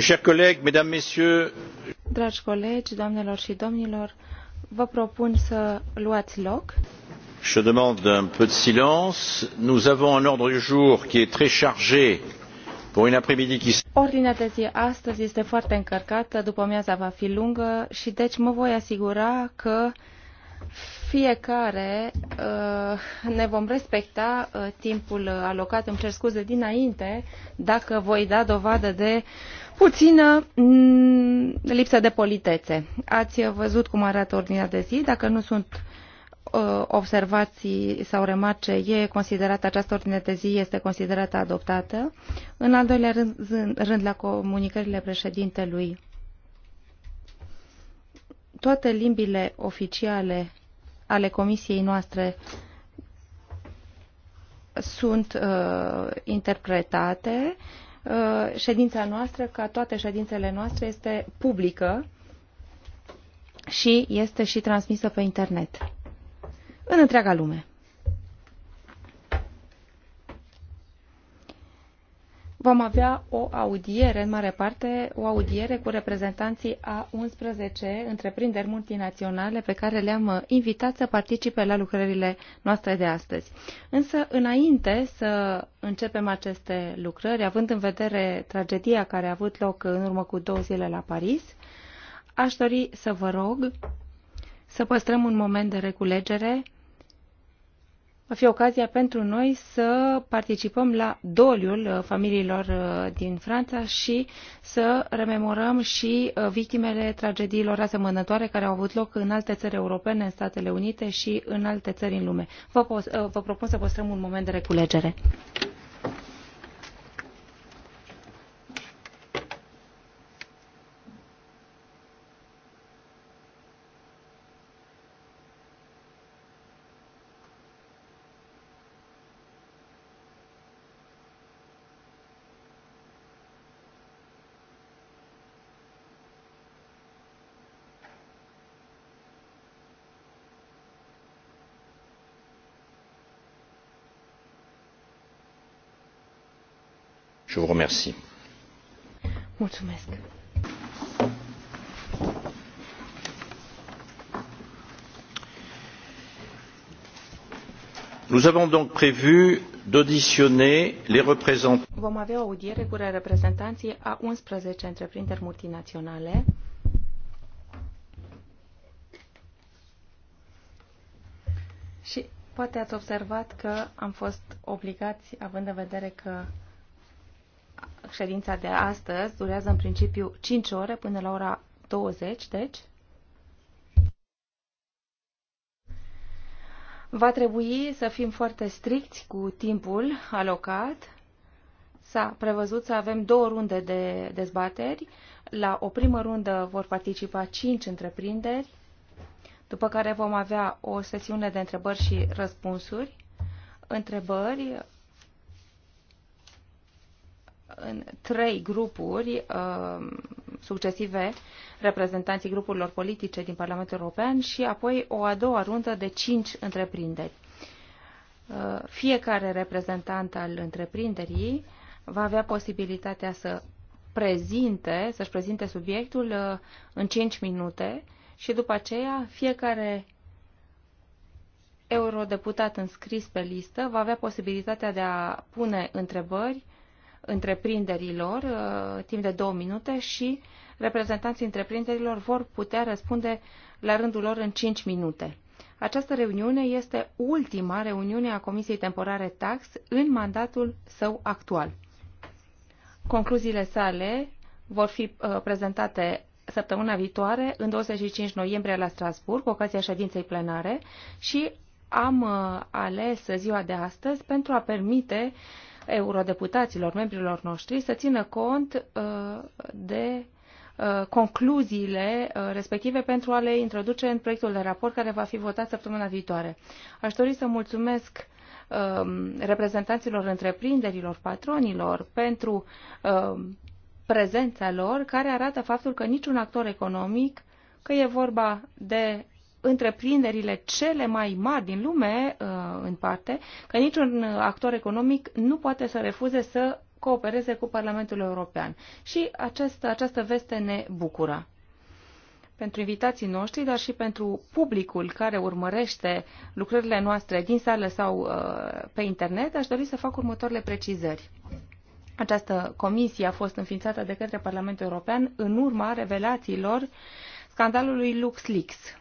chers collègues, mesdames, messieurs, Dragi colegi, doamnelor și domnilor, vă propun să luați loc. Je demande un peu de silence. Nous avons un ordre du jour qui est très chargé pour une après-midi qui Ordinea de zi astăzi este foarte încărcată, după amiaza va fi lungă și deci mă voi asigura că fiecare uh, ne vom respecta uh, timpul alocat. Îmi cer scuze dinainte dacă voi da dovadă de puțină mm, lipsă de politețe. Ați văzut cum arată ordinea de zi. Dacă nu sunt uh, observații sau remarce, e considerată această ordine de zi este considerată adoptată. În al doilea rând, rând la comunicările președintelui toate limbile oficiale ale comisiei noastre sunt uh, interpretate. Uh, ședința noastră, ca toate ședințele noastre, este publică și este și transmisă pe internet în întreaga lume. vom avea o audiere, în mare parte, o audiere cu reprezentanții a 11 întreprinderi multinaționale pe care le-am uh, invitat să participe la lucrările noastre de astăzi. Însă, înainte să începem aceste lucrări, având în vedere tragedia care a avut loc în urmă cu două zile la Paris, aș dori să vă rog să păstrăm un moment de reculegere va fi ocazia pentru noi să participăm la doliul uh, familiilor uh, din Franța și să rememorăm și uh, victimele tragediilor asemănătoare care au avut loc în alte țări europene, în Statele Unite și în alte țări în lume. Vă, vă propun să păstrăm un moment de reculegere. Je vous remercie. Mulțumesc. nous avons donc prévu d'auditionner les représentants Vom avea o audiere cu reprezentanții a 11 întreprinderi multinaționale. Și poate ați observat că am fost obligați, având în vedere că Ședința de astăzi durează în principiu 5 ore până la ora 20, deci va trebui să fim foarte stricți cu timpul alocat. S-a prevăzut să avem două runde de dezbateri. La o primă rundă vor participa 5 întreprinderi, după care vom avea o sesiune de întrebări și răspunsuri întrebări în trei grupuri uh, succesive reprezentanții grupurilor politice din Parlamentul European și apoi o a doua rundă de cinci întreprinderi. Uh, fiecare reprezentant al întreprinderii va avea posibilitatea să prezinte, să-și prezinte subiectul uh, în cinci minute și după aceea fiecare eurodeputat înscris pe listă va avea posibilitatea de a pune întrebări întreprinderilor uh, timp de două minute și reprezentanții întreprinderilor vor putea răspunde la rândul lor în cinci minute. Această reuniune este ultima reuniune a Comisiei Temporare Tax în mandatul său actual. Concluziile sale vor fi uh, prezentate săptămâna viitoare, în 25 noiembrie la Strasburg, ocazia ședinței plenare și am uh, ales ziua de astăzi pentru a permite uh, eurodeputaților, membrilor noștri, să țină cont uh, de uh, concluziile uh, respective pentru a le introduce în proiectul de raport care va fi votat săptămâna viitoare. Aș dori să mulțumesc um, reprezentanților întreprinderilor, patronilor, pentru um, prezența lor, care arată faptul că niciun actor economic, că e vorba de întreprinderile cele mai mari din lume, uh, în parte, că niciun uh, actor economic nu poate să refuze să coopereze cu Parlamentul European. Și această, această veste ne bucură pentru invitații noștri, dar și pentru publicul care urmărește lucrările noastre din sală sau uh, pe internet, aș dori să fac următoarele precizări. Această comisie a fost înființată de către Parlamentul European în urma revelațiilor scandalului LuxLeaks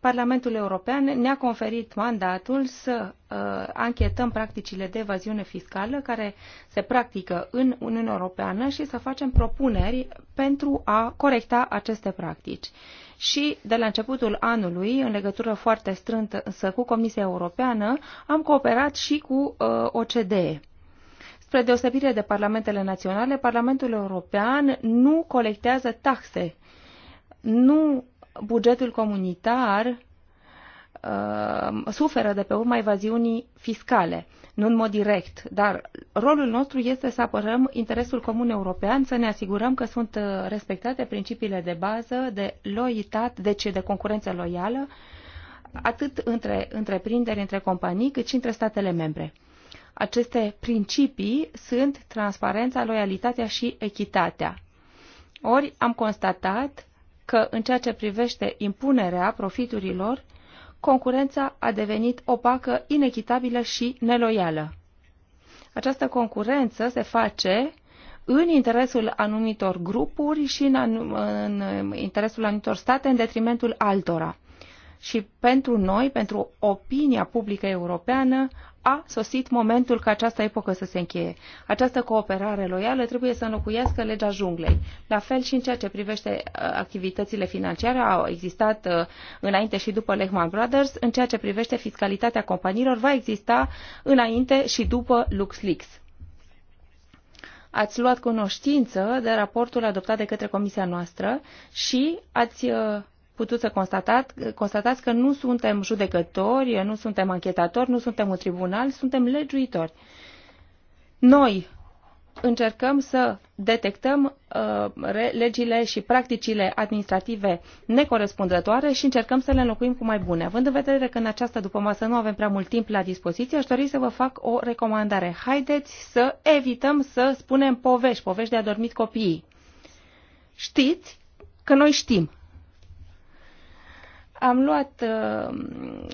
Parlamentul European ne-a conferit mandatul să uh, anchetăm practicile de evaziune fiscală care se practică în Uniunea Europeană și să facem propuneri pentru a corecta aceste practici. Și de la începutul anului, în legătură foarte strântă cu Comisia Europeană, am cooperat și cu uh, OCDE. Spre deosebire de parlamentele naționale, Parlamentul European nu colectează taxe, nu bugetul comunitar uh, suferă de pe urma evaziunii fiscale, nu în mod direct, dar rolul nostru este să apărăm interesul comun european, să ne asigurăm că sunt uh, respectate principiile de bază de loialitate, deci de concurență loială, atât între întreprinderi, între companii, cât și între statele membre. Aceste principii sunt transparența, loialitatea și echitatea. Ori am constatat că în ceea ce privește impunerea profiturilor, concurența a devenit opacă, inechitabilă și neloială. Această concurență se face în interesul anumitor grupuri și în, anum, în interesul anumitor state în detrimentul altora. Și pentru noi, pentru opinia publică europeană, a sosit momentul ca această epocă să se încheie. Această cooperare loială trebuie să înlocuiască legea junglei. La fel și în ceea ce privește uh, activitățile financiare, au existat uh, înainte și după Lehman Brothers, în ceea ce privește fiscalitatea companiilor, va exista înainte și după LuxLeaks. Ați luat cunoștință de raportul adoptat de către comisia noastră și ați uh, putut să constatat, constatați că nu suntem judecători, nu suntem anchetatori, nu suntem un tribunal, suntem legiuitori. Noi încercăm să detectăm uh, legile și practicile administrative necorespundătoare și încercăm să le înlocuim cu mai bune. Având în vedere că în această masă nu avem prea mult timp la dispoziție, aș dori să vă fac o recomandare. Haideți să evităm să spunem povești, povești de adormit copiii. Știți că noi știm am luat uh,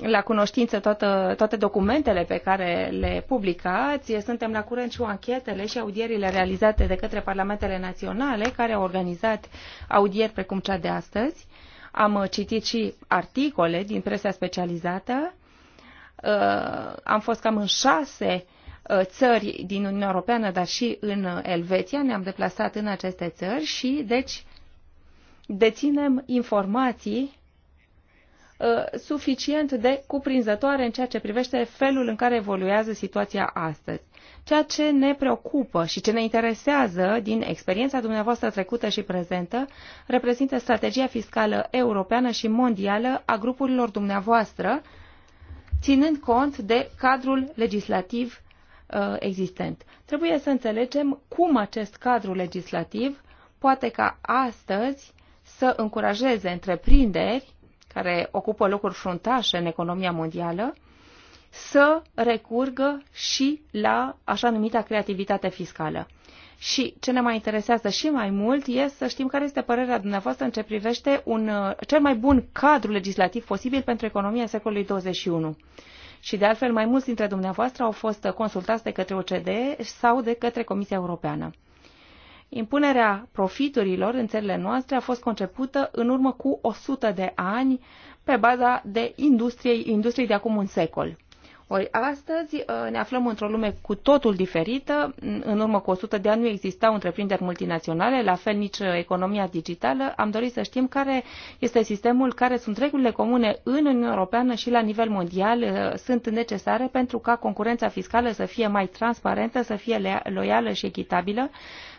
la cunoștință toată, toate documentele pe care le publicați. Suntem la curent și cu anchetele și audierile realizate de către parlamentele naționale care au organizat audieri precum cea de astăzi. Am uh, citit și articole din presa specializată. Uh, am fost cam în șase țări din Uniunea Europeană, dar și în Elveția. Ne-am deplasat în aceste țări și, deci, deținem informații Uh, suficient de cuprinzătoare în ceea ce privește felul în care evoluează situația astăzi. Ceea ce ne preocupă și ce ne interesează din experiența dumneavoastră trecută și prezentă reprezintă strategia fiscală europeană și mondială a grupurilor dumneavoastră, ținând cont de cadrul legislativ uh, existent. Trebuie să înțelegem cum acest cadru legislativ poate ca astăzi să încurajeze întreprinderi care ocupă locuri fruntașe în economia mondială, să recurgă și la așa numita creativitate fiscală. Și ce ne mai interesează și mai mult este să știm care este părerea dumneavoastră în ce privește un uh, cel mai bun cadru legislativ posibil pentru economia secolului 21. Și de altfel, mai mulți dintre dumneavoastră au fost consultați de către OCDE sau de către Comisia Europeană. Impunerea profiturilor în țările noastre a fost concepută în urmă cu 100 de ani pe baza de industriei, industriei de acum un secol. Ori astăzi uh, ne aflăm într-o lume cu totul diferită. În urmă cu 100 de ani nu existau întreprinderi multinaționale, la fel nici uh, economia digitală. Am dorit să știm care este sistemul, care sunt regulile comune în Uniunea Europeană și la nivel mondial uh, sunt necesare pentru ca concurența fiscală să fie mai transparentă, să fie loială și echitabilă,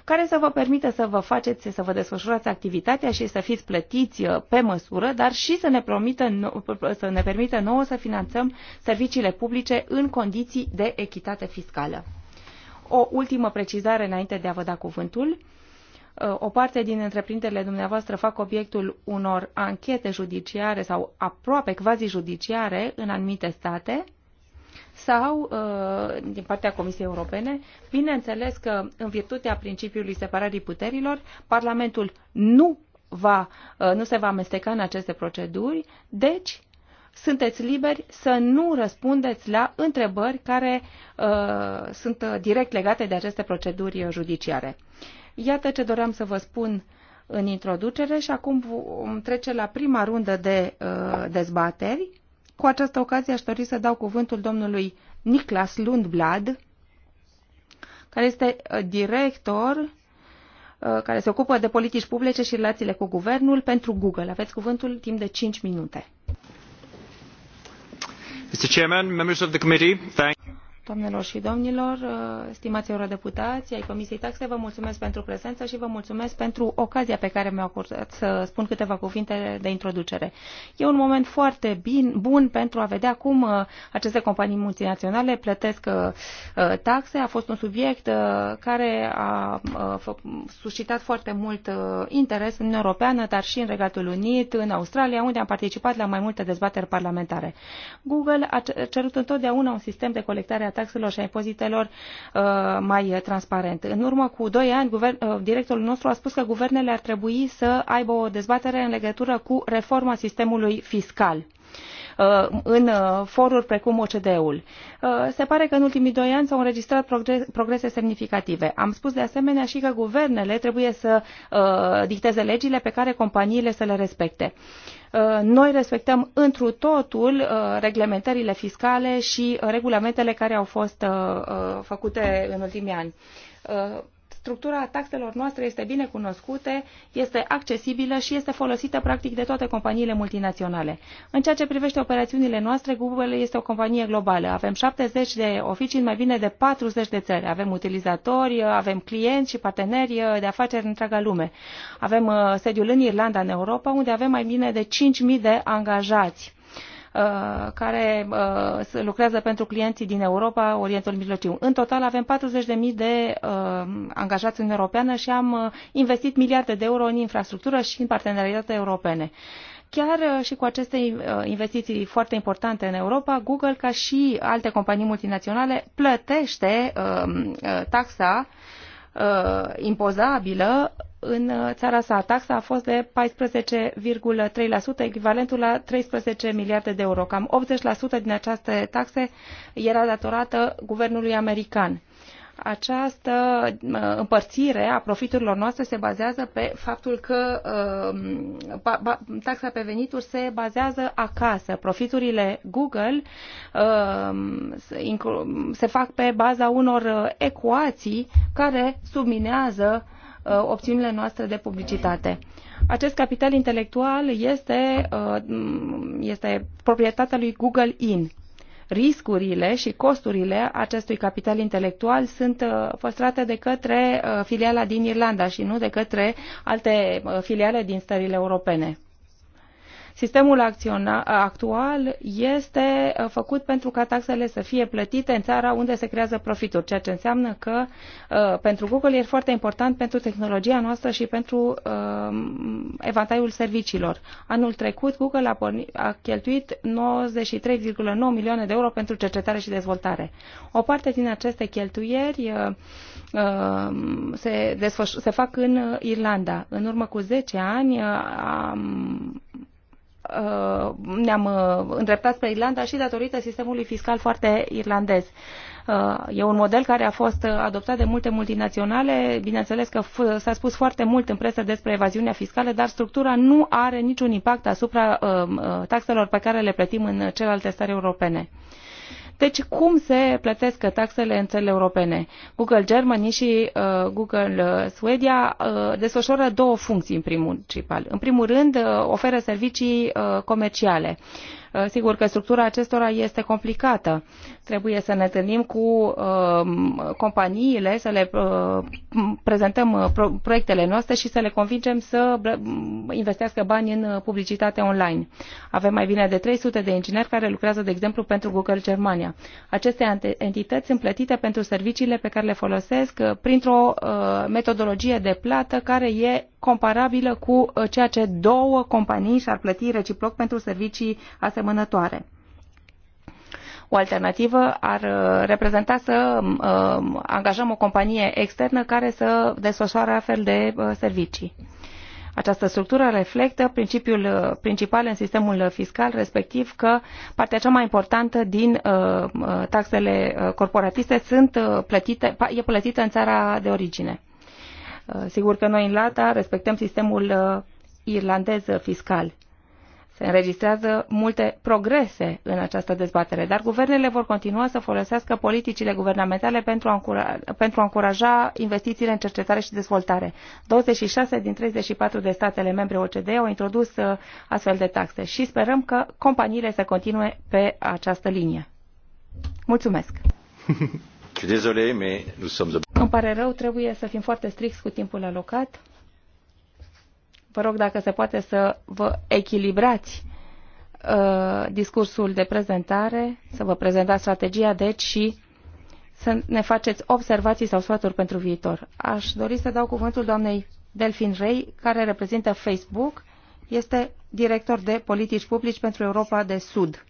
care să vă permită să vă faceți, să vă desfășurați activitatea și să fiți plătiți uh, pe măsură, dar și să ne, promită, să ne permită nouă să finanțăm serviciile publice în condiții de echitate fiscală. O ultimă precizare înainte de a vă da cuvântul uh, o parte din întreprinderile dumneavoastră fac obiectul unor anchete judiciare sau aproape quasi judiciare în anumite state sau uh, din partea Comisiei Europene. Bineînțeles că în virtutea principiului separării puterilor, Parlamentul nu, va, uh, nu se va amesteca în aceste proceduri, deci sunteți liberi să nu răspundeți la întrebări care uh, sunt uh, direct legate de aceste proceduri judiciare. Iată ce doream să vă spun în introducere și acum trece la prima rundă de uh, dezbateri. Cu această ocazie aș dori să dau cuvântul domnului Niklas Lundblad, care este uh, director uh, care se ocupă de politici publice și relațiile cu guvernul pentru Google. Aveți cuvântul timp de 5 minute. Mr. Chairman, members of the committee, thank Doamnelor și domnilor, uh, stimați eurodeputați ai Comisiei Taxe, vă mulțumesc pentru prezență și vă mulțumesc pentru ocazia pe care mi-a acordat să spun câteva cuvinte de introducere. E un moment foarte bun pentru a vedea cum uh, aceste companii multinaționale plătesc uh, taxe. A fost un subiect care a suscitat foarte mult interes în Europeană, dar și în Regatul Unit, în Australia, unde am participat la mai multe dezbateri parlamentare. Google a cerut întotdeauna un sistem de colectare a taxelor și a impozitelor uh, mai transparent. În urmă cu doi ani, guvern, uh, directorul nostru a spus că guvernele ar trebui să aibă o dezbatere în legătură cu reforma sistemului fiscal Uh, în uh, foruri precum OCDE-ul. Uh, se pare că în ultimii doi ani s-au înregistrat progrese semnificative. Am spus de asemenea și că guvernele trebuie să dicteze legile pe care companiile să le respecte noi respectăm întru totul reglementările fiscale și regulamentele care au fost făcute în ultimii ani structura taxelor noastre este bine cunoscută, este accesibilă și este folosită practic de toate companiile multinaționale. În ceea ce privește operațiunile noastre, Google este o companie globală. Avem 70 de oficii în mai bine de 40 de țări. Avem utilizatori, avem clienți și parteneri de afaceri în întreaga lume. Avem uh, sediul în Irlanda, în Europa, unde avem mai bine de 5.000 de angajați Uh, care uh, lucrează pentru clienții din Europa, Orientul Mijlociu. În total avem 40.000 de uh, angajați în Europeană și am investit miliarde de euro în infrastructură și în parteneriate europene chiar și cu aceste investiții foarte importante în Europa, Google, ca și alte companii multinaționale, plătește taxa impozabilă în uh, țara sa. Taxa a fost de 14,3%, echivalentul la 13 miliarde de euro. Cam 80% din această taxe era datorată guvernului american această uh, împărțire a profiturilor noastre se bazează pe faptul că um, taxa pe venituri se bazează acasă. Profiturile Google um, se fac pe baza unor uh, ecuații care subminează Uh, opțiunile noastre de publicitate. Acest capital intelectual este, uh, este proprietatea lui Google In. Riscurile și costurile acestui capital intelectual sunt uh, păstrate de către filiala din Irlanda și nu de către alte filiale din stările europene. Sistemul actual este uh, făcut pentru ca taxele să fie plătite în țara unde se creează profituri, ceea ce înseamnă că uh, pentru Google e foarte important pentru tehnologia noastră și pentru uh, evantaiul serviciilor. Anul trecut Google a, porni, a cheltuit 93,9 milioane de euro pentru cercetare și dezvoltare. O parte din aceste cheltuieri se, se fac în Irlanda. În urmă cu 10 ani am Uh, ne-am uh, îndreptat spre Irlanda și datorită sistemului fiscal foarte irlandez. Uh, e un model care a fost adoptat de multe multinaționale. Bineînțeles că s-a spus foarte mult în presă despre evaziunea fiscală, dar structura nu are niciun impact asupra taxelor pe care le plătim în celelalte stări europene. Deci cum se plătesc taxele în țările europene? Google Germany și uh, Google uh, Suedia uh, desfășoară două funcții în primul principal. În primul rând, uh, oferă servicii uh, comerciale. Uh, Uh, sigur că structura acestora este complicată. Trebuie să ne întâlnim cu um, companiile, să le uh, prezentăm uh, proiectele noastre și să le convingem să investească bani în publicitate online. Avem mai bine de 300 de ingineri care lucrează, de exemplu, pentru Google Germania. Aceste entități sunt plătite pentru serviciile pe care le folosesc printr-o metodologie de plată care e comparabilă cu uh, ceea ce două companii și-ar plăti reciproc pentru servicii asemănătoare. O alternativă ar uh, reprezenta să um, uh, angajăm o companie externă care să desfășoare astfel de servicii. Această structură reflectă principiul principal în sistemul fiscal, respectiv că partea cea mai importantă din taxele corporatiste sunt plătite, e plătită în țara de origine. Eh, sigur că noi în LATA respectăm sistemul eh, irlandez fiscal. Se înregistrează multe progrese în această dezbatere, dar guvernele vor continua să folosească politicile guvernamentale pentru a, încura, pentru a încuraja investițiile în cercetare și dezvoltare. 26 din 34 de statele membre OCDE au introdus eh, astfel de taxe și sperăm că companiile să continue pe această linie. Mulțumesc! Îmi pare rău, trebuie să fim foarte stricți cu timpul alocat. Vă rog dacă se poate să vă echilibrați uh, discursul de prezentare, să vă prezentați strategia, deci și să ne faceți observații sau sfaturi pentru viitor. Aș dori să dau cuvântul doamnei Delfin Rey, care reprezintă Facebook, este director de politici publici pentru Europa de Sud.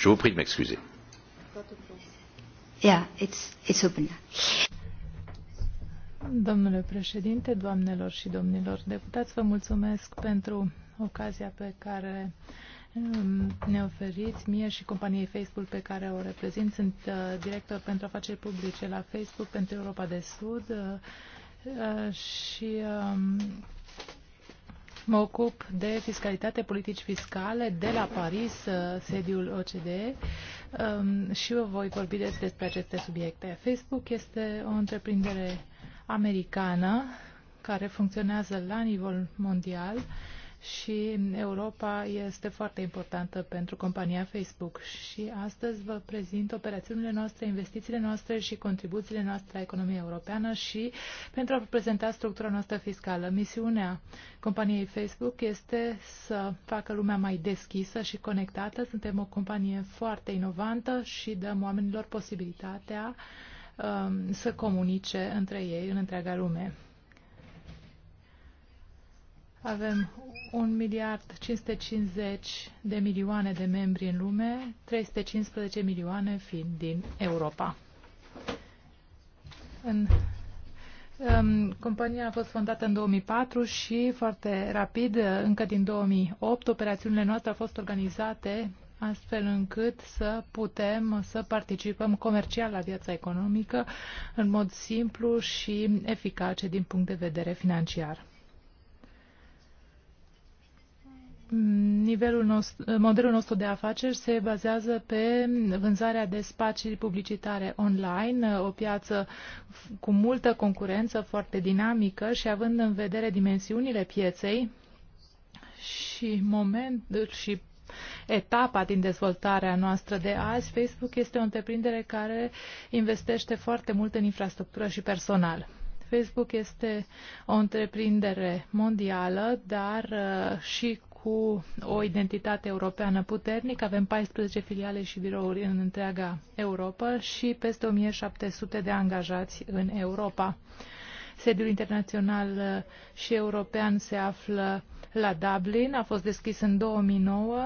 Je vous prie de m'excuser. Yeah, it's, it's open. Domnule președinte, doamnelor și domnilor deputați, vă mulțumesc pentru ocazia pe care um, ne oferiți mie și companiei Facebook pe care o reprezint. Sunt uh, director pentru afaceri publice la Facebook pentru Europa de Sud uh, uh, și um, Mă ocup de fiscalitate, politici fiscale de la Paris, uh, sediul OCDE um, și vă voi vorbi despre aceste subiecte. Facebook este o întreprindere americană care funcționează la nivel mondial și Europa este foarte importantă pentru compania Facebook și astăzi vă prezint operațiunile noastre, investițiile noastre și contribuțiile noastre la economia europeană și pentru a prezenta structura noastră fiscală. Misiunea companiei Facebook este să facă lumea mai deschisă și conectată. Suntem o companie foarte inovantă și dăm oamenilor posibilitatea um, să comunice între ei în întreaga lume. Avem 1 miliard 550 de milioane de membri în lume, 315 milioane fiind din Europa. În, um, compania a fost fondată în 2004 și foarte rapid, încă din 2008, operațiunile noastre au fost organizate astfel încât să putem să participăm comercial la viața economică în mod simplu și eficace din punct de vedere financiar. nivelul nostru, modelul nostru de afaceri se bazează pe vânzarea de spații publicitare online, o piață cu multă concurență, foarte dinamică și având în vedere dimensiunile pieței și momentul și etapa din dezvoltarea noastră de azi, Facebook este o întreprindere care investește foarte mult în infrastructură și personal. Facebook este o întreprindere mondială, dar uh, și cu o identitate europeană puternică. Avem 14 filiale și birouri în întreaga Europa și peste 1700 de angajați în Europa. Sediul internațional și european se află la Dublin, a fost deschis în 2009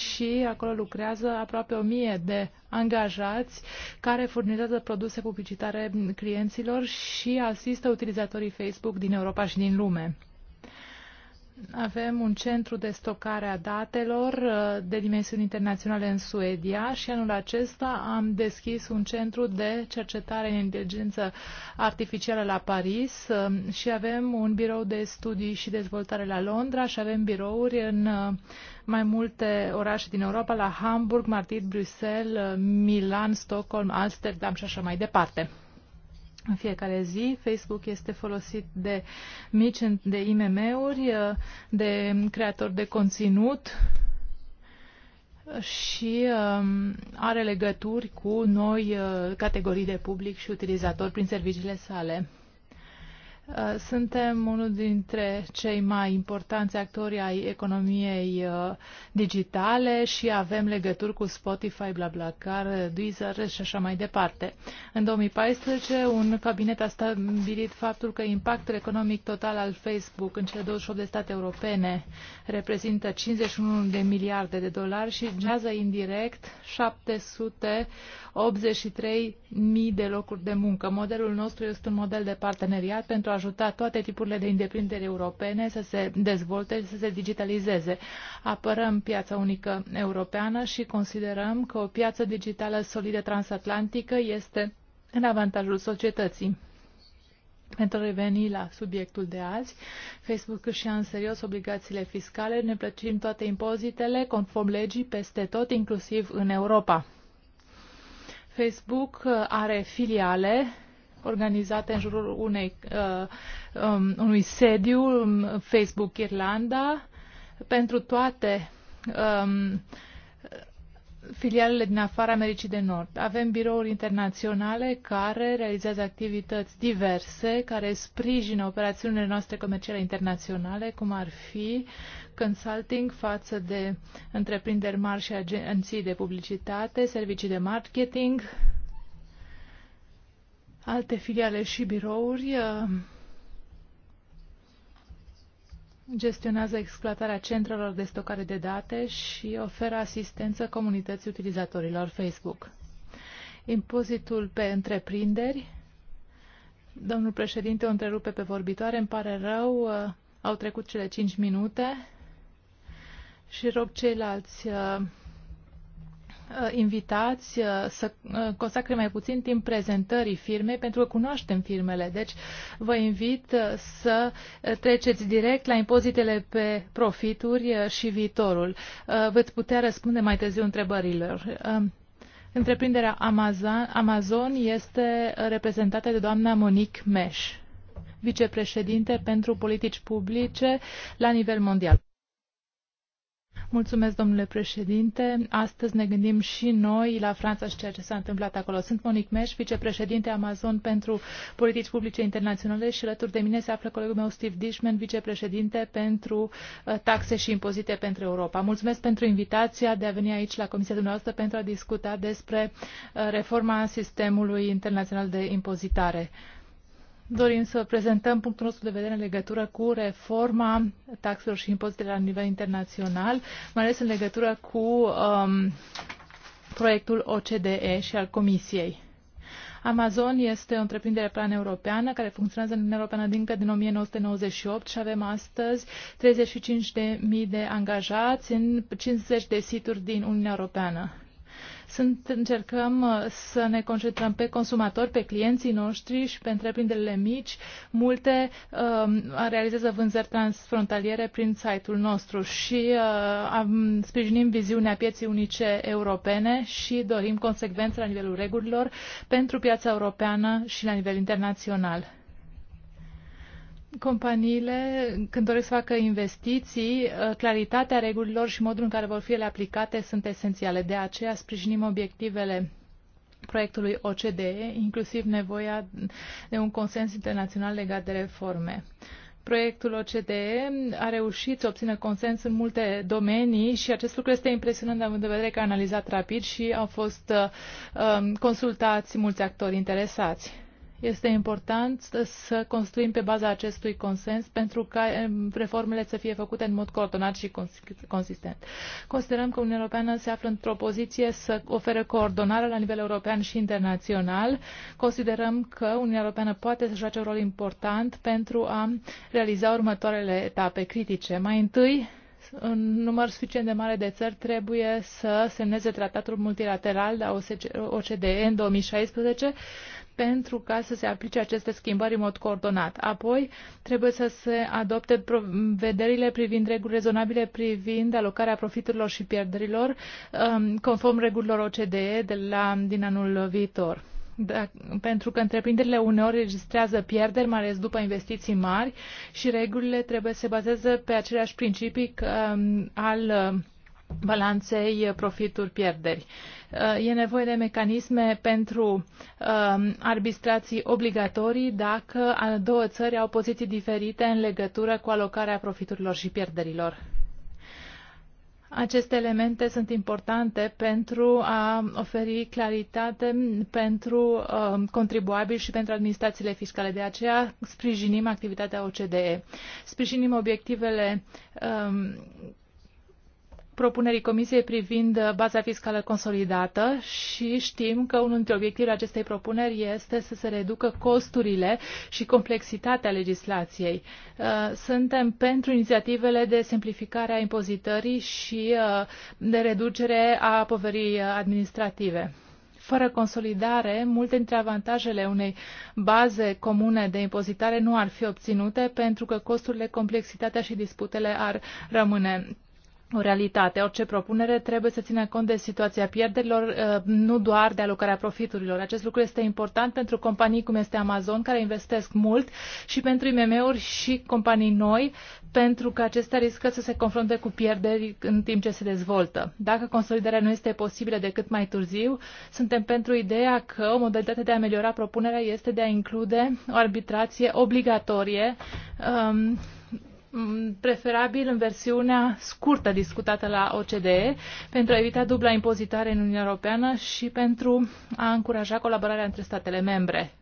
și acolo lucrează aproape 1000 de angajați care furnizează produse publicitare clienților și asistă utilizatorii Facebook din Europa și din lume. Avem un centru de stocare a datelor uh, de dimensiuni internaționale în Suedia și anul acesta am deschis un centru de cercetare în inteligență artificială la Paris uh, și avem un birou de studii și dezvoltare la Londra și avem birouri în uh, mai multe orașe din Europa, la Hamburg, Madrid, Bruxelles, Milan, Stockholm, Amsterdam și așa mai departe în fiecare zi. Facebook este folosit de mici, de IMM-uri, de creatori de conținut și um, are legături cu noi uh, categorii de public și utilizatori prin serviciile sale. Uh, suntem unul dintre cei mai importanți actori ai economiei uh, digitale și avem legături cu Spotify, BlaBlaCar, Deezer și așa mai departe. În 2014, un cabinet a stabilit faptul că impactul economic total al Facebook în cele 28 de state europene reprezintă 51 de miliarde de dolari și generează indirect 783.000 de locuri de muncă. Modelul nostru este un model de parteneriat pentru a ajuta toate tipurile de întreprinderi europene să se dezvolte și să se digitalizeze. Apărăm piața unică europeană și considerăm că o piață digitală solidă transatlantică este în avantajul societății. Pentru a reveni la subiectul de azi, Facebook își ia în serios obligațiile fiscale, ne plăcim toate impozitele conform legii peste tot, inclusiv în Europa. Facebook are filiale organizate în jurul unei, uh, um, unui sediu, um, Facebook Irlanda, pentru toate um, filialele din afara Americii de Nord. Avem birouri internaționale care realizează activități diverse, care sprijină operațiunile noastre comerciale internaționale, cum ar fi consulting față de întreprinderi mari și agenții de publicitate, servicii de marketing, alte filiale și birouri uh, gestionează exploatarea centrelor de stocare de date și oferă asistență comunității utilizatorilor Facebook. Impozitul pe întreprinderi. Domnul președinte o întrerupe pe vorbitoare. Îmi pare rău, uh, au trecut cele 5 minute și rog ceilalți uh, Uh, invitați uh, să uh, consacre mai puțin timp prezentării firmei, pentru că cunoaștem firmele. Deci vă invit să treceți direct la impozitele pe profituri și viitorul. Veți putea răspunde mai târziu întrebărilor. Întreprinderea Amazon, Amazon este reprezentată de doamna Monique Mesh, vicepreședinte pentru politici publice la nivel mondial. Mulțumesc, domnule președinte. Astăzi ne gândim și noi la Franța și ceea ce s-a întâmplat acolo. Sunt Monique Meș, vicepreședinte Amazon pentru politici publice internaționale și alături de mine se află colegul meu Steve Dishman, vicepreședinte pentru uh, taxe și impozite pentru Europa. Mulțumesc pentru invitația de a veni aici la Comisia dumneavoastră pentru a discuta despre uh, reforma sistemului internațional de impozitare dorim să prezentăm punctul nostru de vedere în legătură cu reforma taxelor și impozitelor la nivel internațional, mai ales în legătură cu um, proiectul OCDE și al Comisiei. Amazon este o întreprindere pan-europeană care funcționează în Uniunea Europeană încă din 1998 și avem astăzi 35.000 de angajați în 50 de situri din Uniunea Europeană. Sunt, încercăm uh, să ne concentrăm pe consumatori, pe clienții noștri și pe întreprinderile mici. Multe uh, realizează vânzări transfrontaliere prin site-ul nostru și uh, am, sprijinim viziunea pieții unice europene și dorim consecvență la nivelul regulilor pentru piața europeană și la nivel internațional companiile, când doresc să facă investiții, ă, claritatea regulilor și modul în care vor fi ele aplicate sunt esențiale. De aceea sprijinim obiectivele proiectului OCDE, inclusiv nevoia de un consens internațional legat de reforme. Proiectul OCDE a reușit să obțină consens în multe domenii și acest lucru este impresionant având în vedere că a analizat rapid și au fost uh, consultați mulți actori interesați. Este important să construim pe baza acestui consens pentru ca reformele să fie făcute în mod coordonat și consistent. Considerăm că Uniunea Europeană se află într-o poziție să ofere coordonare la nivel european și internațional. Considerăm că Uniunea Europeană poate să joace un rol important pentru a realiza următoarele etape critice. Mai întâi, un număr suficient de mare de țări trebuie să semneze tratatul multilateral la OCDE în 2016 pentru ca să se aplice aceste schimbări în mod coordonat. Apoi, trebuie să se adopte vederile privind reguli rezonabile privind alocarea profiturilor și pierderilor um, conform regulilor OCDE de la, din anul viitor. Da, pentru că întreprinderile uneori registrează pierderi, mai ales după investiții mari, și regulile trebuie să se bazeze pe aceleași principii um, al balanței profituri-pierderi. E nevoie de mecanisme pentru um, arbitrații obligatorii dacă două țări au poziții diferite în legătură cu alocarea profiturilor și pierderilor. Aceste elemente sunt importante pentru a oferi claritate pentru uh, contribuabili și pentru administrațiile fiscale. De aceea sprijinim activitatea OCDE. Sprijinim obiectivele uh, propunerii Comisiei privind uh, baza fiscală consolidată și știm că unul dintre obiectivele acestei propuneri este să se reducă costurile și complexitatea legislației. Uh, suntem pentru inițiativele de simplificare a impozitării și uh, de reducere a poverii administrative. Fără consolidare, multe dintre avantajele unei baze comune de impozitare nu ar fi obținute pentru că costurile, complexitatea și disputele ar rămâne o realitate. Orice propunere trebuie să țină cont de situația pierderilor, uh, nu doar de alocarea profiturilor. Acest lucru este important pentru companii cum este Amazon, care investesc mult, și pentru IMM-uri și companii noi, pentru că acestea riscă să se confrunte cu pierderi în timp ce se dezvoltă. Dacă consolidarea nu este posibilă decât mai târziu, suntem pentru ideea că o modalitate de a ameliora propunerea este de a include o arbitrație obligatorie um, Mm, preferabil în versiunea scurtă discutată la OCDE, pentru a evita dubla impozitare în Uniunea Europeană și pentru a încuraja colaborarea între statele membre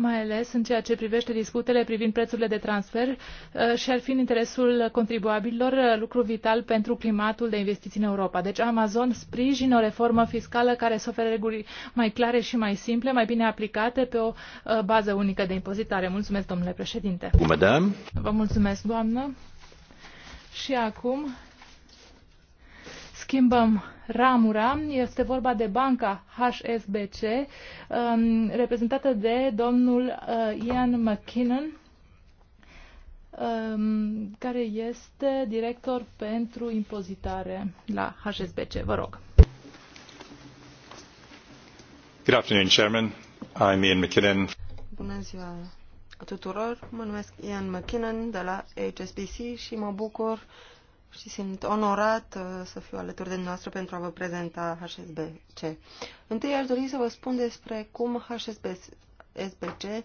mai ales în ceea ce privește disputele privind prețurile de transfer uh, și ar fi în interesul contribuabililor, uh, lucru vital pentru climatul de investiții în Europa. Deci Amazon sprijină o reformă fiscală care să ofere reguli mai clare și mai simple, mai bine aplicate pe o uh, bază unică de impozitare. Mulțumesc, domnule președinte. Madame. Vă mulțumesc, doamnă. Și acum schimbăm ramura. Este vorba de banca HSBC, um, reprezentată de domnul uh, Ian McKinnon, um, care este director pentru impozitare la HSBC. Vă rog. Good afternoon, Chairman. I'm Ian McKinnon. Bună ziua tuturor. Mă numesc Ian McKinnon de la HSBC și mă bucur și simt onorat uh, să fiu alături de noastră pentru a vă prezenta HSBC. Întâi aș dori să vă spun despre cum HSBC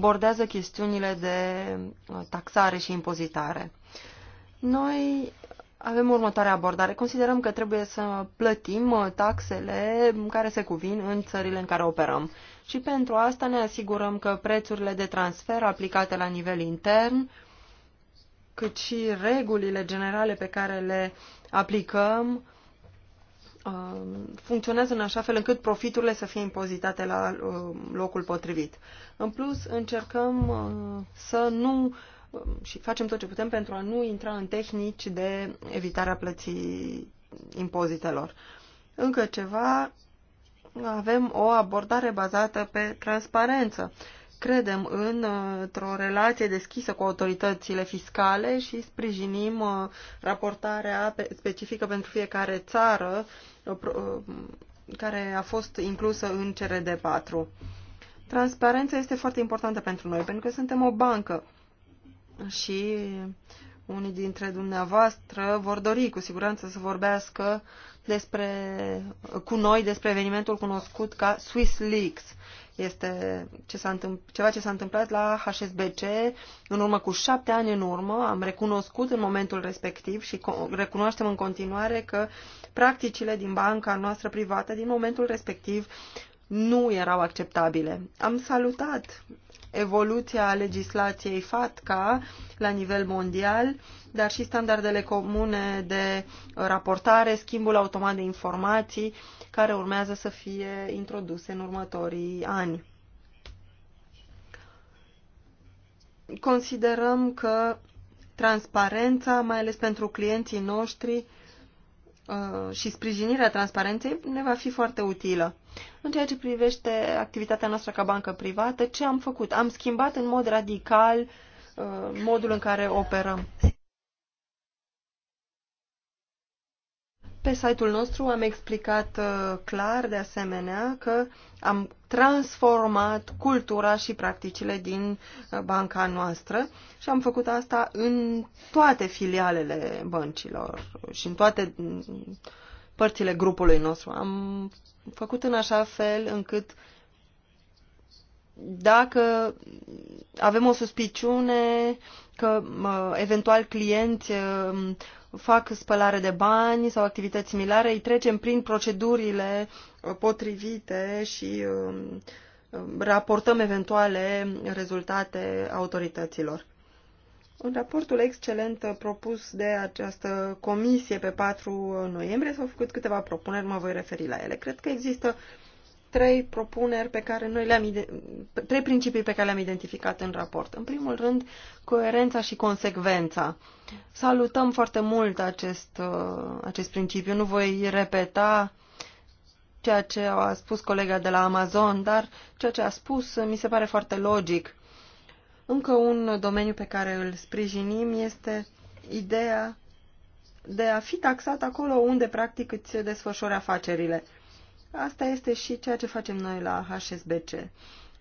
abordează chestiunile de uh, taxare și impozitare. Noi avem următoarea abordare. Considerăm că trebuie să plătim uh, taxele care se cuvin în țările în care operăm. Și pentru asta ne asigurăm că prețurile de transfer aplicate la nivel intern uh, cât și regulile generale pe care le aplicăm uh, funcționează în așa fel încât profiturile să fie impozitate la uh, locul potrivit. În plus, încercăm uh, să nu și facem tot ce putem pentru a nu intra în tehnici de evitarea plății impozitelor. Încă ceva, avem o abordare bazată pe transparență. Credem într-o relație deschisă cu autoritățile fiscale și sprijinim uh, raportarea specifică pentru fiecare țară uh, uh, care a fost inclusă în CRD 4. Transparența este foarte importantă pentru noi, pentru că suntem o bancă și unii dintre dumneavoastră vor dori cu siguranță să vorbească despre, cu noi despre evenimentul cunoscut ca Swiss Leaks. Este ce ceva ce s-a întâmplat la HSBC în urmă cu șapte ani în urmă. Am recunoscut în momentul respectiv și recunoaștem în continuare că practicile din banca noastră privată din momentul respectiv nu erau acceptabile. Am salutat evoluția legislației FATCA la nivel mondial, dar și standardele comune de raportare, schimbul automat de informații, care urmează să fie introduse în următorii ani. Considerăm că transparența, mai ales pentru clienții noștri, Uh, și sprijinirea transparenței ne va fi foarte utilă. În ceea ce privește activitatea noastră ca bancă privată, ce am făcut? Am schimbat în mod radical uh, modul în care operăm. Pe site-ul nostru am explicat uh, clar, de asemenea, că am transformat cultura și practicile din uh, banca noastră și am făcut asta în toate filialele băncilor și în toate mm, părțile grupului nostru. Am făcut în așa fel încât dacă avem o suspiciune că eventual clienți uh, fac spălare de bani sau activități similare, îi trecem prin procedurile uh, potrivite și um, um, raportăm eventuale rezultate autorităților. În raportul excelent uh, propus de această comisie pe 4 noiembrie s-au făcut câteva propuneri, mă voi referi la ele. Cred că există uh, trei propuneri pe care noi le-am trei principii pe care le-am identificat în raport. În primul rând, coerența și consecvența. Salutăm foarte mult acest, uh, acest principiu. Nu voi repeta ceea ce a spus colega de la Amazon, dar ceea ce a spus uh, mi se pare foarte logic. Încă un domeniu pe care îl sprijinim este ideea de a fi taxat acolo unde practic îți desfășori afacerile Asta este și ceea ce facem noi la HSBC.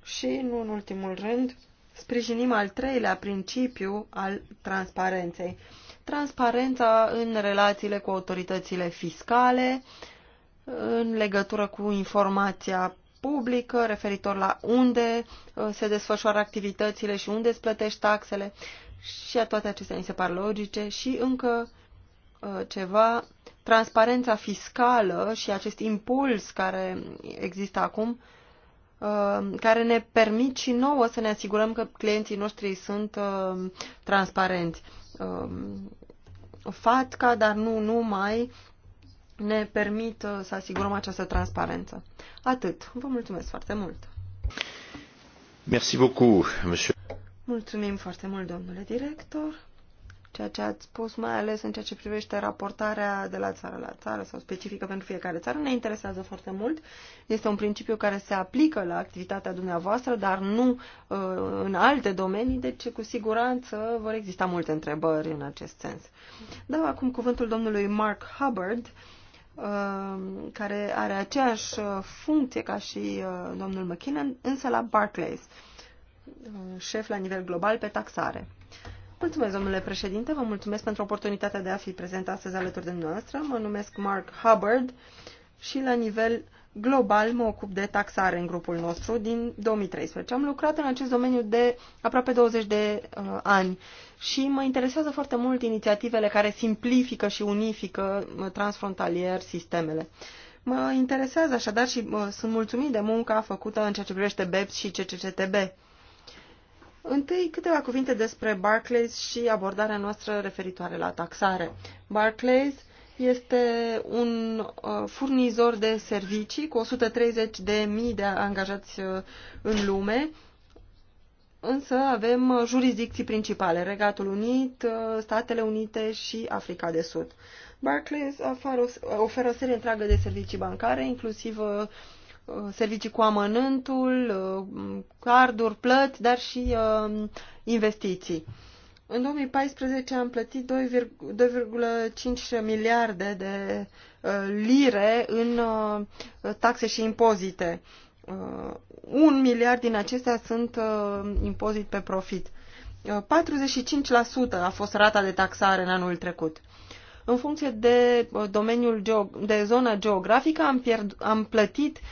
Și, nu în ultimul rând, sprijinim al treilea principiu al transparenței. Transparența în relațiile cu autoritățile fiscale, în legătură cu informația publică, referitor la unde uh, se desfășoară activitățile și unde îți plătești taxele. Și toate acestea mi se par logice. Și încă uh, ceva, transparența fiscală și acest impuls care există acum, uh, care ne permit și nouă să ne asigurăm că clienții noștri sunt uh, transparenți. Uh, FATCA, dar nu numai, ne permit să asigurăm această transparență. Atât. Vă mulțumesc foarte mult. Merci beaucoup, monsieur. Mulțumim foarte mult, domnule director ceea ce ați spus, mai ales în ceea ce privește raportarea de la țară la țară sau specifică pentru fiecare țară, ne interesează foarte mult. Este un principiu care se aplică la activitatea dumneavoastră, dar nu uh, în alte domenii, deci cu siguranță vor exista multe întrebări în acest sens. Dau acum cuvântul domnului Mark Hubbard, uh, care are aceeași uh, funcție ca și uh, domnul McKinnon, însă la Barclays, uh, șef la nivel global pe taxare. Mulțumesc, domnule președinte, vă mulțumesc pentru oportunitatea de a fi prezent astăzi alături de noastră. Mă numesc Mark Hubbard și la nivel global mă ocup de taxare în grupul nostru din 2013. Am lucrat în acest domeniu de aproape 20 de uh, ani și mă interesează foarte mult inițiativele care simplifică și unifică uh, transfrontalier sistemele. Mă interesează așadar și uh, sunt mulțumit de munca făcută în ceea ce privește BEPS și CCCTB Întâi, câteva cuvinte despre Barclays și abordarea noastră referitoare la taxare. Barclays este un uh, furnizor de servicii cu 130 de mii de angajați uh, în lume, însă avem uh, jurisdicții principale, Regatul Unit, uh, Statele Unite și Africa de Sud. Barclays oferă o serie întreagă de servicii bancare, inclusiv uh, Uh, servicii cu amănântul, uh, carduri, plăți, dar și uh, investiții. În 2014 am plătit 2,5 miliarde de lire în taxe și impozite. Un miliard din acestea sunt impozit pe profit. 45% a fost rata de taxare în anul trecut. În funcție de domeniul de zona geografică am, pierd, am plătit uh,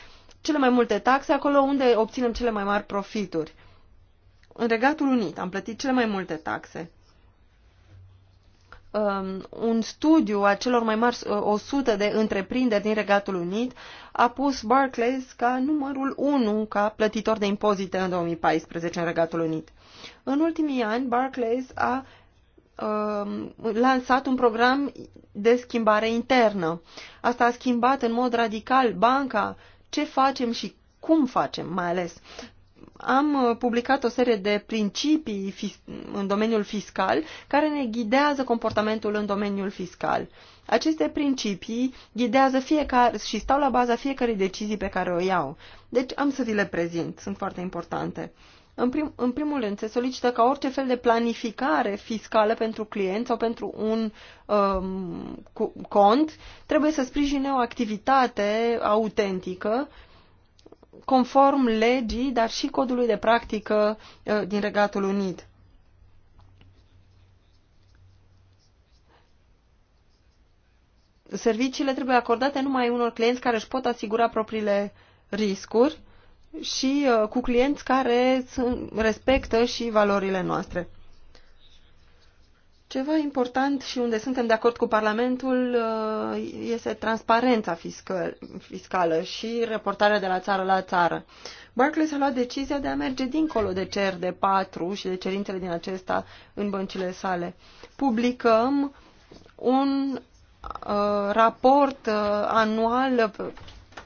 cele mai multe taxe acolo unde obținem cele mai mari profituri. În Regatul Unit am plătit cele mai multe taxe. Um, un studiu a celor mai mari 100 uh, de întreprinderi din Regatul Unit a pus Barclays ca numărul 1 ca plătitor de impozite în 2014 în Regatul Unit. În ultimii ani, Barclays a um, lansat un program de schimbare internă. Asta a schimbat în mod radical banca ce facem și cum facem, mai ales. Am uh, publicat o serie de principii în domeniul fiscal care ne ghidează comportamentul în domeniul fiscal. Aceste principii ghidează fiecare și stau la baza fiecarei decizii pe care o iau. Deci am să vi le prezint, sunt foarte importante. Uh, în, prim, în primul rând, se solicită ca orice fel de planificare fiscală pentru client sau pentru un um, cont trebuie să sprijine o activitate autentică conform legii, dar și codului de practică uh, din Regatul Unit. Serviciile trebuie acordate numai unor clienți care își pot asigura propriile riscuri și uh, cu clienți care respectă și valorile noastre. Ceva important și unde suntem de acord cu Parlamentul uh, este transparența fiscală și reportarea de la țară la țară. Barclays a luat decizia de a merge dincolo de cer de 4 și de cerințele din acesta în băncile sale. Publicăm un uh, raport anual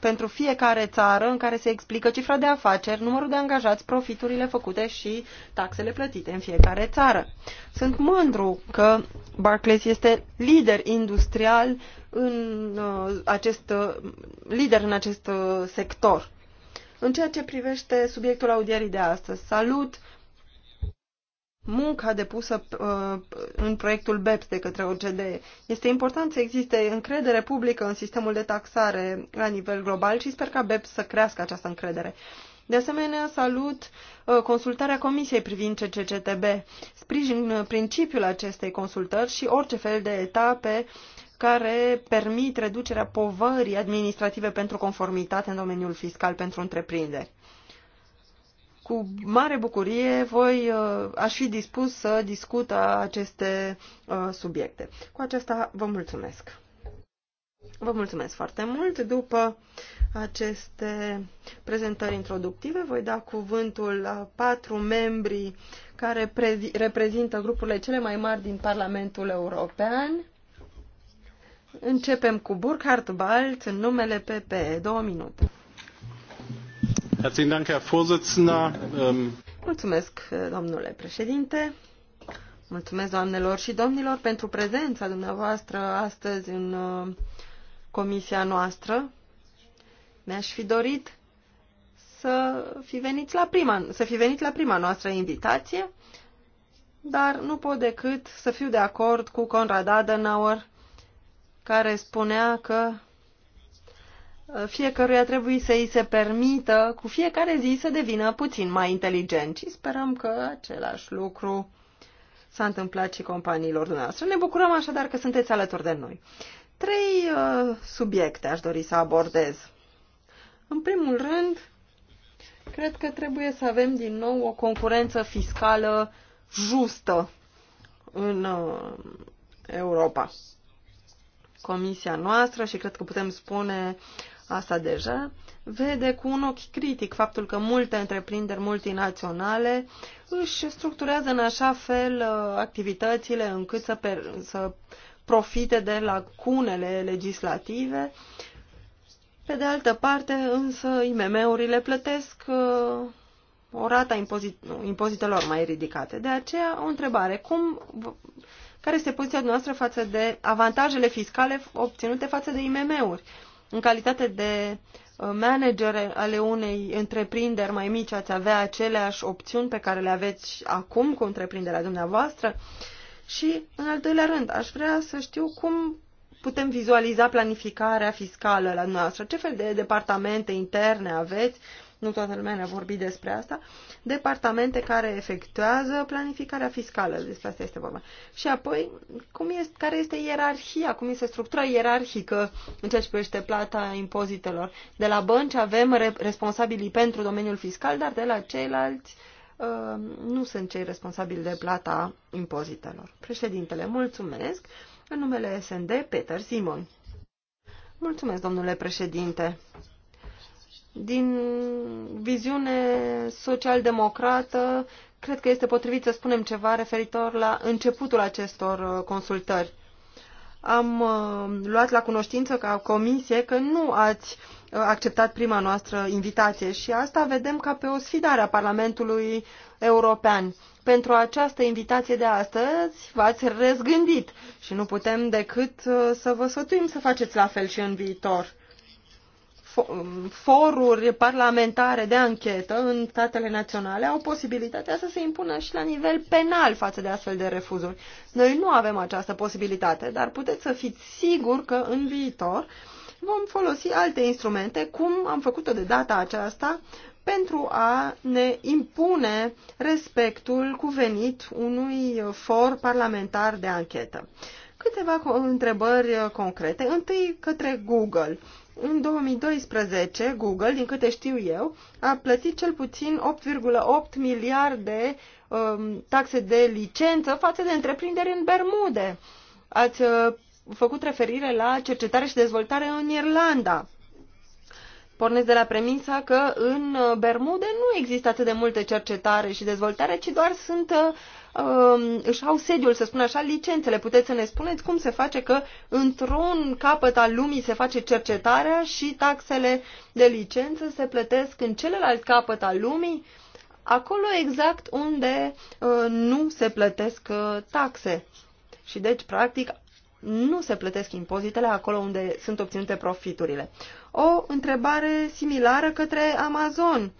pentru fiecare țară în care se explică cifra de afaceri, numărul de angajați, profiturile făcute și taxele plătite în fiecare țară. Sunt mândru că Barclays este lider industrial în uh, acest uh, lider în acest uh, sector. În ceea ce privește subiectul audierii de astăzi, salut munca depusă uh, în proiectul BEPS de către OCD. Este important să existe încredere publică în sistemul de taxare la nivel global și sper ca BEPS să crească această încredere. De asemenea, salut uh, consultarea Comisiei privind CCCTB. Sprijin uh, principiul acestei consultări și orice fel de etape care permit reducerea povării administrative pentru conformitate în domeniul fiscal pentru întreprinderi cu mare bucurie voi, uh, aș fi dispus să discut aceste uh, subiecte. Cu aceasta vă mulțumesc. Vă mulțumesc foarte mult. După aceste prezentări introductive, voi da cuvântul la patru membri care reprezintă grupurile cele mai mari din Parlamentul European. Începem cu Burkhard Balt în numele PPE. Două minute. Ähm, Mulțumesc, domnule președinte. Mulțumesc, doamnelor și domnilor, pentru prezența dumneavoastră astăzi în uh, comisia noastră. Mi-aș fi dorit să fi, venit la prima, să fi venit la prima noastră invitație, dar nu pot decât să fiu de acord cu Conrad Adenauer, care spunea că fiecăruia trebuie să îi se permită cu fiecare zi să devină puțin mai inteligent și sperăm că același lucru s-a întâmplat și companiilor dumneavoastră. Ne bucurăm așadar că sunteți alături de noi. Trei uh, subiecte aș dori să abordez. În primul rând, cred că trebuie să avem din nou o concurență fiscală justă în uh, Europa. Comisia noastră și cred că putem spune asta deja, vede cu un ochi critic faptul că multe întreprinderi multinaționale își structurează în așa fel uh, activitățile încât să, per, să profite de lacunele legislative. Pe de altă parte, însă, IMM-urile plătesc uh, o rata impozit impozitelor mai ridicate. De aceea, o întrebare. Cum, care este poziția noastră față de avantajele fiscale obținute față de IMM-uri? în calitate de uh, manager ale unei întreprinderi mai mici ați avea aceleași opțiuni pe care le aveți acum cu întreprinderea dumneavoastră? Și, în al doilea rând, aș vrea să știu cum putem vizualiza planificarea fiscală la noastră. Ce fel de departamente interne aveți? nu toată lumea ne-a vorbit despre asta, departamente care efectuează planificarea fiscală, despre asta este vorba. Și apoi, cum este, care este ierarhia, cum este structura ierarhică în ceea ce privește plata impozitelor. De la bănci avem responsabilii pentru domeniul fiscal, dar de la ceilalți uh, nu sunt cei responsabili de plata impozitelor. Președintele, mulțumesc. În numele SND, Peter Simon. Mulțumesc, domnule președinte. Din viziune social-democrată, cred că este potrivit să spunem ceva referitor la începutul acestor uh, consultări. Am uh, luat la cunoștință ca comisie că nu ați uh, acceptat prima noastră invitație și asta vedem ca pe o sfidare a Parlamentului European. Pentru această invitație de astăzi v-ați răzgândit și nu putem decât să vă sătuim să faceți la fel și în viitor foruri parlamentare de anchetă în statele naționale au posibilitatea să se impună și la nivel penal față de astfel de refuzuri. Noi nu avem această posibilitate, dar puteți să fiți siguri că în viitor vom folosi alte instrumente, cum am făcut-o de data aceasta, pentru a ne impune respectul cuvenit unui for parlamentar de anchetă câteva întrebări concrete. Întâi către Google. În 2012, Google, din câte știu eu, a plătit cel puțin 8,8 miliarde um, taxe de licență față de întreprinderi în Bermude. Ați uh, făcut referire la cercetare și dezvoltare în Irlanda. Pornesc de la premisa că în uh, Bermude nu există atât de multă cercetare și dezvoltare, ci doar sunt uh, Um, își au sediul, să spun așa, licențele. Puteți să ne spuneți cum se face că într-un capăt al lumii se face cercetarea și taxele de licență se plătesc în celălalt capăt al lumii, acolo exact unde uh, nu se plătesc uh, taxe. Și deci, practic, nu se plătesc impozitele acolo unde sunt obținute profiturile. O întrebare similară către Amazon.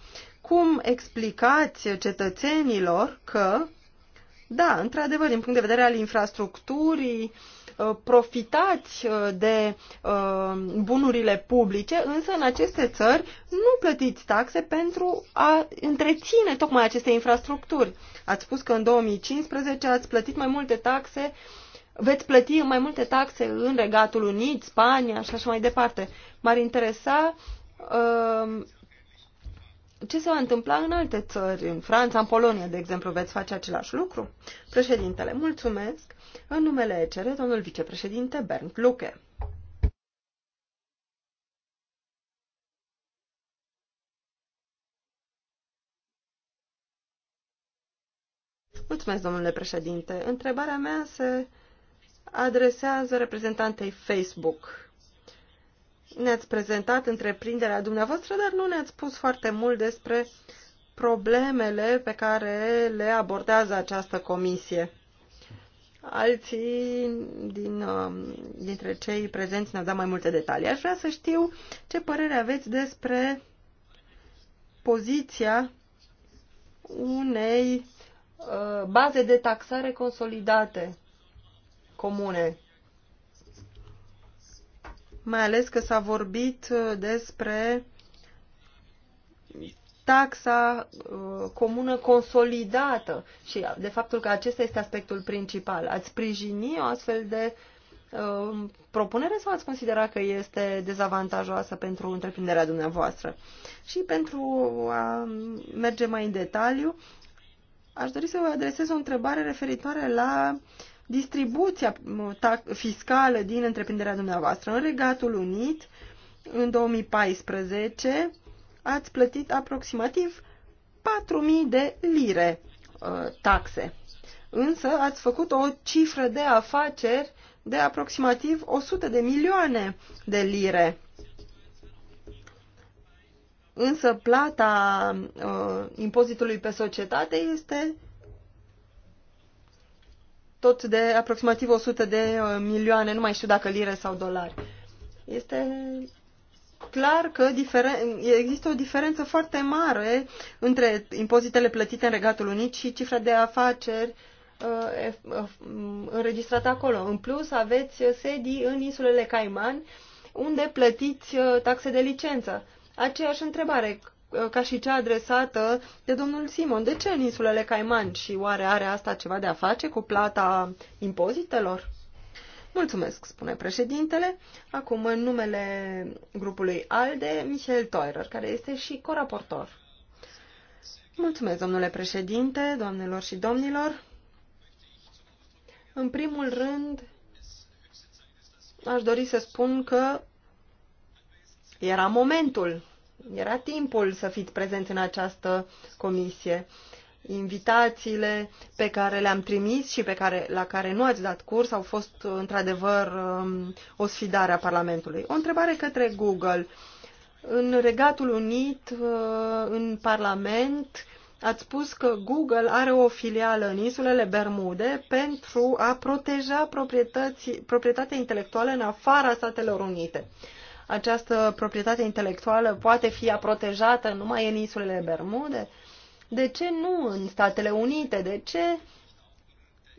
Cum explicați cetățenilor că da, într-adevăr, din punct de vedere al infrastructurii, uh, profitați uh, de uh, bunurile publice, însă în aceste țări nu plătiți taxe pentru a întreține tocmai aceste infrastructuri. Ați spus că în 2015 ați plătit mai multe taxe, veți plăti mai multe taxe în Regatul Unit, Spania și așa mai departe. M-ar interesa ce se va întâmpla în alte țări, în Franța, în Polonia, de exemplu, veți face același lucru? Președintele, mulțumesc. În numele ECR, domnul vicepreședinte Bernd Luke. Mulțumesc, domnule președinte. Întrebarea mea se adresează reprezentantei Facebook. Ne-ați prezentat întreprinderea dumneavoastră, dar nu ne-ați spus foarte mult despre problemele pe care le abordează această comisie. Alții din, um, dintre cei prezenți ne-au dat mai multe detalii. Aș vrea să știu ce părere aveți despre poziția unei uh, baze de taxare consolidate comune mai ales că s-a vorbit uh, despre taxa uh, comună consolidată și uh, de faptul că acesta este aspectul principal. Ați sprijini o astfel de propunere sau ați considera că este dezavantajoasă pentru întreprinderea dumneavoastră? Și pentru a merge mai în detaliu, aș dori să vă adresez o întrebare referitoare la uh, distribuția fiscală din întreprinderea dumneavoastră. În Regatul Unit, în 2014, ați plătit aproximativ 4.000 de lire uh, taxe. Însă ați făcut o cifră de afaceri de aproximativ 100 de milioane de lire. Însă plata uh, impozitului pe societate este tot de aproximativ 100 de uh, milioane, nu mai știu dacă lire sau dolari. Este clar că diferen... există o diferență foarte mare între impozitele plătite în Regatul Unit și cifra de afaceri uh, uh, mm, înregistrată acolo. În plus, aveți sedii în insulele Caiman, unde plătiți taxe de licență. Aceeași întrebare. Uh, ca și cea adresată de domnul Simon. De ce în insulele Caiman și oare are asta ceva de a face cu plata impozitelor? Mulțumesc, spune președintele. Acum, în numele grupului ALDE, Michel Teurer, care este și coraportor. Mulțumesc, domnule președinte, doamnelor și domnilor. În primul rând, aș dori să spun că era momentul era timpul să fiți prezenți în această comisie. Invitațiile pe care le-am trimis și pe care, la care nu ați dat curs au fost într-adevăr um, o sfidare a Parlamentului. O întrebare către Google. În Regatul Unit, uh, în Parlament, ați spus că Google are o filială în insulele Bermude pentru a proteja proprietatea intelectuală în afara Statelor Unite această proprietate intelectuală poate fi protejată numai în insulele Bermude? De ce nu în Statele Unite? De ce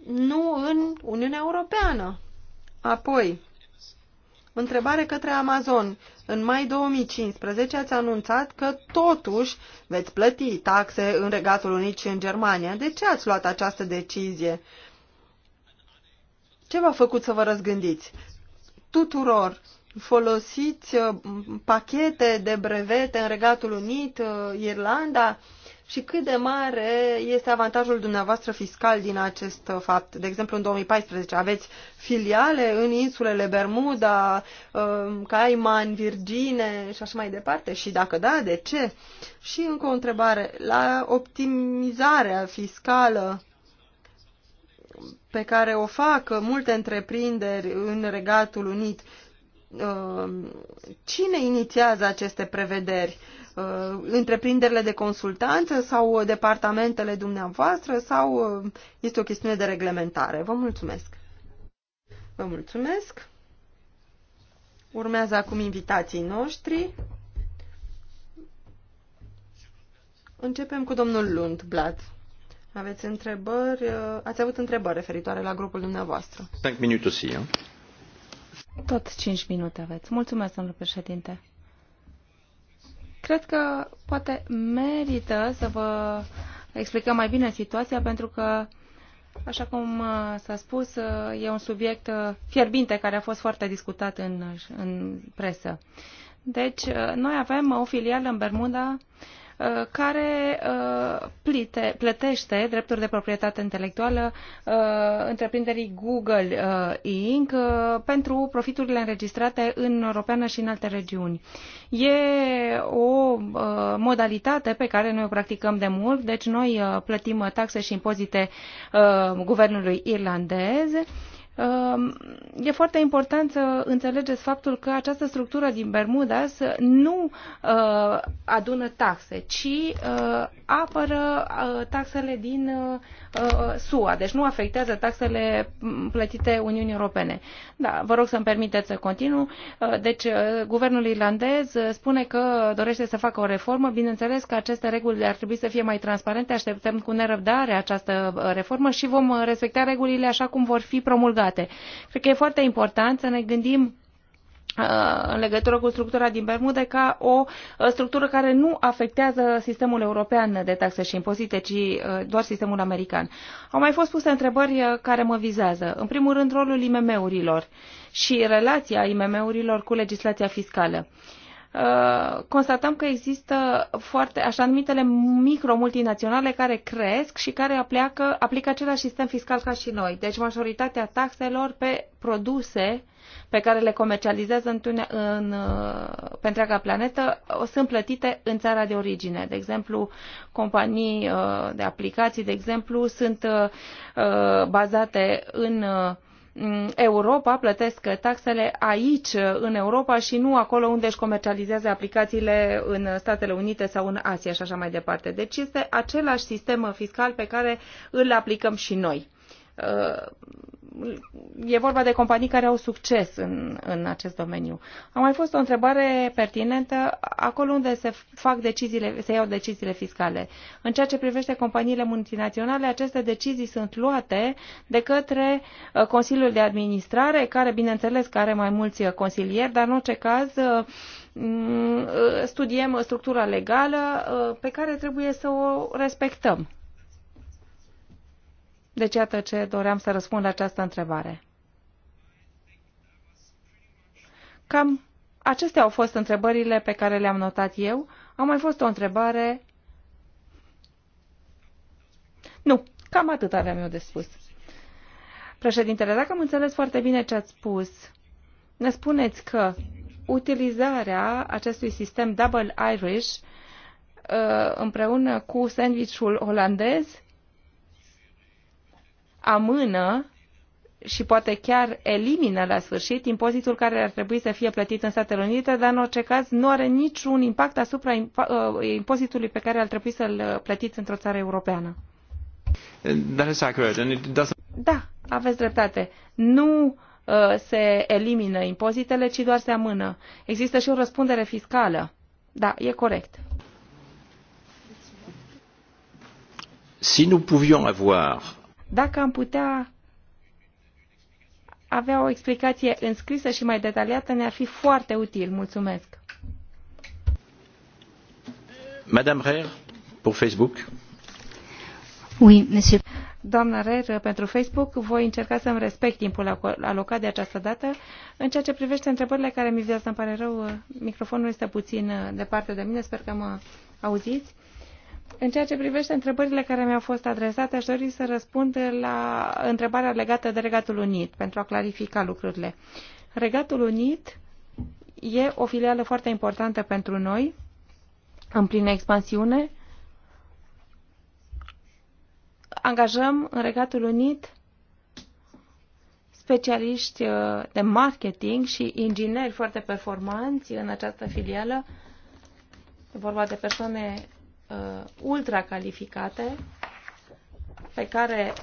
nu în Uniunea Europeană? Apoi, Întrebare către Amazon. În mai 2015 ați anunțat că totuși veți plăti taxe în Regatul Unit și în Germania. De ce ați luat această decizie? Ce v-a făcut să vă răzgândiți? Tuturor, folosiți uh, pachete de brevete în Regatul Unit, uh, Irlanda și cât de mare este avantajul dumneavoastră fiscal din acest uh, fapt. De exemplu, în 2014 aveți filiale în insulele Bermuda, Cayman, Virgine și așa mai departe. Și dacă da, de ce? Și încă o întrebare. La optimizarea fiscală pe care o fac multe întreprinderi în Regatul Unit, Um, cine inițiază aceste prevederi? Uh, întreprinderile de consultanță sau departamentele dumneavoastră sau uh, este o chestiune de reglementare? Vă mulțumesc! Vă mulțumesc! Urmează acum invitații noștri. Începem cu domnul Lund, Blad. Aveți întrebări? Uh, ați avut întrebări referitoare la grupul dumneavoastră. 5 minute aussi, hein? Tot 5 minute aveți. Mulțumesc, domnule președinte. Cred că poate merită să vă explicăm mai bine situația, pentru că, așa cum uh, s-a spus, uh, e un subiect uh, fierbinte care a fost foarte discutat în, în presă. Deci, noi avem o filială în Bermuda Uh, care uh, plite, plătește drepturi de proprietate intelectuală uh, întreprinderii Google Inc. pentru profiturile înregistrate în Europeană și în alte regiuni. E o modalitate pe care noi o practicăm de mult, deci noi plătim taxe și impozite guvernului irlandez Um, e foarte important să înțelegeți faptul că această structură din Bermudas nu uh, adună taxe, ci uh, apără uh, taxele din Uh, SUA, deci nu afectează taxele mm, plătite Uniunii Europene. Da, vă rog să-mi permiteți să continu. Uh, deci, uh, guvernul irlandez spune că dorește să facă o reformă. Bineînțeles că aceste reguli ar trebui să fie mai transparente. Așteptăm cu nerăbdare această reformă și vom respecta regulile așa cum vor fi promulgate. Cred că e foarte important să ne gândim Uh, în legătură cu structura din Bermude ca o uh, structură care nu afectează sistemul european de taxe și impozite, ci uh, doar sistemul american. Au mai fost puse întrebări care mă vizează. În primul rând, rolul IMM-urilor și relația IMM-urilor cu legislația fiscală constatăm că există foarte așa numitele micro-multinaționale care cresc și care aplică, aplică același sistem fiscal ca și noi. Deci majoritatea taxelor pe produse pe care le comercializează în, tune, în, uh, pe întreaga planetă sunt plătite în țara de origine. De exemplu, companii uh, de aplicații, de exemplu, sunt uh, bazate în Europa, plătesc taxele aici, în Europa, și nu acolo unde își comercializează aplicațiile în Statele Unite sau în Asia și așa mai departe. Deci este același sistem fiscal pe care îl aplicăm și noi e vorba de companii care au succes în, în acest domeniu. A mai fost o întrebare pertinentă acolo unde se, fac deciziile, se iau deciziile fiscale. În ceea ce privește companiile multinaționale, aceste decizii sunt luate de către uh, Consiliul de Administrare, care, bineînțeles, că are mai mulți uh, consilieri, dar în orice caz uh, mm, studiem structura legală pe care trebuie să o respectăm. Deci iată ce doream să răspund la această întrebare. Cam acestea au fost întrebările pe care le-am notat eu. A mai fost o întrebare. Nu, cam atât aveam eu de spus. Președintele, dacă am înțeles foarte bine ce ați spus, ne spuneți că utilizarea acestui sistem Double Irish uh, împreună cu sandwichul olandez amână și poate chiar elimină la sfârșit impozitul care ar trebui să fie plătit în Statele Unite, dar în orice caz nu are niciun impact asupra ă, impozitului pe care ar trebui să-l plătiți într-o țară europeană. Da, aveți dreptate. Nu uh, se elimină impozitele, ci doar se amână. Există și o răspundere fiscală. Da, e corect. Si nous pouvions avoir dacă am putea avea o explicație înscrisă și mai detaliată, ne-ar fi foarte util. Mulțumesc. Madame Rer, pour Facebook. Oui, monsieur. Doamna Rer, pentru Facebook, voi încerca să-mi respect timpul alocat de această dată. În ceea ce privește întrebările care mi vizează, îmi pare rău, microfonul este puțin uh, departe de mine, sper că mă auziți. În ceea ce privește întrebările care mi-au fost adresate, aș dori să răspund la întrebarea legată de Regatul Unit, pentru a clarifica lucrurile. Regatul Unit e o filială foarte importantă pentru noi, în plină expansiune. Angajăm în Regatul Unit specialiști uh, de marketing și ingineri foarte performanți în această filială. E vorba de persoane uh, ultracalificate pe care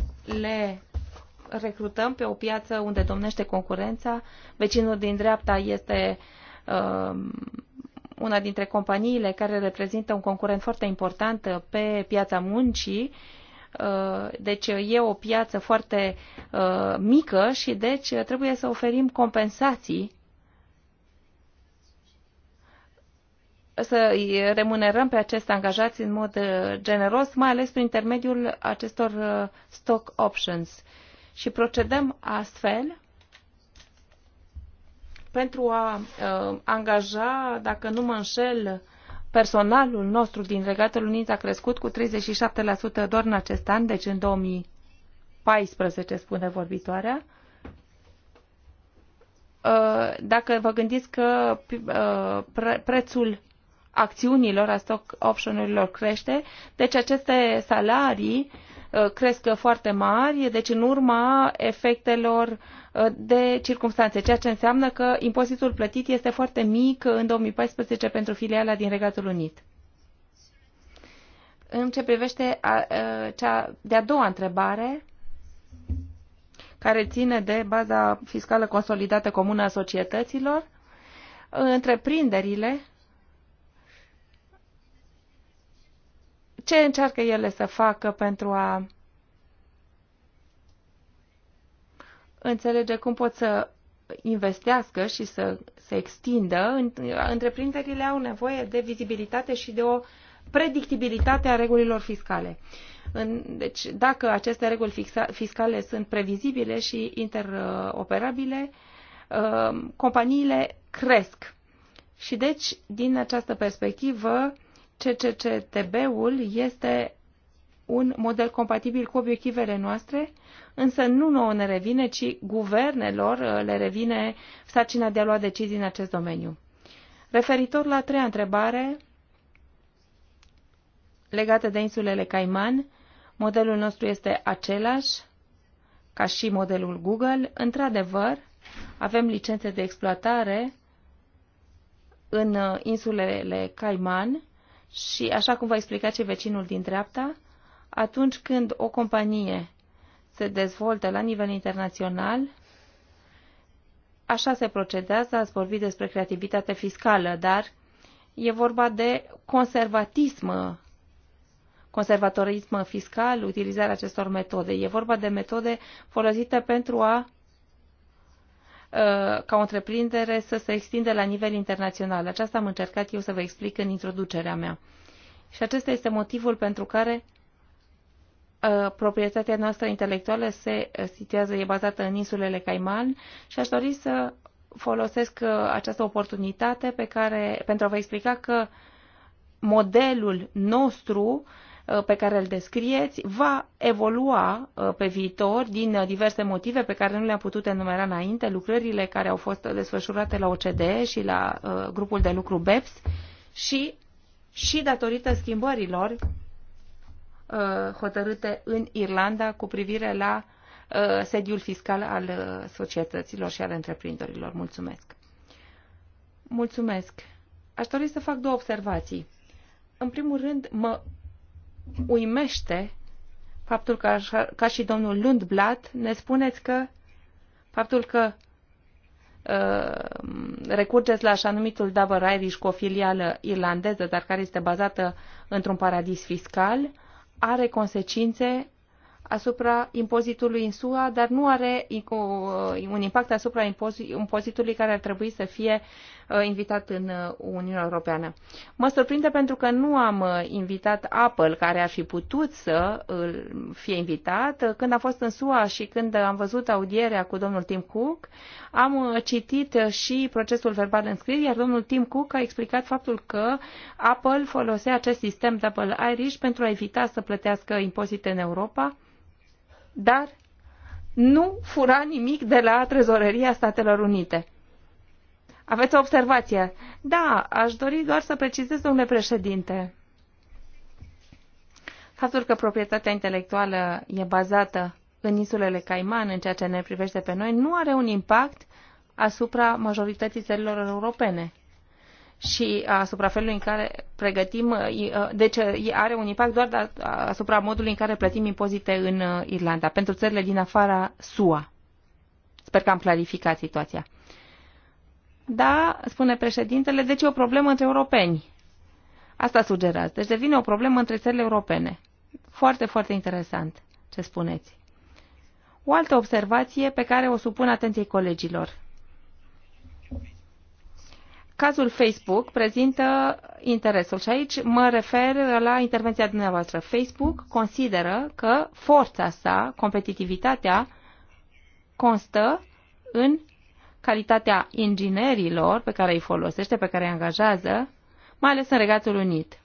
le recrutăm pe o piață unde domnește concurența. Vecinul din dreapta este uh, una dintre companiile care reprezintă un concurent foarte important pe piața muncii. Uh, deci e o piață foarte uh, mică și deci trebuie să oferim compensații să îi remunerăm pe acești angajați în mod uh, generos, mai ales prin intermediul acestor uh, stock options. Și procedăm astfel pentru a uh, angaja, dacă nu mă înșel, personalul nostru din Regatul Unit a crescut cu 37% doar în acest an, deci în 2014, spune vorbitoarea. Uh, dacă vă gândiți că prețul acțiunilor, a stock optionurilor crește, deci aceste salarii uh, cresc foarte mari, deci în urma efectelor uh, de circumstanțe, ceea ce înseamnă că impozitul plătit este foarte mic în 2014 pentru filiala din Regatul Unit. În ce privește a, a, uh, cea de-a doua întrebare, care ține de baza fiscală consolidată comună a societăților, întreprinderile ce încearcă ele să facă pentru a înțelege cum pot să investească și să se extindă, întreprinderile au nevoie de vizibilitate și de o predictibilitate a regulilor fiscale. Deci, dacă aceste reguli fiscale sunt previzibile și interoperabile, uh, companiile cresc. Și deci, din această perspectivă, CCCTB-ul este un model compatibil cu obiectivele noastre, însă nu nouă ne revine, ci guvernelor uh, le revine sarcina de a lua decizii în acest domeniu. Referitor la a treia întrebare, legată de insulele Caiman, modelul nostru este același ca și modelul Google. Într-adevăr, avem licențe de exploatare în uh, insulele Caiman, și așa cum va explica ce vecinul din dreapta, atunci când o companie se dezvoltă la nivel internațional, așa se procedează, ați vorbit despre creativitate fiscală, dar e vorba de conservatism, conservatorism fiscal, utilizarea acestor metode. E vorba de metode folosite pentru a Uh, ca o întreprindere să se extindă la nivel internațional. Aceasta am încercat eu să vă explic în introducerea mea. Și acesta este motivul pentru care uh, proprietatea noastră intelectuală se uh, situează, e bazată în insulele Caiman și aș dori să folosesc această oportunitate pe care, pentru a vă explica că modelul nostru uh, Uh, pe care îl descrieți va evolua uh, pe viitor din uh, diverse motive pe care nu le-am putut enumera înainte, lucrările care au fost desfășurate la OCDE și la grupul de lucru BEPS și, și datorită schimbărilor hotărâte în Irlanda cu privire la sediul fiscal al societăților și al întreprinderilor. Mulțumesc! Mulțumesc! Aș dori să fac două observații. În primul rând, mă uimește faptul că, așa, ca și domnul Lundblad, ne spuneți că faptul că uh, recurgeți la așa numitul Dover Irish cu o filială irlandeză, dar care este bazată într-un paradis fiscal, are consecințe asupra impozitului în SUA, dar nu are uh, un impact asupra impozitului care ar trebui să fie Uh, invitat în uh, Uniunea Europeană. Mă surprinde pentru că nu am uh, invitat Apple, care ar fi putut să fie invitat. Când a fost în SUA și când am văzut audierea cu domnul Tim Cook, am citit și procesul verbal în scris iar domnul Tim Cook a explicat faptul că Apple folosea acest sistem de Apple Irish pentru a evita să plătească impozite în Europa, dar nu fura nimic de la trezoreria Statelor Unite. Aveți o observație? Da, aș dori doar să precizez, domnule președinte, faptul că proprietatea intelectuală e bazată în insulele Caiman, în ceea ce ne privește pe noi, nu are un impact asupra majorității țărilor europene și asupra felului în care pregătim, uh, deci uh, are un impact doar da, asupra modului în care plătim impozite în uh, Irlanda, pentru țările din afara SUA. Sper că am clarificat situația. Da, spune președintele, deci e o problemă între europeni. Asta sugerați. Deci devine o problemă între țările europene. Foarte, foarte interesant ce spuneți. O altă observație pe care o supun atenției colegilor. Cazul Facebook prezintă interesul și aici mă refer la intervenția dumneavoastră. Facebook consideră că forța sa, competitivitatea, constă în calitatea inginerilor pe care îi folosește, pe care îi angajează, mai ales în Regatul Unit.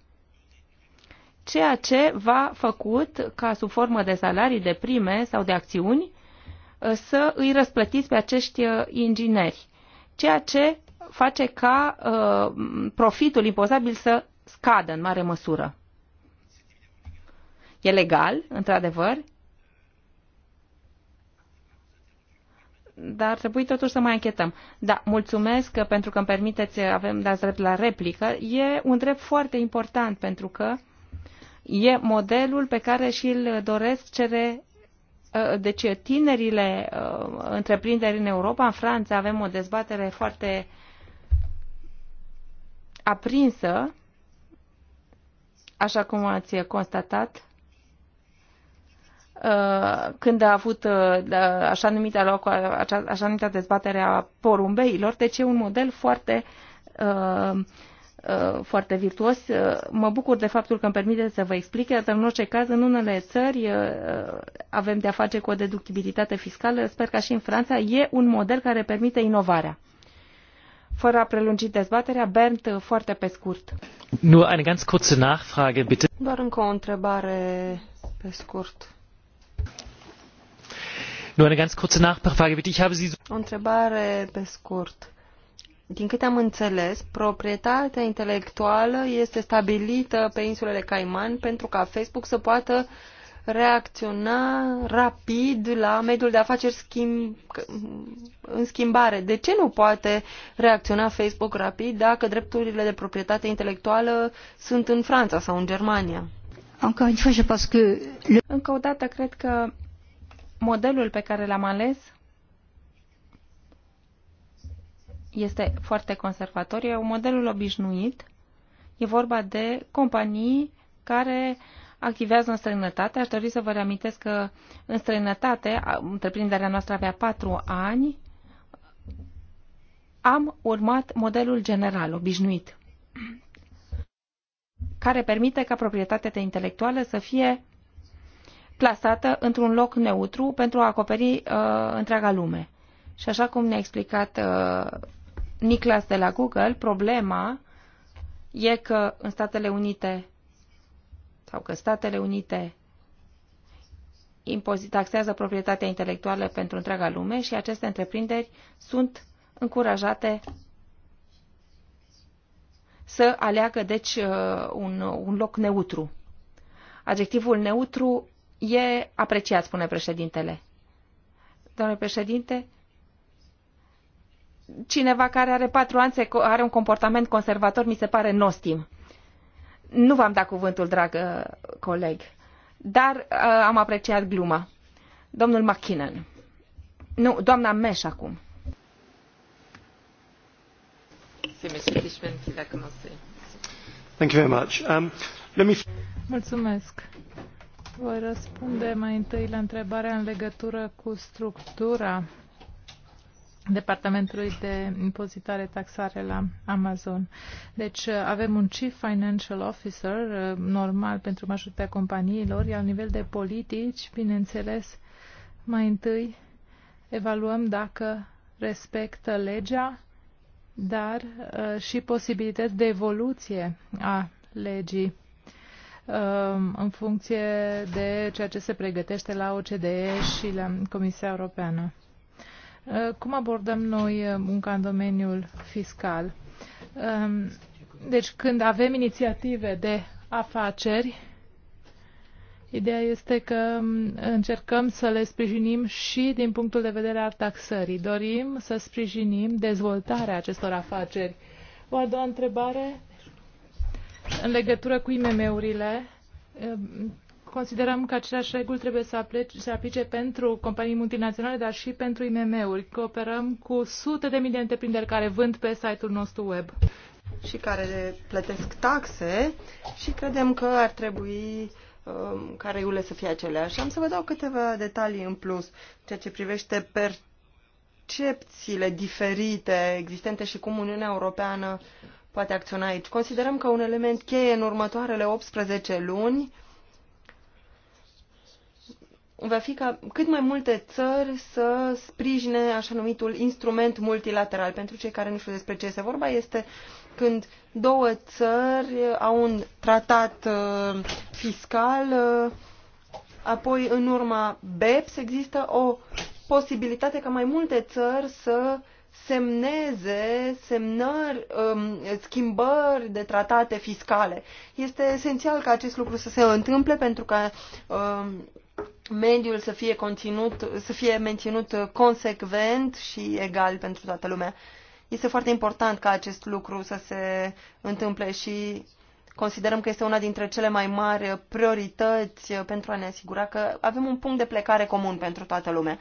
Ceea ce va făcut ca sub formă de salarii, de prime sau de acțiuni să îi răsplătiți pe acești uh, ingineri, ceea ce face ca uh, profitul impozabil să scadă în mare măsură. E legal, într-adevăr, dar ar trebui totuși să mai închetăm. Da, mulțumesc pentru că îmi permiteți, avem dați drept la replică. E un drept foarte important pentru că e modelul pe care și îl doresc cere ă, deci tinerile ă, întreprinderi în Europa, în Franța, avem o dezbatere foarte aprinsă, așa cum ați constatat, Uh, când a avut uh, da, așa numită loc, așa numită dezbatere a porumbeilor, deci e un model foarte uh, foarte virtuos. Mă bucur de faptul că îmi permite să vă explic, dar în orice caz, în unele țări avem de-a face cu o deductibilitate fiscală, sper că și în Franța, e un model care permite inovarea. Fără a prelungi dezbaterea, Bernd, foarte pe scurt. Nur eine ganz kurze Nachfrage, bitte. Doar încă o întrebare pe scurt. Nur eine ganz kurze Nachfrage bitte. Ich habe Sie... O întrebare pe scurt. Din câte am înțeles, proprietatea intelectuală este stabilită pe insulele Caiman pentru ca Facebook să poată reacționa rapid la mediul de afaceri schimb, în schimbare. De ce nu poate reacționa Facebook rapid dacă drepturile de proprietate intelectuală sunt în Franța sau în Germania? Încă o dată, cred că modelul pe care l-am ales este foarte conservator. E un modelul obișnuit. E vorba de companii care activează în străinătate. Aș dori să vă reamintesc că în străinătate, întreprinderea noastră avea patru ani, am urmat modelul general, obișnuit, care permite ca proprietatea intelectuală să fie plasată într-un loc neutru pentru a acoperi uh, întreaga lume. Și așa cum ne-a explicat uh, Niclas de la Google, problema e că în Statele Unite sau că Statele Unite taxează proprietatea intelectuală pentru întreaga lume și aceste întreprinderi sunt încurajate să aleagă, deci, uh, un, un loc neutru. Adjectivul neutru e apreciat, spune președintele. Domnule președinte, cineva care are patru ani, are un comportament conservator, mi se pare nostim. Nu v-am dat cuvântul, dragă coleg, dar uh, am apreciat gluma. Domnul McKinnon. Nu, doamna Meș acum. Mulțumesc. Voi răspunde mai întâi la întrebarea în legătură cu structura Departamentului de Impozitare Taxare la Amazon. Deci uh, avem un Chief Financial Officer uh, normal pentru majoritatea companiilor, iar la nivel de politici, bineînțeles, mai întâi evaluăm dacă respectă legea, dar uh, și posibilități de evoluție a legii Um, în funcție de ceea ce se pregătește la OCDE și la Comisia Europeană. Uh, cum abordăm noi munca în domeniul fiscal? Um, deci când avem inițiative de afaceri, Ideea este că um, încercăm să le sprijinim și din punctul de vedere al taxării. Dorim să sprijinim dezvoltarea acestor afaceri. O a doua întrebare în legătură cu IMM-urile, um, considerăm că aceleași reguli trebuie să, aplice, să aplice pentru companii multinaționale, dar și pentru IMM-uri. Cooperăm cu sute de mii de întreprinderi care vând pe site-ul nostru web. Și care plătesc taxe și credem că ar trebui um, ca regulile să fie aceleași. Am să vă dau câteva detalii în plus, ceea ce privește percepțiile diferite existente și cum Uniunea Europeană poate acționa aici. Considerăm că un element cheie în următoarele 18 luni va fi ca cât mai multe țări să sprijine așa numitul instrument multilateral. Pentru cei care nu știu despre ce este vorba, este când două țări au un tratat uh, fiscal, uh, apoi în urma BEPS există o posibilitate ca mai multe țări să uh, semneze semnări, um, schimbări de tratate fiscale. Este esențial ca acest lucru să se întâmple pentru ca um, mediul să fie, conținut, să fie menținut consecvent și egal pentru toată lumea. Este foarte important ca acest lucru să se întâmple și considerăm că este una dintre cele mai mari priorități pentru a ne asigura că avem un punct de plecare comun pentru toată lumea.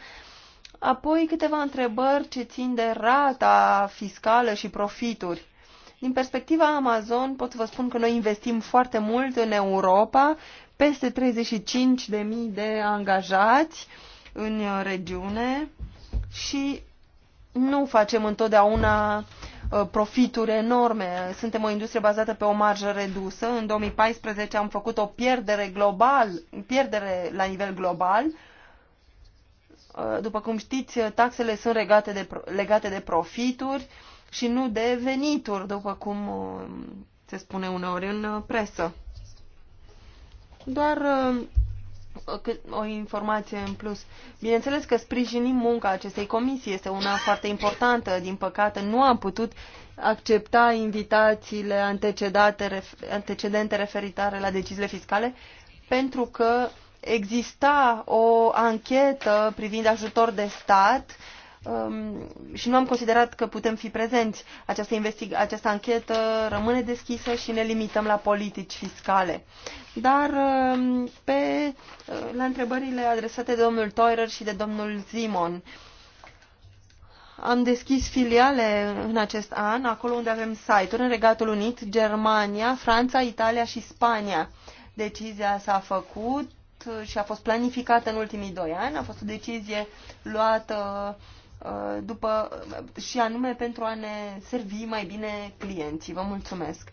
Apoi câteva întrebări ce țin de rata fiscală și profituri. Din perspectiva Amazon pot să vă spun că noi investim foarte mult în Europa, peste 35.000 de angajați în regiune și nu facem întotdeauna ă, profituri enorme. Suntem o industrie bazată pe o marjă redusă. În 2014 am făcut o pierdere global, pierdere la nivel global Uh, după cum știți, taxele sunt legate de, legate de profituri și nu de venituri, după cum uh, se spune uneori în uh, presă. Doar o informație în plus. Bineînțeles că sprijinim munca acestei comisii, este una foarte importantă. Din păcate, nu am putut accepta invitațiile antecedate, antecedente referitoare la deciziile fiscale pentru că exista o anchetă privind ajutor de stat um, și nu am considerat că putem fi prezenți. Această, investig- această anchetă rămâne deschisă și ne limităm la politici fiscale. Dar um, pe, uh, la întrebările adresate de domnul Teurer și de domnul Zimon, am deschis filiale în acest an, acolo unde avem site-uri, în Regatul Unit, Germania, Franța, Italia și Spania. Decizia s-a făcut și a fost planificată în ultimii doi ani. A fost o decizie luată uh, după, și anume pentru a ne servi mai bine clienții. Vă mulțumesc!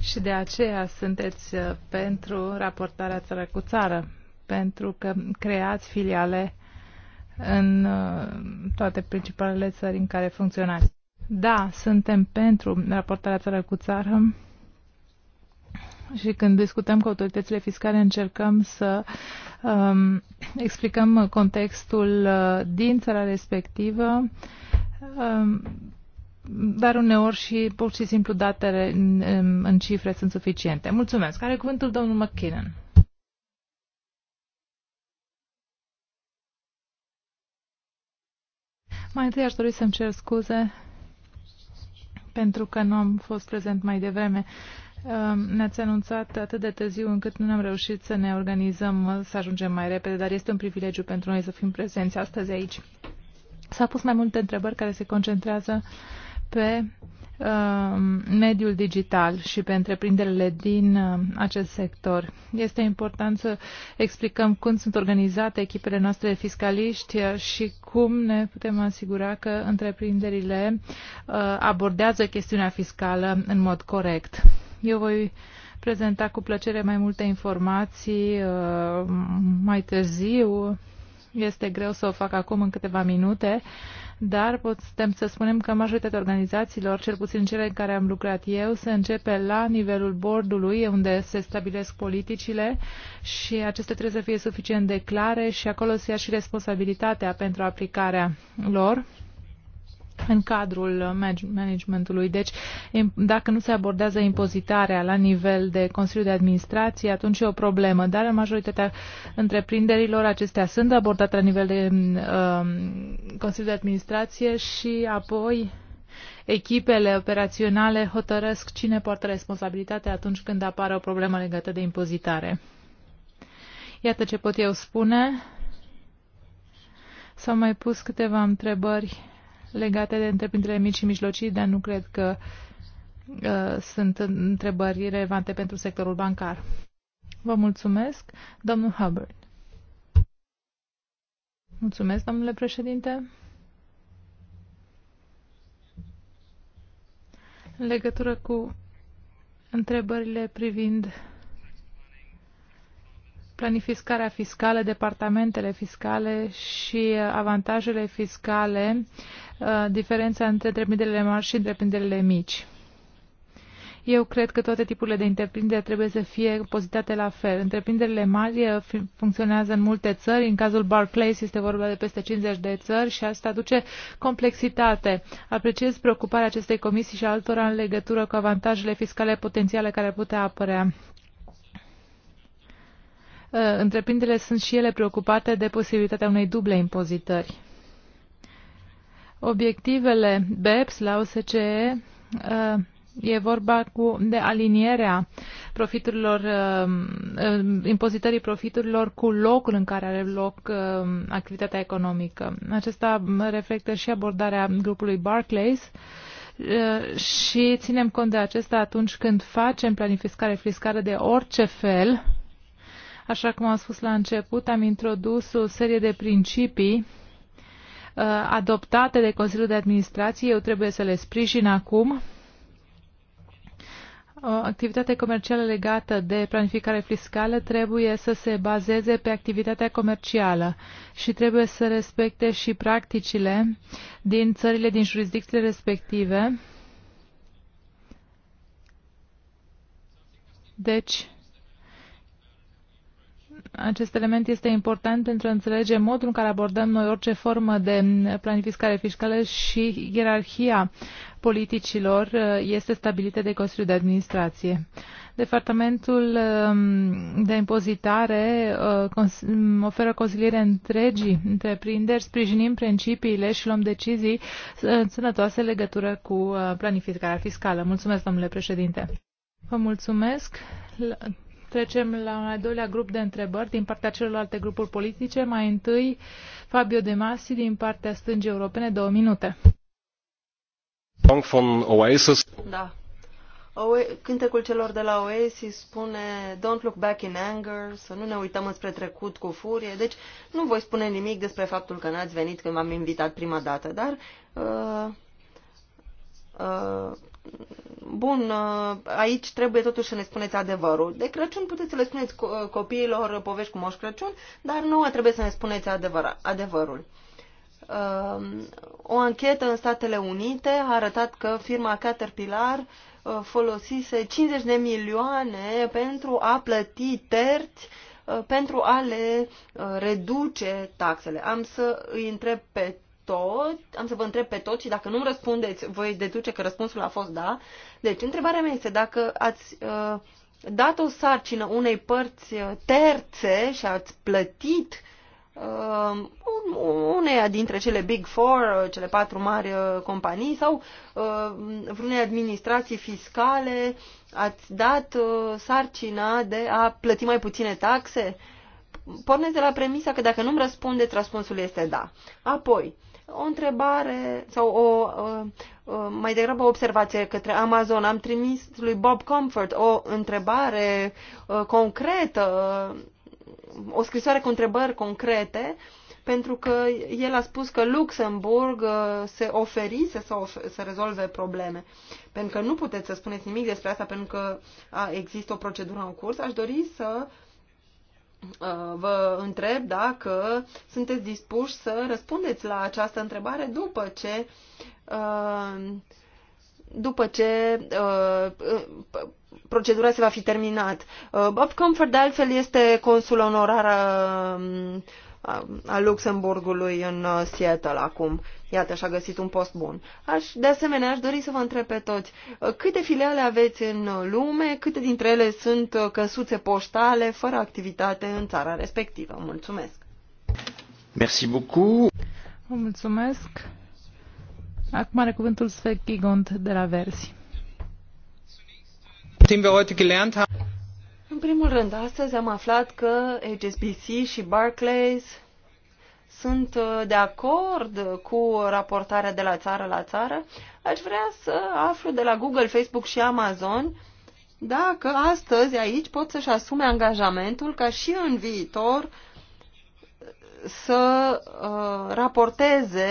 Și de aceea sunteți uh, pentru raportarea țară cu țară, pentru că creați filiale în uh, toate principalele țări în care funcționați. Da, suntem pentru raportarea țară cu țară și când discutăm cu autoritățile fiscale încercăm să um, explicăm contextul uh, din țara respectivă, um, dar uneori și pur și simplu datele în, în, în cifre sunt suficiente. Mulțumesc. Care cuvântul domnul McKinnon. Mai întâi aș dori să-mi cer scuze pentru că nu am fost prezent mai devreme ne-ați anunțat atât de târziu încât nu am reușit să ne organizăm, să ajungem mai repede, dar este un privilegiu pentru noi să fim prezenți astăzi aici. S-au pus mai multe întrebări care se concentrează pe um, mediul digital și pe întreprinderile din uh, acest sector. Este important să explicăm cum sunt organizate echipele noastre de fiscaliști uh, și cum ne putem asigura că întreprinderile uh, abordează chestiunea fiscală în mod corect. Eu voi prezenta cu plăcere mai multe informații uh, mai târziu. Este greu să o fac acum în câteva minute, dar putem să spunem că majoritatea organizațiilor, cel puțin cele în care am lucrat eu, se începe la nivelul bordului, unde se stabilesc politicile și acestea trebuie să fie suficient de clare și acolo se ia și responsabilitatea pentru aplicarea lor în cadrul managementului. Deci, dacă nu se abordează impozitarea la nivel de Consiliu de Administrație, atunci e o problemă. Dar în majoritatea întreprinderilor acestea sunt abordate la nivel de uh, um, um, Consiliu de Administrație și apoi echipele operaționale hotărăsc cine poartă responsabilitatea atunci când apare o problemă legată de impozitare. Iată ce pot eu spune. S-au mai pus câteva întrebări legate de întreprinderile mici și mijlocii, dar nu cred că uh, sunt întrebări relevante pentru sectorul bancar. Vă mulțumesc, domnul Hubbard. Mulțumesc, domnule președinte. În legătură cu întrebările privind planificarea fiscală, departamentele fiscale și uh, avantajele fiscale, uh, diferența între întreprinderile mari și întreprinderile mici. Eu cred că toate tipurile de întreprinderi trebuie să fie pozitate la fel. Întreprinderile mari uh, funcționează în multe țări, în cazul Barclays este vorba de peste 50 de țări și asta aduce complexitate. Apreciez preocuparea acestei comisii și altora în legătură cu avantajele fiscale potențiale care putea apărea Uh, întreprinderile sunt și ele preocupate de posibilitatea unei duble impozitări. Obiectivele BEPS la OSCE uh, E vorba cu, de alinierea profiturilor, uh, impozitării profiturilor cu locul în care are loc activitatea economică. Acesta reflectă și abordarea grupului Barclays și ținem cont de acesta atunci când facem planificare fiscală de orice fel Așa cum am spus la început, am introdus o serie de principii uh, adoptate de Consiliul de Administrație. Eu trebuie să le sprijin acum. O activitate comercială legată de planificare fiscală trebuie să se bazeze pe activitatea comercială și trebuie să respecte și practicile din țările din jurisdicțiile respective. Deci, acest element este important pentru a înțelege modul în care abordăm noi orice formă de planificare fiscală și ierarhia politicilor uh, este stabilită de Consiliul de Administrație. Departamentul um, de impozitare uh, um, oferă consiliere întregii întreprinderi, sprijinim principiile și luăm decizii uh, sănătoase în legătură cu planificarea fiscală. Mulțumesc, domnule președinte. Vă mulțumesc. Trecem la un al doilea grup de întrebări din partea celorlalte grupuri politice. Mai întâi, Fabio De Masi din partea stângii europene, două minute. Da. Cântecul celor de la Oasis spune Don't look back in anger, să nu ne uităm înspre trecut cu furie. Deci nu voi spune nimic despre faptul că n-ați venit când m-am invitat prima dată, dar uh, uh, bun, uh, aici trebuie totuși să ne spuneți adevărul. De Crăciun puteți să le spuneți uh, copiilor povești cu Moș Crăciun, dar nouă trebuie să ne spuneți adevăr, adevărul. Uh, o anchetă în Statele Unite a arătat că firma Caterpillar folosise 50 de milioane pentru a plăti terți pentru a le reduce taxele. Am să îi întreb pe tot, am să vă întreb pe tot și dacă nu răspundeți, voi deduce că răspunsul a fost da. Deci, întrebarea mea este dacă ați uh, dat o sarcină unei părți uh, terțe și ați plătit uh, uneia dintre cele Big Four, uh, cele patru mari uh, companii sau uh, vreunei administrații fiscale, ați dat uh, sarcina de a plăti mai puține taxe? Porneți de la premisa că dacă nu-mi răspundeți, răspunsul este da. Apoi, o întrebare sau o, mai degrabă o observație către Amazon. Am trimis lui Bob Comfort o întrebare uh, concretă, uh, o scrisoare cu întrebări concrete pentru că el a spus că Luxemburg uh, se oferise să, of- să rezolve probleme. Pentru că nu puteți să spuneți nimic despre asta, pentru că a, există o procedură în curs. Aș dori să Uh, vă întreb dacă sunteți dispuși să răspundeți la această întrebare după ce uh, după ce uh, procedura se va fi terminat. Bob Comfort, de altfel, este consul onorar a Luxemburgului în uh, Seattle acum. Iată, și-a găsit un post bun. Aș, de asemenea, aș dori să vă întreb pe toți, uh, câte filiale aveți în uh, lume, câte dintre ele sunt căsuțe poștale fără activitate în țara respectivă? Mulțumesc! Merci beaucoup! Vă mulțumesc! Acum are cuvântul Sfet Gigont de la Versi primul rând, astăzi am aflat că HSBC și Barclays sunt uh, de acord cu raportarea de la țară la țară. Aș vrea să aflu de la Google, Facebook și Amazon dacă astăzi aici pot să-și asume angajamentul ca și în viitor să uh, raporteze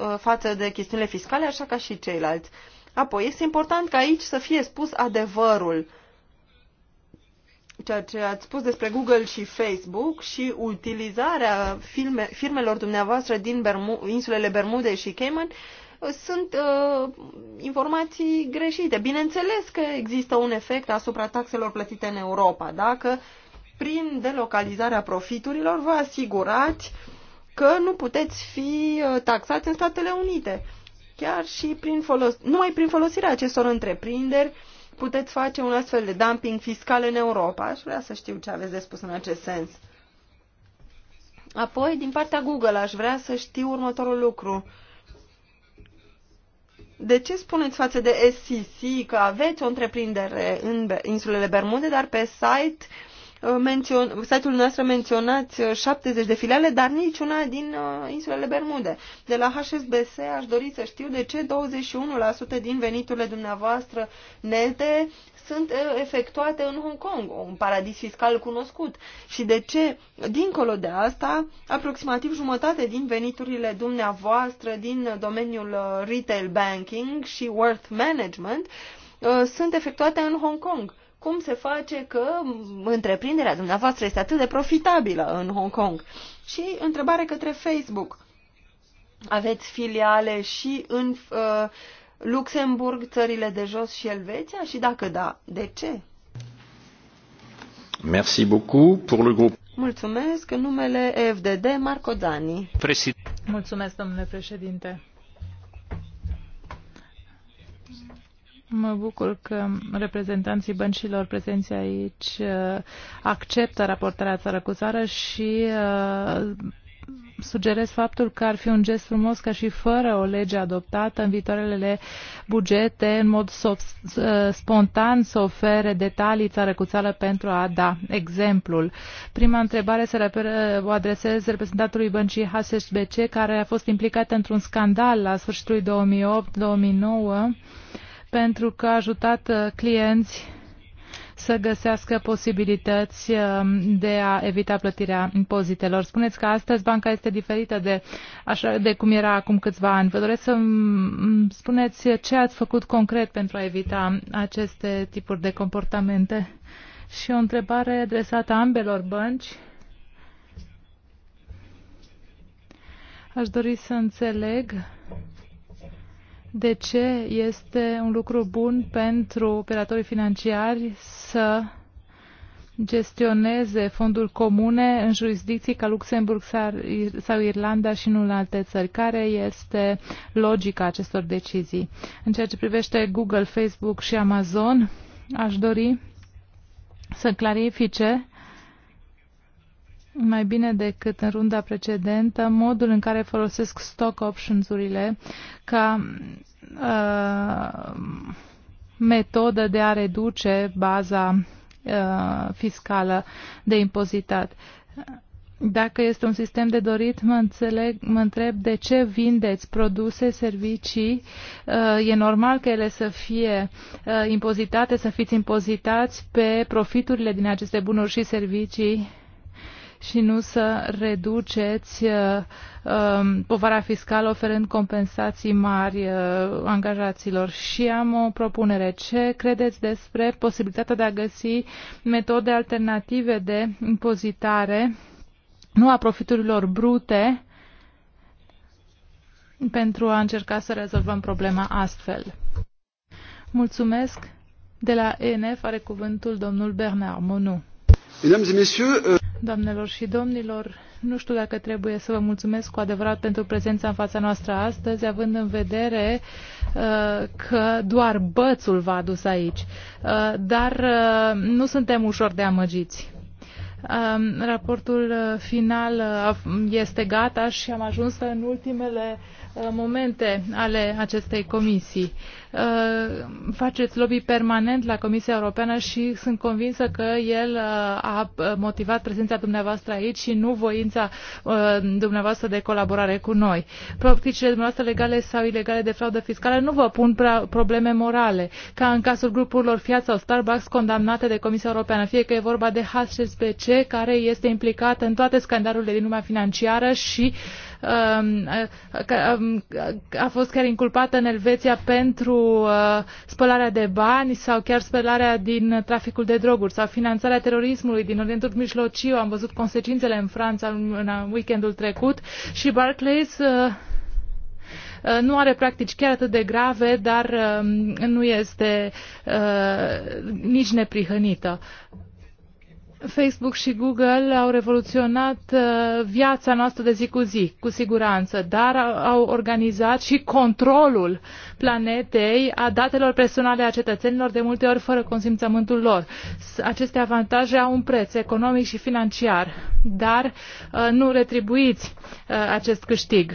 uh, față de chestiunile fiscale, așa ca și ceilalți. Apoi, este important ca aici să fie spus adevărul. Uh, ceea ce ați spus despre Google și Facebook și utilizarea filme, firmelor dumneavoastră din Bermu, insulele Bermude și Cayman sunt uh, informații greșite. Bineînțeles că există un efect asupra taxelor plătite în Europa. Dacă prin delocalizarea profiturilor vă asigurați că nu puteți fi uh, taxați în Statele Unite. Chiar și prin folos- numai prin folosirea acestor întreprinderi uh, puteți face un astfel de dumping fiscal în Europa. Aș vrea să știu ce aveți de spus în acest sens. Apoi, din partea Google, aș vrea să știu următorul lucru. De ce spuneți față de SCC că aveți o întreprindere în insulele Bermude, dar pe site uh, mențion, site-ul nostru menționați 70 uh, de filiale, dar niciuna din uh, insulele Bermude. De la HSBC aș dori să știu de ce 21% din veniturile dumneavoastră nete sunt uh, efectuate în Hong Kong, un paradis fiscal cunoscut, și de ce, dincolo de asta, aproximativ jumătate din veniturile dumneavoastră din domeniul uh, retail banking și wealth management uh, sunt efectuate în Hong Kong cum se face că întreprinderea dumneavoastră este atât de profitabilă în Hong Kong? Și întrebare către Facebook. Aveți filiale și în uh, Luxemburg, țările de jos și Elveția? Și dacă da, de ce? Merci beaucoup pour le groupe. Mulțumesc. În numele FDD, Marco Dani. Mulțumesc, domnule președinte. Mă bucur că reprezentanții băncilor prezenți aici uh, acceptă raportarea țară cu țară și uh, sugerez faptul că ar fi un gest frumos ca și fără o lege adoptată în viitoarele bugete, în mod uh, spontan să ofere detalii țară cu țară pentru a da exemplul. Prima întrebare se o adresez reprezentantului băncii HSBC, care a fost implicat într-un scandal la sfârșitul 2008-2009 pentru că a ajutat uh, clienți să găsească posibilități uh, de a evita plătirea impozitelor. Spuneți că astăzi banca este diferită de, așa, de cum era acum câțiva ani. Vă doresc să spuneți ce ați făcut concret pentru a evita aceste tipuri de comportamente. Și o întrebare adresată ambelor bănci. Aș dori să înțeleg de ce este un lucru bun pentru operatorii financiari să gestioneze fonduri comune în jurisdicții ca Luxemburg sau Irlanda și nu în alte țări. Care este logica acestor decizii? În ceea ce privește Google, Facebook și Amazon, aș dori să clarifice mai bine decât în runda precedentă modul în care folosesc stock options-urile ca uh, metodă de a reduce baza uh, fiscală de impozitat. Dacă este un sistem de dorit, mă, înțeleg, mă întreb de ce vindeți produse, servicii. Uh, e normal că ele să fie uh, impozitate, să fiți impozitați pe profiturile din aceste bunuri și servicii și nu să reduceți uh, um, povara fiscală oferând compensații mari uh, angajaților. Și am o propunere. Ce credeți despre posibilitatea de a găsi metode alternative de impozitare, nu a profiturilor brute, pentru a încerca să rezolvăm problema astfel. Mulțumesc. De la ENF are cuvântul domnul Bernard Monu. Mesdames et messieurs, euh doamnelor și domnilor. Nu știu dacă trebuie să vă mulțumesc cu adevărat pentru prezența în fața noastră astăzi, având în vedere uh, că doar bățul v-a adus aici. Uh, dar uh, nu suntem ușor de amăgiți. Um, raportul uh, final uh, este gata și am ajuns în ultimele uh, Uh, momente ale acestei comisii. Uh, faceți lobby permanent la Comisia Europeană și sunt convinsă că el uh, a motivat prezența dumneavoastră aici și nu voința dumneavoastră de colaborare cu noi. Practicile dumneavoastră legale sau ilegale de fraudă fiscală nu vă pun probleme morale, ca în cazul grupurilor Fiat sau Starbucks condamnate de Comisia Europeană, fie că e vorba de HSBC, care este implicat în toate scandalurile din lumea financiară și uh, Um, um, a fost chiar inculpată în Elveția pentru uh, spălarea de bani sau chiar spălarea din traficul de droguri sau finanțarea terorismului din Orientul Mijlociu. Am văzut consecințele în Franța în weekendul trecut și Barclays uh, uh, nu are practici chiar atât de grave, dar um, nu este nici neprihănită. Facebook și Google au revoluționat uh, viața noastră de zi cu zi, cu siguranță, dar au organizat și controlul planetei a datelor personale a cetățenilor, de multe ori fără consimțământul lor. Aceste avantaje au un preț economic și financiar, dar uh, nu retribuiți uh, acest câștig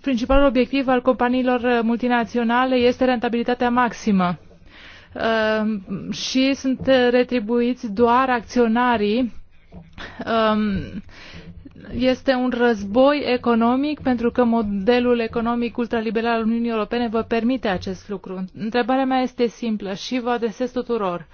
principalul obiectiv al companiilor multinaționale este rentabilitatea maximă Ehm, și sunt retribuiți doar acționarii ehm, este un război economic pentru că modelul economic ultraliberal al Uniunii Europene vă permite acest lucru. Întrebarea mea este simplă și vă adresez tuturor. Uh,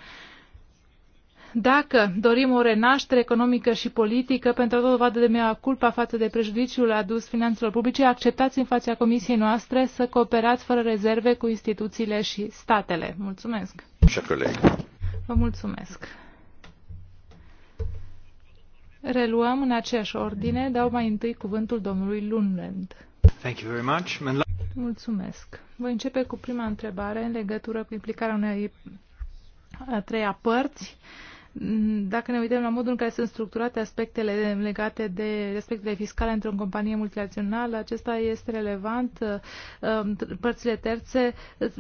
dacă dorim o renaștere economică și politică pentru o dovadă de mea culpa față de prejudiciul adus finanțelor publice, acceptați în fața comisiei noastre să cooperați fără rezerve cu instituțiile și statele. Mulțumesc! Vă mulțumesc! Reluăm în aceeași ordine. Dau mai întâi cuvântul domnului Lundland. Thank you very much. Mulțumesc. Voi începe cu prima întrebare în legătură cu implicarea unei a treia părți dacă ne uităm la modul în care sunt structurate aspectele legate de aspectele fiscale într-o companie multinațională, acesta este relevant. Um, părțile terțe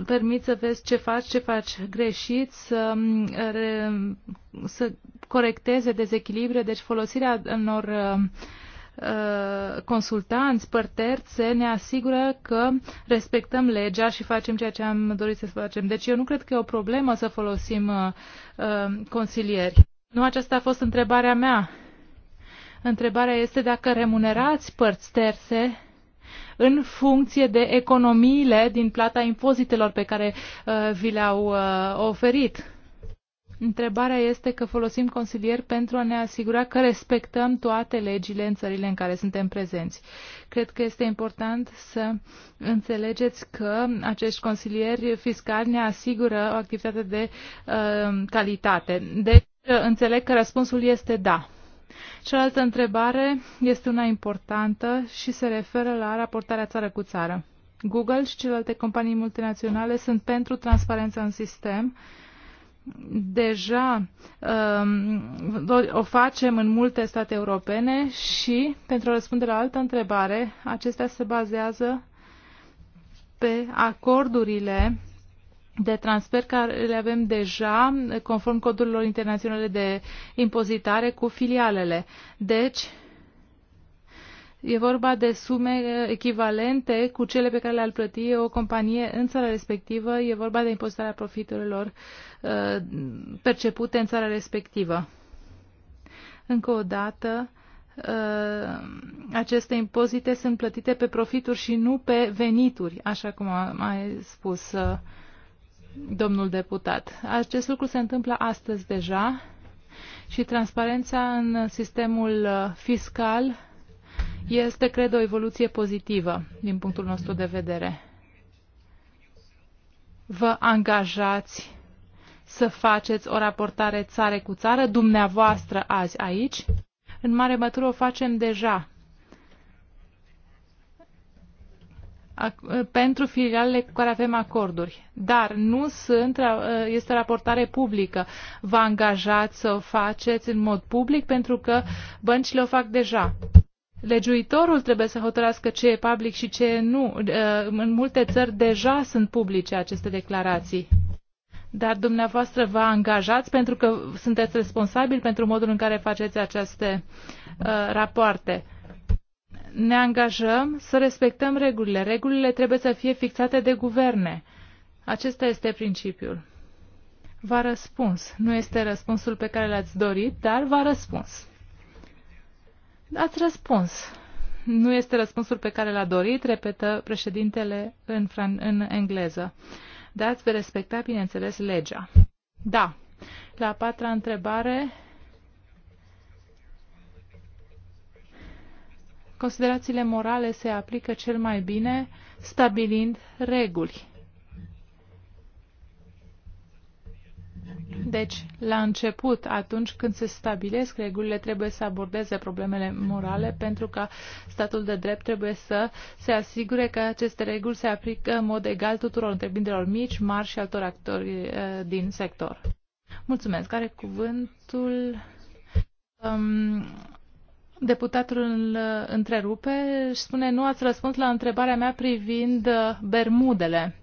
permit să vezi ce faci, ce faci greșit, să, um, să corecteze dezechilibre, deci folosirea unor uh, Uh, consultanți, părterți să ne asigură că respectăm legea și facem ceea ce am dorit să facem. Deci eu nu cred că e o problemă să folosim uh, uh consilieri. Nu aceasta a fost întrebarea mea. Întrebarea este dacă remunerați părți terse în funcție de economiile din plata impozitelor pe care uh, vi le-au uh, oferit. Întrebarea este că folosim consilieri pentru a ne asigura că respectăm toate legile în țările în care suntem prezenți. Cred că este important să înțelegeți că acești consilieri fiscali ne asigură o activitate de uh, calitate. Deci, uh, înțeleg că răspunsul este da. Cealaltă întrebare este una importantă și se referă la raportarea țară cu țară. Google și celelalte companii multinaționale sunt pentru transparența în sistem deja um, o facem în multe state europene și, pentru a răspunde la altă întrebare, acestea se bazează pe acordurile de transfer care le avem deja conform codurilor internaționale de impozitare cu filialele. Deci, E vorba de sume uh, echivalente cu cele pe care le-ar plăti o companie în țara respectivă. E vorba de impozitarea profiturilor uh, percepute în țara respectivă. Încă o dată, uh, aceste impozite sunt plătite pe profituri și nu pe venituri, așa cum a mai spus domnul deputat. Acest lucru se întâmplă astăzi deja și transparența în sistemul fiscal este, cred, o evoluție pozitivă din punctul nostru de vedere. Vă angajați să faceți o raportare țară cu țară, dumneavoastră azi aici. În mare măsură o facem deja. pentru filialele cu care avem acorduri. Dar nu sunt, este raportare publică. Vă angajați să o faceți în mod public pentru că băncile o fac deja. Legiuitorul trebuie să hotărască ce e public și ce e nu. Eh, în multe țări deja sunt publice aceste declarații. Dar dumneavoastră vă angajați pentru că sunteți responsabili pentru modul în care faceți aceste uh, rapoarte. Ne angajăm să respectăm regulile. Regulile trebuie să fie fixate de guverne. Acesta este principiul. V-a răspuns. Nu este răspunsul pe care l-ați dorit, dar v-a răspuns. Ați răspuns. Nu este răspunsul pe care l-a dorit, repetă președintele în, fran- în engleză. Dați ați respecta, bineînțeles, legea. Da. La a patra întrebare, Considerațiile morale se aplică cel mai bine stabilind reguli. Deci, la început, atunci când se stabilesc regulile, trebuie să abordeze problemele morale, pentru că statul de drept trebuie să se asigure că aceste reguli se aplică în mod egal tuturor întreprinderilor mici, mari și altor actori eh, din sector. Mulțumesc. Care cuvântul um, deputatul îl eh, întrerupe și spune nu ați răspuns la întrebarea mea privind eh, Bermudele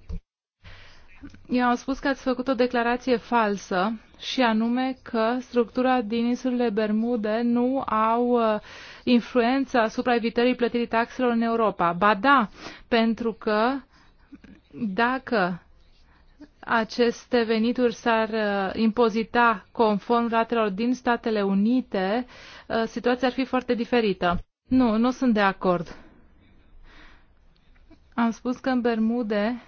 eu am spus că ați făcut o declarație falsă și anume că structura din insulele Bermude nu au uh, influență asupra evitării plătirii taxelor în Europa. Ba da, pentru că dacă aceste venituri s-ar uh, impozita conform ratelor din Statele Unite, uh, situația ar fi foarte diferită. Nu, nu sunt de acord. Am spus că în Bermude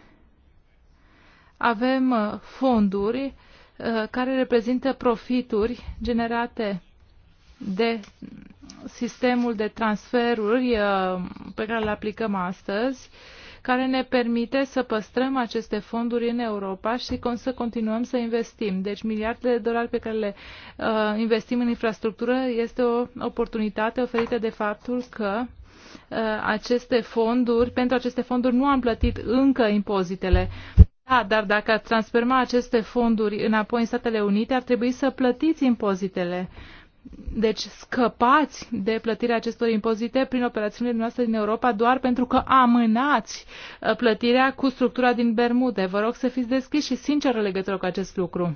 avem uh, fonduri uh, care reprezintă profituri generate de sistemul de transferuri uh, pe care le aplicăm astăzi, care ne permite să păstrăm aceste fonduri în Europa și să continuăm să investim. Deci miliardele de dolari pe care le investim în infrastructură este o oportunitate oferită de faptul că aceste fonduri, pentru aceste fonduri nu am plătit încă impozitele da, dar dacă ați transferma aceste fonduri înapoi în Statele Unite, ar trebui să plătiți impozitele. Deci scăpați de plătirea acestor impozite prin operațiunile noastre din Europa doar pentru că amânați uh, plătirea cu structura din Bermude. Vă rog să fiți deschiși și sincer în legătură cu acest lucru.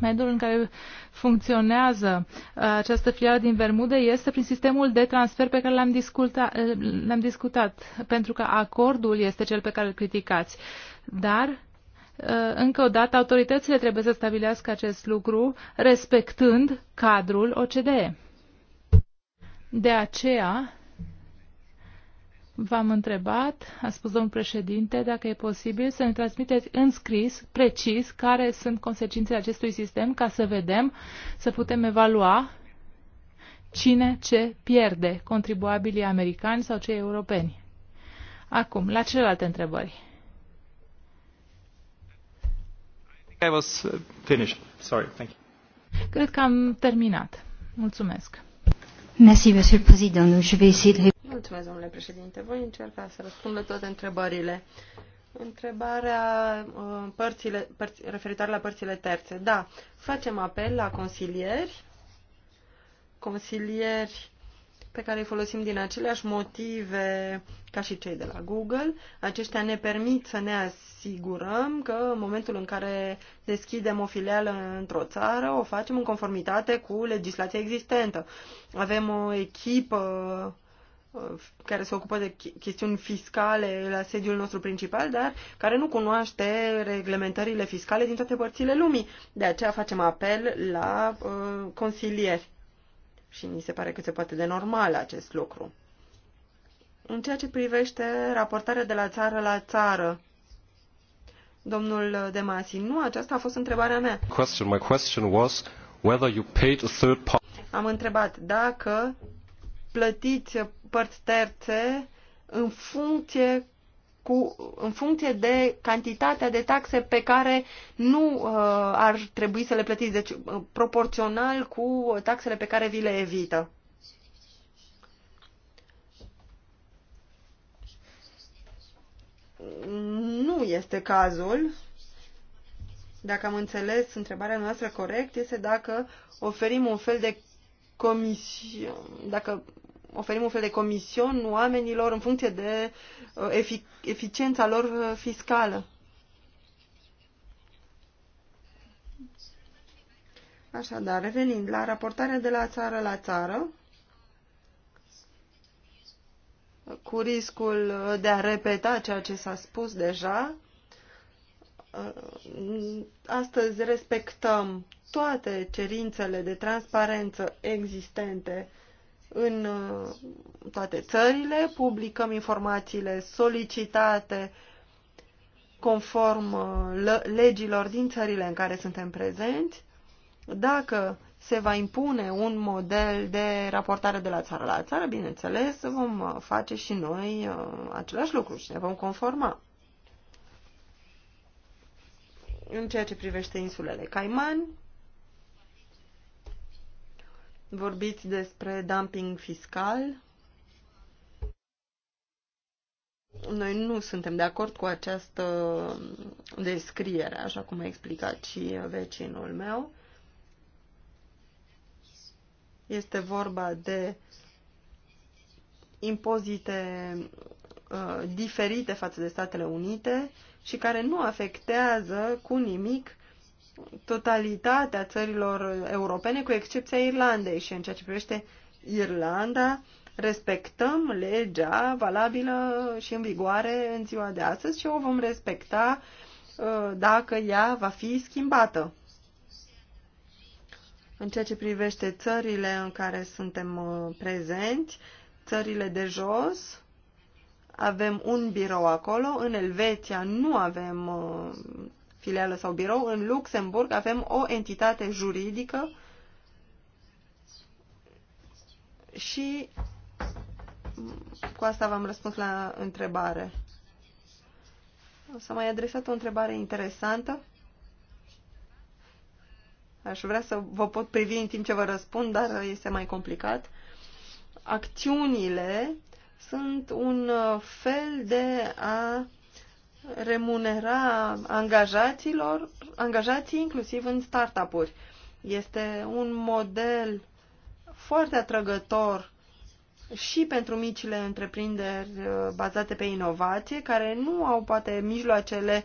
Mediul în care funcționează uh, această filială din Bermude este prin sistemul de transfer pe care l-am discutat, uh, l-am discutat, pentru că acordul este cel pe care îl criticați. Dar, ă, încă o dată, autoritățile trebuie să stabilească acest lucru respectând cadrul OCDE. De aceea, v-am întrebat, a spus domnul președinte, dacă e posibil să ne transmiteți în scris, precis, care sunt consecințele acestui sistem, ca să vedem, să putem evalua cine ce pierde, contribuabilii americani sau cei europeni. Acum, la celelalte întrebări. I was finished. Sorry, thank you. Cred că am terminat. Mulțumesc. Merci, Monsieur le Président. Je vais essayer de... Mulțumesc, domnule președinte. Voi încerca să răspund la toate întrebările. Întrebarea uh, părțile, părți, referitoare la părțile terțe. Da, facem apel la consilieri, consilieri pe care îi folosim din aceleași motive ca și cei de la Google. Aceștia ne permit să ne asigurăm că în momentul în care deschidem o filială într-o țară, o facem în conformitate cu legislația existentă. Avem o echipă uh, care se ocupă de chestiuni fiscale la sediul nostru principal, dar care nu cunoaște reglementările fiscale din toate părțile lumii. De aceea facem apel la uh, consilieri și mi se pare că se poate de normal acest lucru. În ceea ce privește raportarea de la țară la țară, domnul Demasi, nu aceasta a fost întrebarea mea. Question. My question was whether you paid a third party. Am întrebat dacă plătiți părți terțe în funcție cu, în funcție de cantitatea de taxe pe care nu uh, ar trebui să le plătiți, deci uh, proporțional cu taxele pe care vi le evită. Nu este cazul. Dacă am înțeles întrebarea noastră corect, este dacă oferim un fel de comisiune, dacă oferim un fel de comision oamenilor în funcție de uh, efic- eficiența lor uh, fiscală. Așadar, revenind la raportarea de la țară la țară, cu riscul de a repeta ceea ce s-a spus deja, uh, astăzi respectăm toate cerințele de transparență existente în uh, toate țările, publicăm informațiile solicitate conform uh, legilor din țările în care suntem prezenți. Dacă se va impune un model de raportare de la țară la țară, bineînțeles, vom uh, face și noi același lucru și ne vom conforma. În ceea ce privește insulele Caiman, vorbiți despre dumping fiscal. Noi nu suntem de acord cu această descriere, așa cum a explicat și vecinul meu. Este vorba de impozite uh, diferite față de Statele Unite și care nu afectează cu nimic totalitatea țărilor europene, cu excepția Irlandei. Și în ceea ce privește Irlanda, respectăm legea valabilă și în vigoare în ziua de astăzi și o vom respecta uh, dacă ea va fi schimbată. În ceea ce privește țările în care suntem uh, prezenți, țările de jos, avem un birou acolo, în Elveția nu avem uh, filială sau birou, în Luxemburg avem o entitate juridică și cu asta v-am răspuns la întrebare. S-a mai adresat o întrebare interesantă. Aș vrea să vă pot privi în timp ce vă răspund, dar este mai complicat. Acțiunile sunt un fel de a remunera angajaților, angajații inclusiv în startup-uri. Este un model foarte atrăgător și pentru micile întreprinderi uh, bazate pe inovație, care nu au poate mijloacele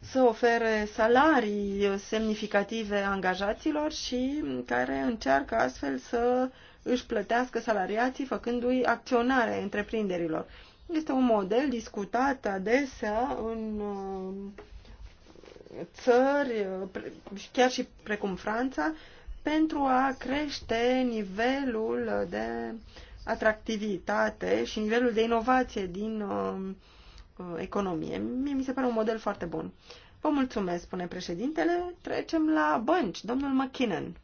să ofere salarii semnificative angajaților și care încearcă astfel să își plătească salariații făcându-i acționare întreprinderilor. Este un model discutat adesea în uh, țări, chiar și precum Franța, pentru a crește nivelul de atractivitate și nivelul de inovație din uh, uh, economie. Mie mi se pare un model foarte bun. Vă mulțumesc, spune președintele. Trecem la bănci. Domnul McKinnon.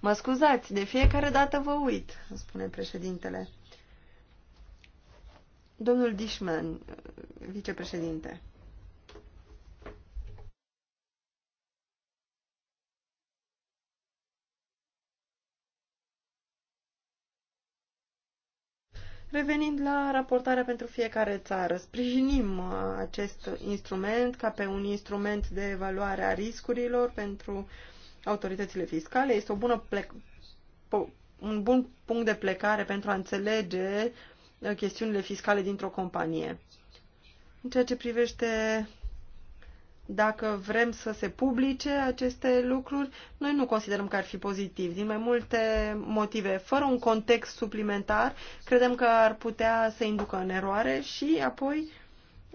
Mă scuzați, de fiecare dată vă uit, spune președintele. Domnul Dishman, vicepreședinte. Revenind la raportarea pentru fiecare țară, sprijinim uh, acest instrument ca pe un instrument de evaluare a riscurilor pentru autoritățile fiscale. Este o bună plec... un bun punct de plecare pentru a înțelege Uh, chestiunile fiscale dintr-o companie. În ceea ce privește dacă vrem să se publice aceste lucruri, noi nu considerăm că ar fi pozitiv. Din mai multe motive, fără un context suplimentar, credem că ar putea să inducă în eroare și apoi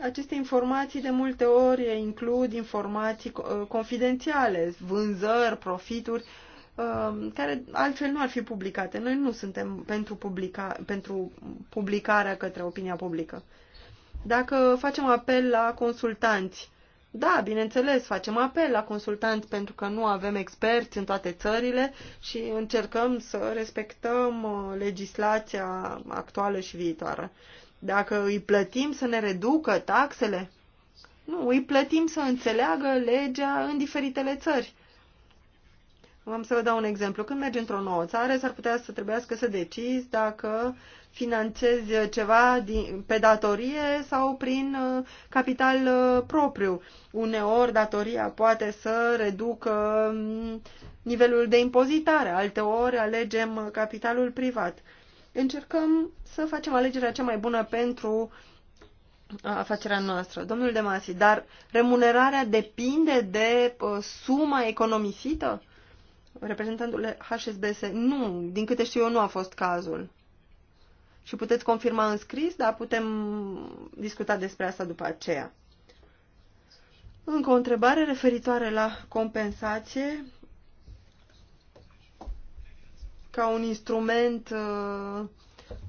aceste informații de multe ori includ informații uh, confidențiale, vânzări, profituri Um, care altfel nu ar fi publicate. Noi nu suntem pentru, publica, pentru publicarea către opinia publică. Dacă facem apel la consultanți, da, bineînțeles, facem apel la consultanți pentru că nu avem experți în toate țările și încercăm să respectăm uh, legislația actuală și viitoare. Dacă îi plătim să ne reducă taxele, nu, îi plătim să înțeleagă legea în diferitele țări am să vă dau un exemplu. Când mergi într-o nouă țară, s-ar putea să trebuiască să decizi dacă financezi ceva din, pe datorie sau prin uh, capital uh, propriu. Uneori datoria poate să reducă mm, nivelul de impozitare, alteori alegem capitalul privat. Încercăm să facem alegerea cea mai bună pentru afacerea noastră. Domnul Demasi, dar remunerarea depinde de uh, suma economisită? Uh, reprezentantul HSBS. Nu, din câte știu eu, nu a fost cazul. Și puteți confirma în scris, dar putem discuta despre asta după aceea. Încă o întrebare referitoare la compensație ca un instrument uh,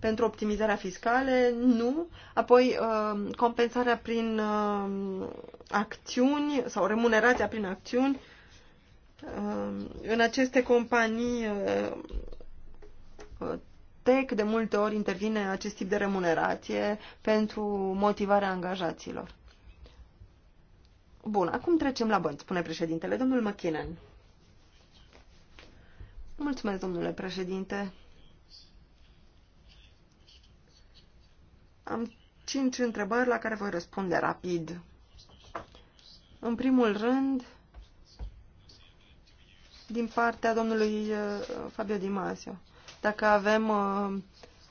pentru optimizarea fiscale, nu. Apoi, uh, compensarea prin uh, acțiuni sau remunerația prin acțiuni, Um, în aceste companii uh, tech de multe ori intervine acest tip de remunerație pentru motivarea angajaților. Bun, acum trecem la bănci, spune președintele, domnul McKinnon. Mulțumesc, domnule președinte. Am cinci întrebări la care voi răspunde rapid. În primul rând, din partea domnului uh, Fabio Di Masio. Dacă avem uh,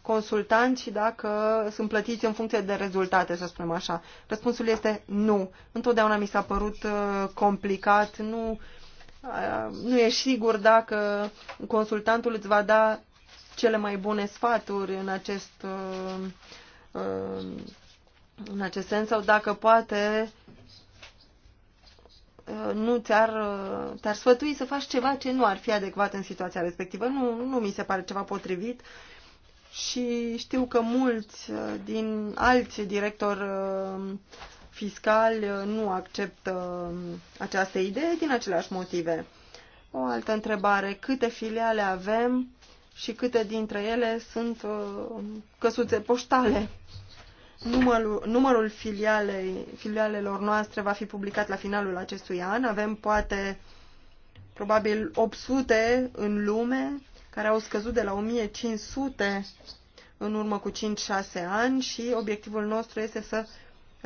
consultanți și dacă sunt plătiți în funcție de rezultate, să spunem așa. Răspunsul este nu. Întotdeauna mi s-a părut uh, complicat, nu, nu e sigur dacă consultantul îți va da cele mai bune sfaturi în acest, în acest sens sau dacă poate Uh, nu ți-ar, te-ar uh, sfătui să faci ceva ce nu ar fi adecvat în situația respectivă. Nu, nu mi se pare ceva potrivit și știu că mulți uh, din alți directori fiscali nu acceptă um, această idee din aceleași motive. O altă întrebare, câte filiale avem și câte dintre ele sunt căsuțe poștale? Numărul, numărul filialei, filialelor noastre va fi publicat la finalul acestui an. Avem poate probabil 800 în lume, care au scăzut de la 1500 în urmă cu 5-6 ani și obiectivul nostru este să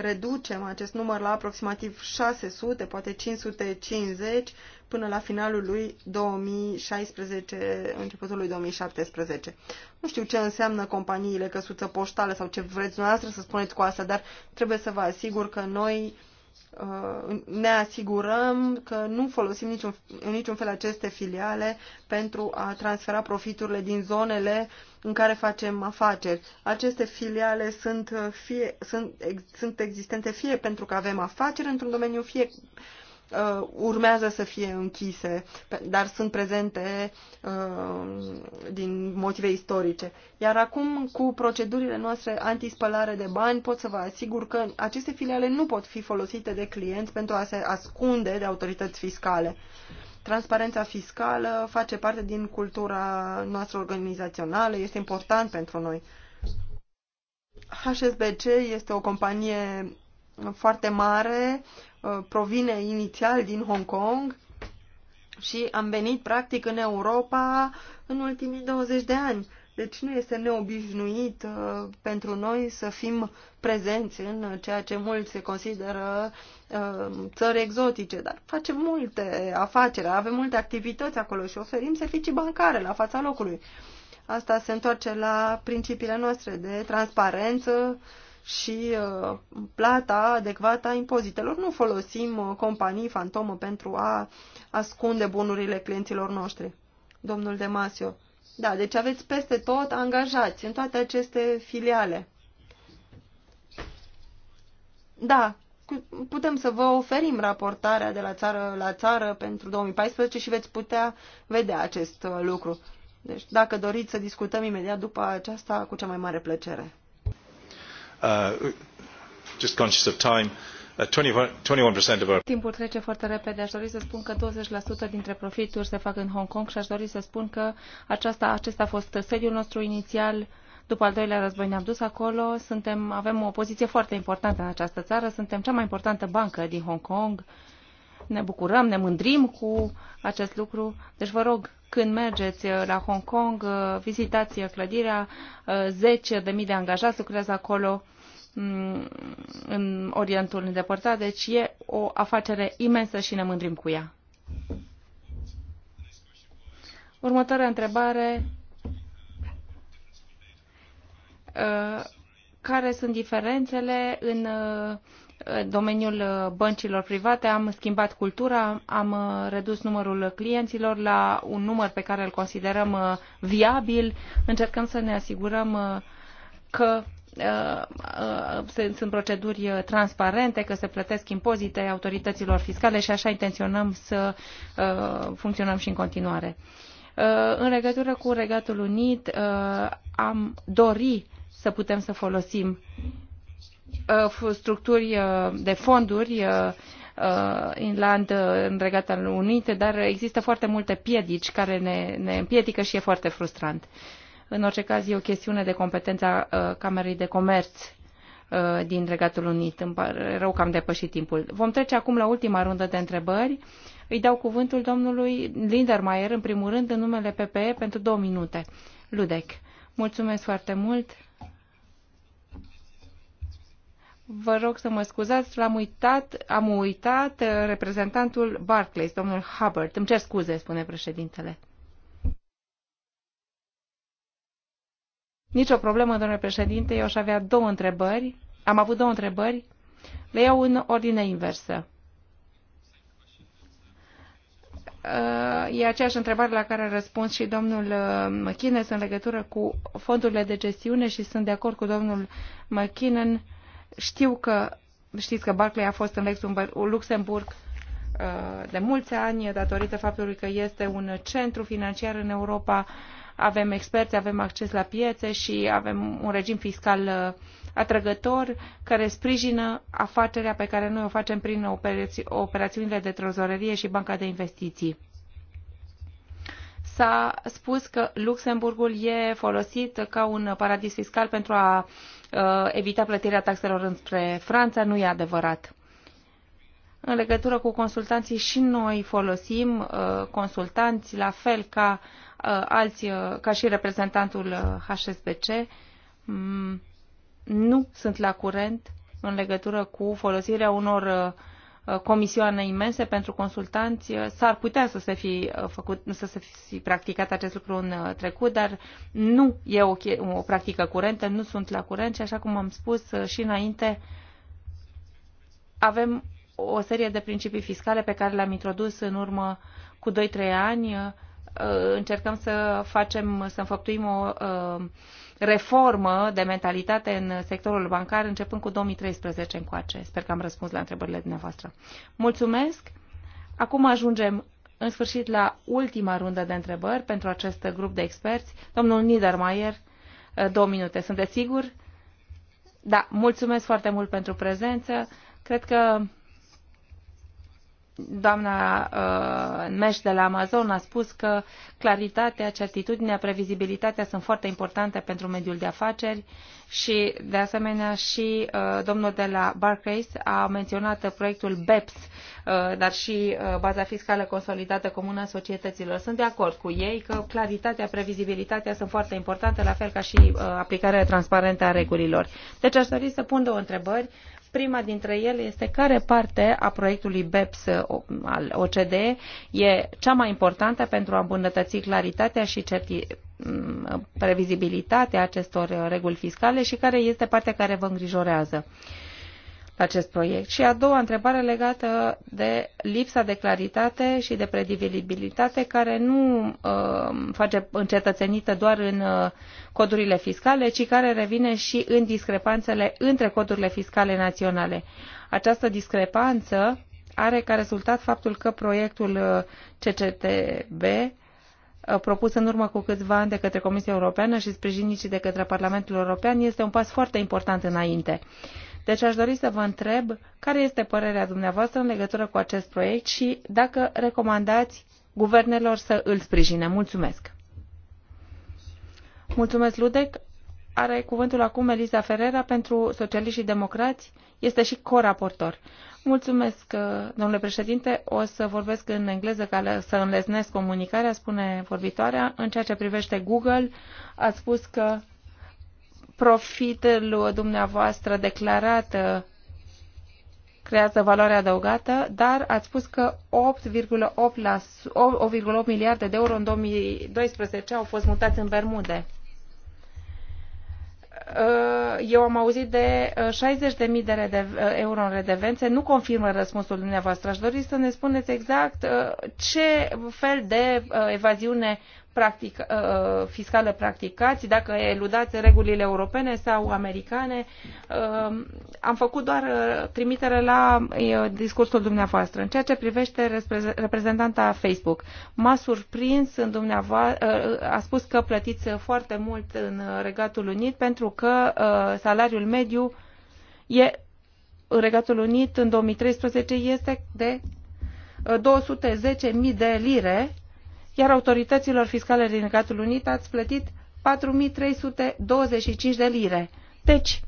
reducem acest număr la aproximativ 600, poate 550, până la finalul lui 2016, începutul lui 2017. Nu știu ce înseamnă companiile căsuță poștală sau ce vreți dumneavoastră să spuneți cu asta, dar trebuie să vă asigur că noi Uh, ne asigurăm că nu folosim niciun, în niciun fel aceste filiale pentru a transfera profiturile din zonele în care facem afaceri. Aceste filiale sunt, uh, fie, sunt, sunt existente fie pentru că avem afaceri într-un domeniu, fie uh, urmează să fie închise, dar sunt prezente uh, din motive istorice. Iar acum, cu procedurile noastre antispălare de bani, pot să vă asigur că aceste filiale nu pot fi folosite de clienți pentru a se ascunde de autorități fiscale. Transparența fiscală face parte din cultura noastră organizațională, este important pentru noi. HSBC este o companie foarte mare Uh, provine inițial din Hong Kong și am venit practic în Europa în ultimii 20 de ani. Deci nu este neobișnuit uh, pentru noi să fim prezenți în ceea ce mulți se consideră uh, țări exotice, dar facem multe afaceri, avem multe activități acolo și oferim servicii bancare la fața locului. Asta se întoarce la principiile noastre de transparență, uh, și uh, plata adecvată a impozitelor. Nu folosim uh, companii fantomă pentru a ascunde bunurile clienților noștri. Domnul Demasio. Da, deci aveți peste tot angajați în toate aceste filiale. Da, putem să vă oferim raportarea de la țară la țară pentru 2014 și veți putea vedea acest uh, lucru. Deci, dacă doriți să discutăm imediat după aceasta, cu cea mai mare plăcere. Uh, just conscious of time. 21% uh, of our... Timpul trece foarte repede. Aș dori să spun că 20% dintre profituri se fac în Hong Kong și aș dori să spun că aceasta, acesta a fost sediul nostru inițial. După al doilea război ne-am dus acolo. Suntem, avem o poziție foarte importantă în această țară. Suntem cea mai importantă bancă din Hong Kong. Ne bucurăm, ne mândrim cu acest lucru. Deci vă rog, când mergeți uh, la Hong Kong, uh, vizitați uh, clădirea, 10.000 de angajați lucrează acolo mm, în Orientul îndepărtat, deci e o afacere imensă și ne mândrim cu ea. Următoarea întrebare. Care sunt diferențele în domeniul uh, băncilor private am schimbat cultura, am uh, redus numărul clienților la un număr pe care îl considerăm uh, viabil, încercăm să ne asigurăm că sunt proceduri transparente, că se plătesc impozite autorităților fiscale și așa intenționăm să funcționăm și în continuare. În legătură cu Regatul Unit, am dori să putem să folosim Uh, structuri uh, de fonduri uh, Inland, în Regatul Unite, dar există foarte multe piedici care ne, ne împiedică și e foarte frustrant. În orice caz, e o chestiune de competența Camerei de Comerț din Regatul Unit. Îmi pare rău că am depășit timpul. Vom trece acum la ultima rundă de întrebări. Îi dau cuvântul domnului Lindermayer, în primul rând, în numele PPE, pentru două minute. Ludec, mulțumesc foarte mult. Vă rog să mă scuzați, l-am uitat, am uitat uh, reprezentantul Barclays, domnul Hubbard. Îmi cer scuze, spune președintele. Nici o problemă, domnule președinte, eu aș avea două întrebări. Am avut două întrebări. Le iau în ordine inversă. Uh, e aceeași întrebare la care a răspuns și domnul uh, McKinnon în legătură cu fondurile de gestiune și sunt de acord cu domnul McKinnon știu că știți că Barclay a fost în Luxemburg uh, de mulți ani datorită faptului că este un centru financiar în Europa. Avem experți, avem acces la piețe și avem un regim fiscal uh, atrăgător care sprijină afacerea pe care noi o facem prin operațiunile de trezorerie și banca de investiții s-a spus că Luxemburgul e folosit ca un paradis fiscal pentru a Uh, evita plătirea taxelor înspre Franța nu e adevărat. În legătură cu consultanții și noi folosim uh, consultanți la fel ca uh, alți, ca și reprezentantul HSBC. Mm, nu sunt la curent în legătură cu folosirea unor uh, Uh, comisioane imense pentru consultanți. Uh, s-ar putea să se fi, uh, făcut, să se fi practicat acest lucru în trecut, dar nu e o, o practică curentă, nu sunt la curent și așa cum am spus și înainte, avem o serie de principii fiscale pe care le-am introdus în urmă cu 2-3 ani Uh, încercăm să facem, să înfăptuim o uh, reformă de mentalitate în sectorul bancar începând cu 2013 încoace. Sper că am răspuns la întrebările dumneavoastră. Mulțumesc! Acum ajungem în sfârșit la ultima rundă de întrebări pentru acest grup de experți. Domnul Niedermayer, uh, două minute. Sunteți sigur? Da, mulțumesc foarte mult pentru prezență. Cred că doamna uh, Meș de la Amazon a spus că claritatea, certitudinea, previzibilitatea sunt foarte importante pentru mediul de afaceri și, de asemenea, și uh, domnul de la Barclays a menționat proiectul BEPS, uh, dar și uh, baza fiscală consolidată comună a societăților. Sunt de acord cu ei că claritatea, previzibilitatea sunt foarte importante, la fel ca și uh, aplicarea transparentă a regulilor. Deci aș dori să pun două întrebări Prima dintre ele este care parte a proiectului BEPS uh, al OCDE e cea mai importantă pentru a îmbunătăți claritatea și certi mm, previzibilitatea acestor uh, reguli fiscale și care este partea care vă îngrijorează acest proiect? Și a doua întrebare legată de lipsa de claritate și de predivizibilitate care nu uh, face încetățenită doar în uh, codurile fiscale, ci care revine și în discrepanțele între codurile fiscale naționale. Această discrepanță are ca rezultat faptul că proiectul uh, CCTB uh, propus în urmă cu câțiva ani de către Comisia Europeană și sprijinit și de către Parlamentul European este un pas foarte important înainte. Uh, deci aș dori să vă întreb care este părerea dumneavoastră în legătură cu acest proiect și dacă recomandați guvernelor să îl sprijine. Mulțumesc! Mulțumesc, Ludec! Are cuvântul acum Eliza Ferrera pentru Socialiști și Democrați. Este și coraportor. Mulțumesc, uh, domnule președinte. O să vorbesc în engleză ca să înlesnesc comunicarea, spune vorbitoarea. În ceea ce privește Google, a spus că profitul dumneavoastră declarat creează valoare adăugată, dar ați spus că 8,8 miliarde de euro în 2012 au fost mutați în Bermude. Uh, eu am auzit de 60.000 uh, de uh, euro în redevențe. Nu confirmă răspunsul dumneavoastră. Aș dori să ne spuneți exact ce fel de evaziune practic, uh, fiscală practicați, dacă eludați regulile europene sau americane. Uh, am făcut doar uh, trimitere la discursul dumneavoastră. În ceea ce privește reprezentanta Facebook, m-a surprins în dumneavoastră, a spus că plătiți foarte mult în Regatul Unit pentru că salariul mediu e în Regatul Unit în 2013 este de 210.000 de lire iar autorităților fiscale din Regatul Unit ați plătit 4.325 de lire. Deci,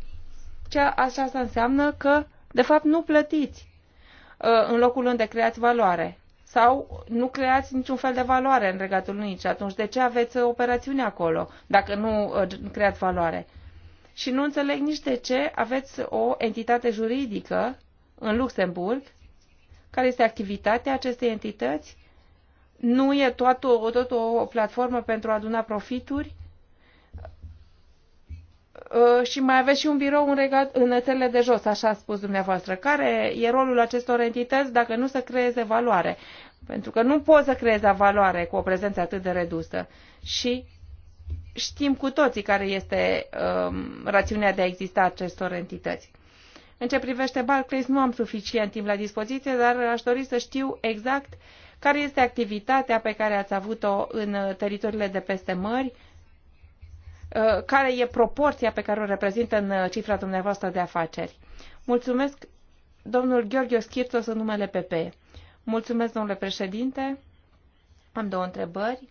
cea, așa asta înseamnă că, de fapt, nu plătiți uh, în locul unde creați valoare sau nu creați niciun fel de valoare în Regatul Unit și atunci de ce aveți uh, operațiuni acolo dacă nu uh, creați valoare? Și nu înțeleg nici de ce aveți o entitate juridică în Luxemburg care este activitatea acestei entități nu e toată, tot o platformă pentru a aduna profituri. Uh, și mai aveți și un birou în, regat, în țările de jos, așa a spus dumneavoastră. Care e rolul acestor entități dacă nu să creeze valoare? Pentru că nu poți să creezi valoare cu o prezență atât de redusă. Și știm cu toții care este um, rațiunea de a exista acestor entități. În ce privește Barclays, nu am suficient timp la dispoziție, dar aș dori să știu exact uh, care este activitatea pe care ați avut-o în teritoriile de peste mări? Uh, care e proporția pe care o reprezintă în uh, cifra dumneavoastră de afaceri? Mulțumesc, domnul Gheorghe Schirtos, în numele PP. Mulțumesc, domnule președinte. Am două întrebări.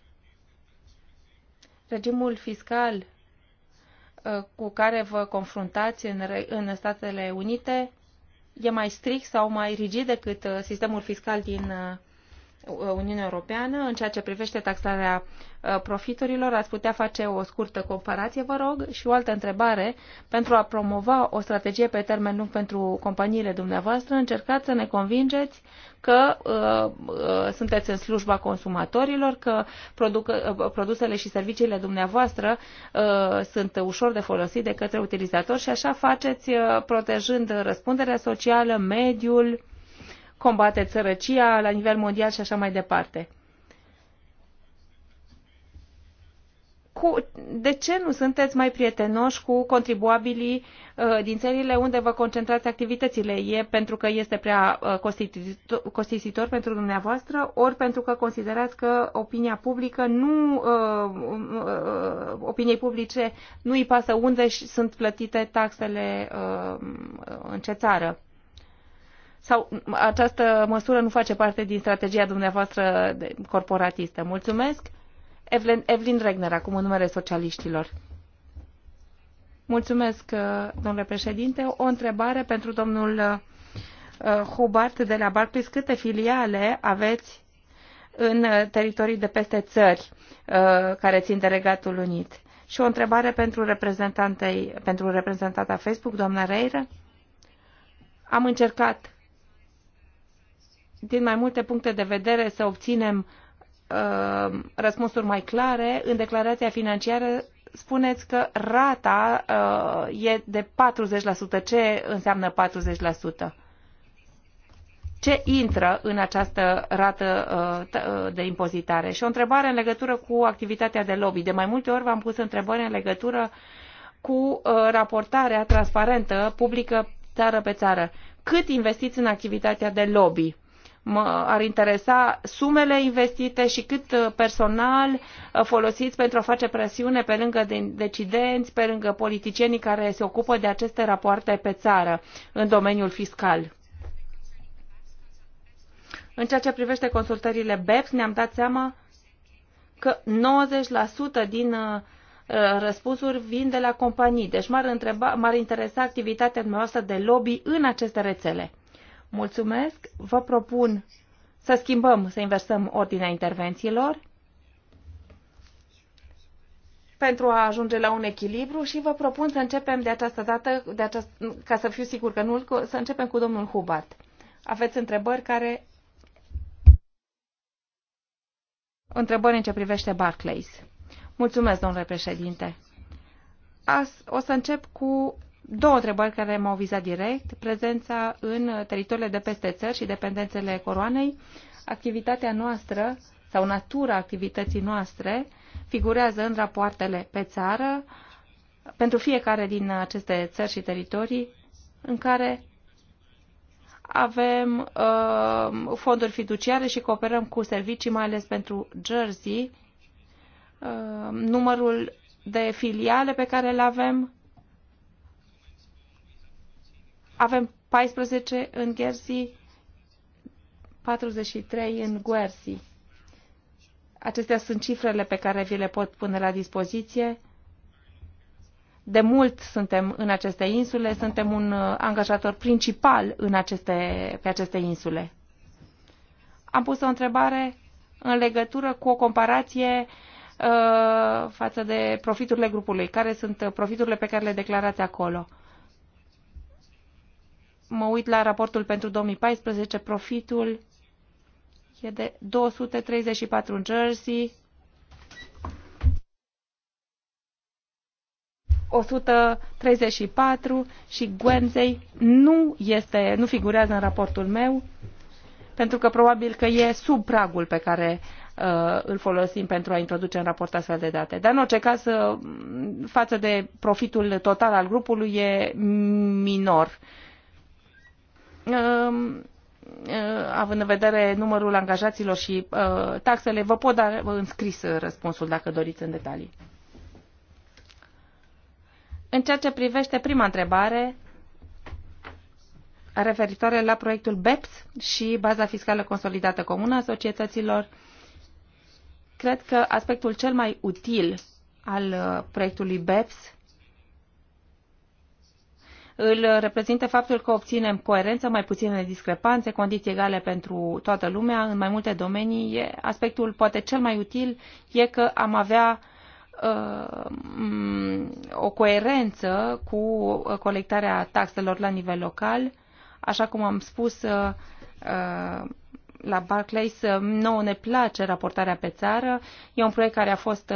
Regimul fiscal uh, cu care vă confruntați în, în Statele Unite e mai strict sau mai rigid decât sistemul fiscal din Uh, Uniunea Europeană în ceea ce privește taxarea uh, profiturilor. Ați putea face o scurtă comparație, vă rog, și o altă întrebare. Pentru a promova o strategie pe termen lung pentru companiile dumneavoastră, încercați să ne convingeți că uh, uh, sunteți în slujba consumatorilor, că produc, uh, produsele și serviciile dumneavoastră uh, sunt ușor de folosit de către utilizatori și așa faceți uh, protejând răspunderea socială, mediul, combate sărăcia la nivel mondial și așa mai departe. Cu, de ce nu sunteți mai prietenoși cu contribuabilii uh, din țările unde vă concentrați activitățile? E pentru că este prea uh, costisitor pentru dumneavoastră, ori pentru că considerați că opinia publică nu, uh, um, uh, uh, opiniei publice nu îi pasă unde sunt plătite taxele uh, în ce țară? sau această măsură nu face parte din strategia dumneavoastră corporatistă. Mulțumesc. Evelyn, Evelyn Regner, acum în numele socialiștilor. Mulțumesc, uh, domnule președinte. O întrebare pentru domnul uh, Hubert de la Barclays. Câte filiale aveți în uh, teritorii de peste țări care țin de Regatul Unit? Și o întrebare pentru, reprezentantei, pentru reprezentanta Facebook, doamna Reira. Am încercat din mai multe puncte de vedere să obținem uh, răspunsuri mai clare. În declarația financiară spuneți că rata uh, e de 40%. Ce înseamnă 40%? Ce intră în această rată uh, uh, de impozitare? Și o întrebare în legătură cu activitatea de lobby. De mai multe ori v-am pus întrebări în legătură cu uh, raportarea transparentă, publică, țară pe țară. Cât investiți în activitatea de lobby? Uh, mă ar interesa sumele investite și cât uh, personal uh, folosiți pentru a face presiune pe lângă decidenți, pe lângă politicienii care se ocupă de aceste rapoarte pe țară în domeniul fiscal. În ceea ce privește consultările BEPS, ne-am dat seama că 90% din uh, răspunsuri vin de la companii. Deci m-ar, întreba, m-ar interesa activitatea dumneavoastră de lobby în aceste rețele. Mulțumesc. Vă propun să schimbăm, să inversăm ordinea intervențiilor pentru a ajunge la un echilibru și vă propun să începem de această dată, de această, ca să fiu sigur că nu, să începem cu domnul Hubart. Aveți întrebări care... Întrebări în ce privește Barclays. Mulțumesc, domnule președinte. As, o să încep cu două întrebări care m-au vizat direct. Prezența în teritoriile de peste țări și dependențele coroanei. Activitatea noastră sau natura activității noastre figurează în rapoartele pe țară pentru fiecare din aceste țări și teritorii în care avem uh, fonduri fiduciare și cooperăm cu servicii, mai ales pentru Jersey. Uh, numărul de filiale pe care le avem avem 14 în Gersi, 43 în Guersi. Acestea sunt cifrele pe care vi le pot pune la dispoziție. De mult suntem în aceste insule, suntem un uh, angajator principal în aceste, pe aceste insule. Am pus o întrebare în legătură cu o comparație uh, față de profiturile grupului. Care sunt uh, profiturile pe care le declarați acolo? mă uit la raportul pentru 2014, profitul e de 234 în Jersey, 134 și Guernsey nu, este, nu figurează în raportul meu, pentru că probabil că e sub pragul pe care uh, îl folosim pentru a introduce în raport astfel de date. Dar în orice caz, uh, față de profitul total al grupului, e minor. Uh, Ehm, eh, având în vedere numărul angajaților și eh, taxele, vă pot da în scris eh, răspunsul dacă doriți în detalii. În ceea ce privește prima întrebare, referitoare la proiectul BEPS și baza fiscală consolidată comună a societăților, cred că aspectul cel mai util al proiectului BEPS îl reprezintă faptul că obținem coerență, mai puține discrepanțe, condiții egale pentru toată lumea în mai multe domenii. Aspectul poate cel mai util e că am avea uh, o coerență cu colectarea taxelor la nivel local. Așa cum am spus uh, uh, la Barclays, nouă ne place raportarea pe țară. E un proiect care a fost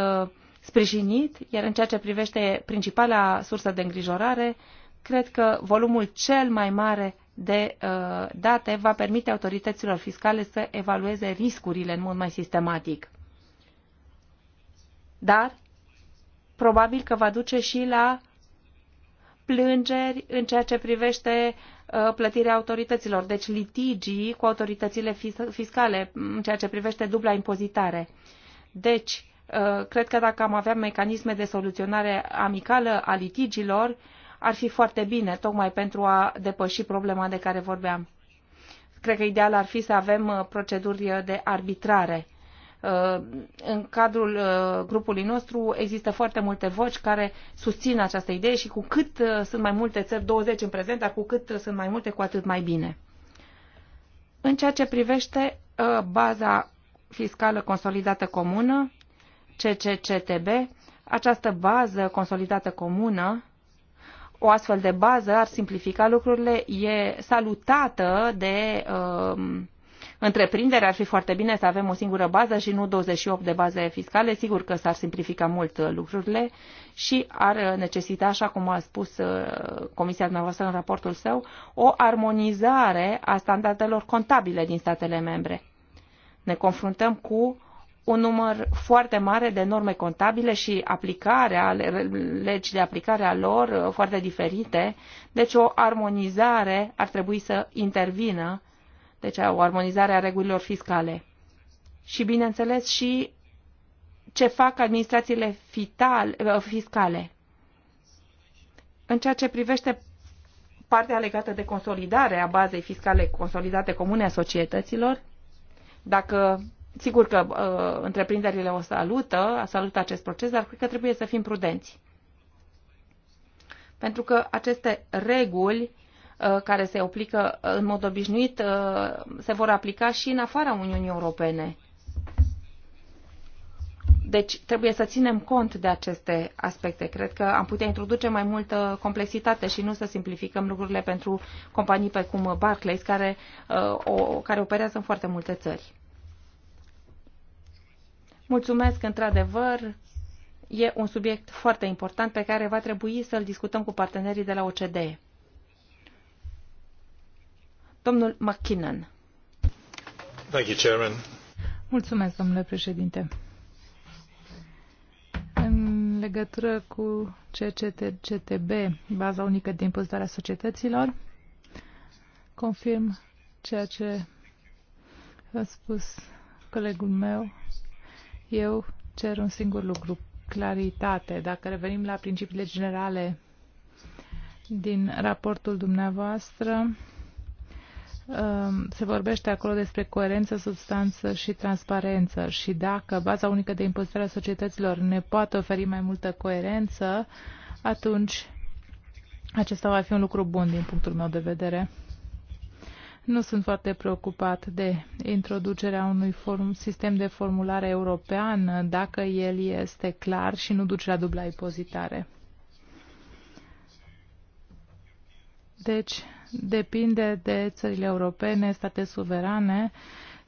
sprijinit, iar în ceea ce privește principala sursă de îngrijorare, Cred că volumul cel mai mare de uh, date va permite autorităților fiscale să evalueze riscurile în mod mai sistematic. Dar probabil că va duce și la plângeri în ceea ce privește uh, plătirea autorităților, deci litigii cu autoritățile fis fiscale în ceea ce privește dubla impozitare. Deci, uh, cred că dacă am avea mecanisme de soluționare amicală a litigilor, uh, ar fi foarte bine, tocmai pentru a depăși problema de care vorbeam. Cred că ideal ar fi să avem uh, proceduri de arbitrare. Uh, în cadrul uh, grupului nostru există foarte multe voci care susțin această idee și cu cât sunt mai multe țări, 20 în prezent, dar cu cât sunt mai multe, cu atât mai bine. În ceea ce privește baza fiscală consolidată comună, CCCTB, această bază consolidată comună o astfel de bază ar simplifica lucrurile, e salutată de uh, întreprindere. Ar fi foarte bine să avem o singură bază și nu 28 de baze fiscale. Sigur că s-ar simplifica mult uh, lucrurile și ar uh, necesita, așa cum a spus uh, Comisia dumneavoastră în raportul său, o armonizare a standardelor contabile din statele membre. Ne confruntăm cu un număr foarte mare de norme contabile și aplicarea, legi de aplicare a lor uh, foarte diferite. Deci o armonizare ar trebui să intervină, deci o armonizare a regulilor fiscale. Și bineînțeles și ce fac administrațiile fital, uh, fiscale. În ceea ce privește partea legată de consolidare a bazei fiscale consolidate comune a societăților, dacă Sigur că uh, întreprinderile o salută, salută acest proces, dar cred că trebuie să fim prudenți. Pentru că aceste reguli uh, care se aplică uh, în mod obișnuit uh, se vor aplica și în afara Uniunii Europene. Deci trebuie să ținem cont de aceste aspecte. Cred că am putea introduce mai multă complexitate și nu să simplificăm lucrurile pentru companii precum Barclays, care, o, care operează în foarte multe țări. Mulțumesc, într-adevăr, e un subiect foarte important pe care va trebui să-l discutăm cu partenerii de la OCDE. Domnul McKinnon. Thank you, Chairman. Mulțumesc, domnule președinte. În legătură cu CCTB, baza unică de impozitare a societăților, confirm ceea ce a spus colegul meu eu cer un singur lucru, claritate. Dacă revenim la principiile generale din raportul dumneavoastră, um, se vorbește acolo despre coerență, substanță și transparență și dacă baza unică de impozitare a societăților ne poate oferi mai multă coerență, atunci acesta va fi un lucru bun din punctul meu de vedere. Nu sunt foarte preocupat de introducerea unui form, sistem de formulare european dacă el este clar și nu duce la dubla impozitare. Deci, depinde de țările europene, state suverane,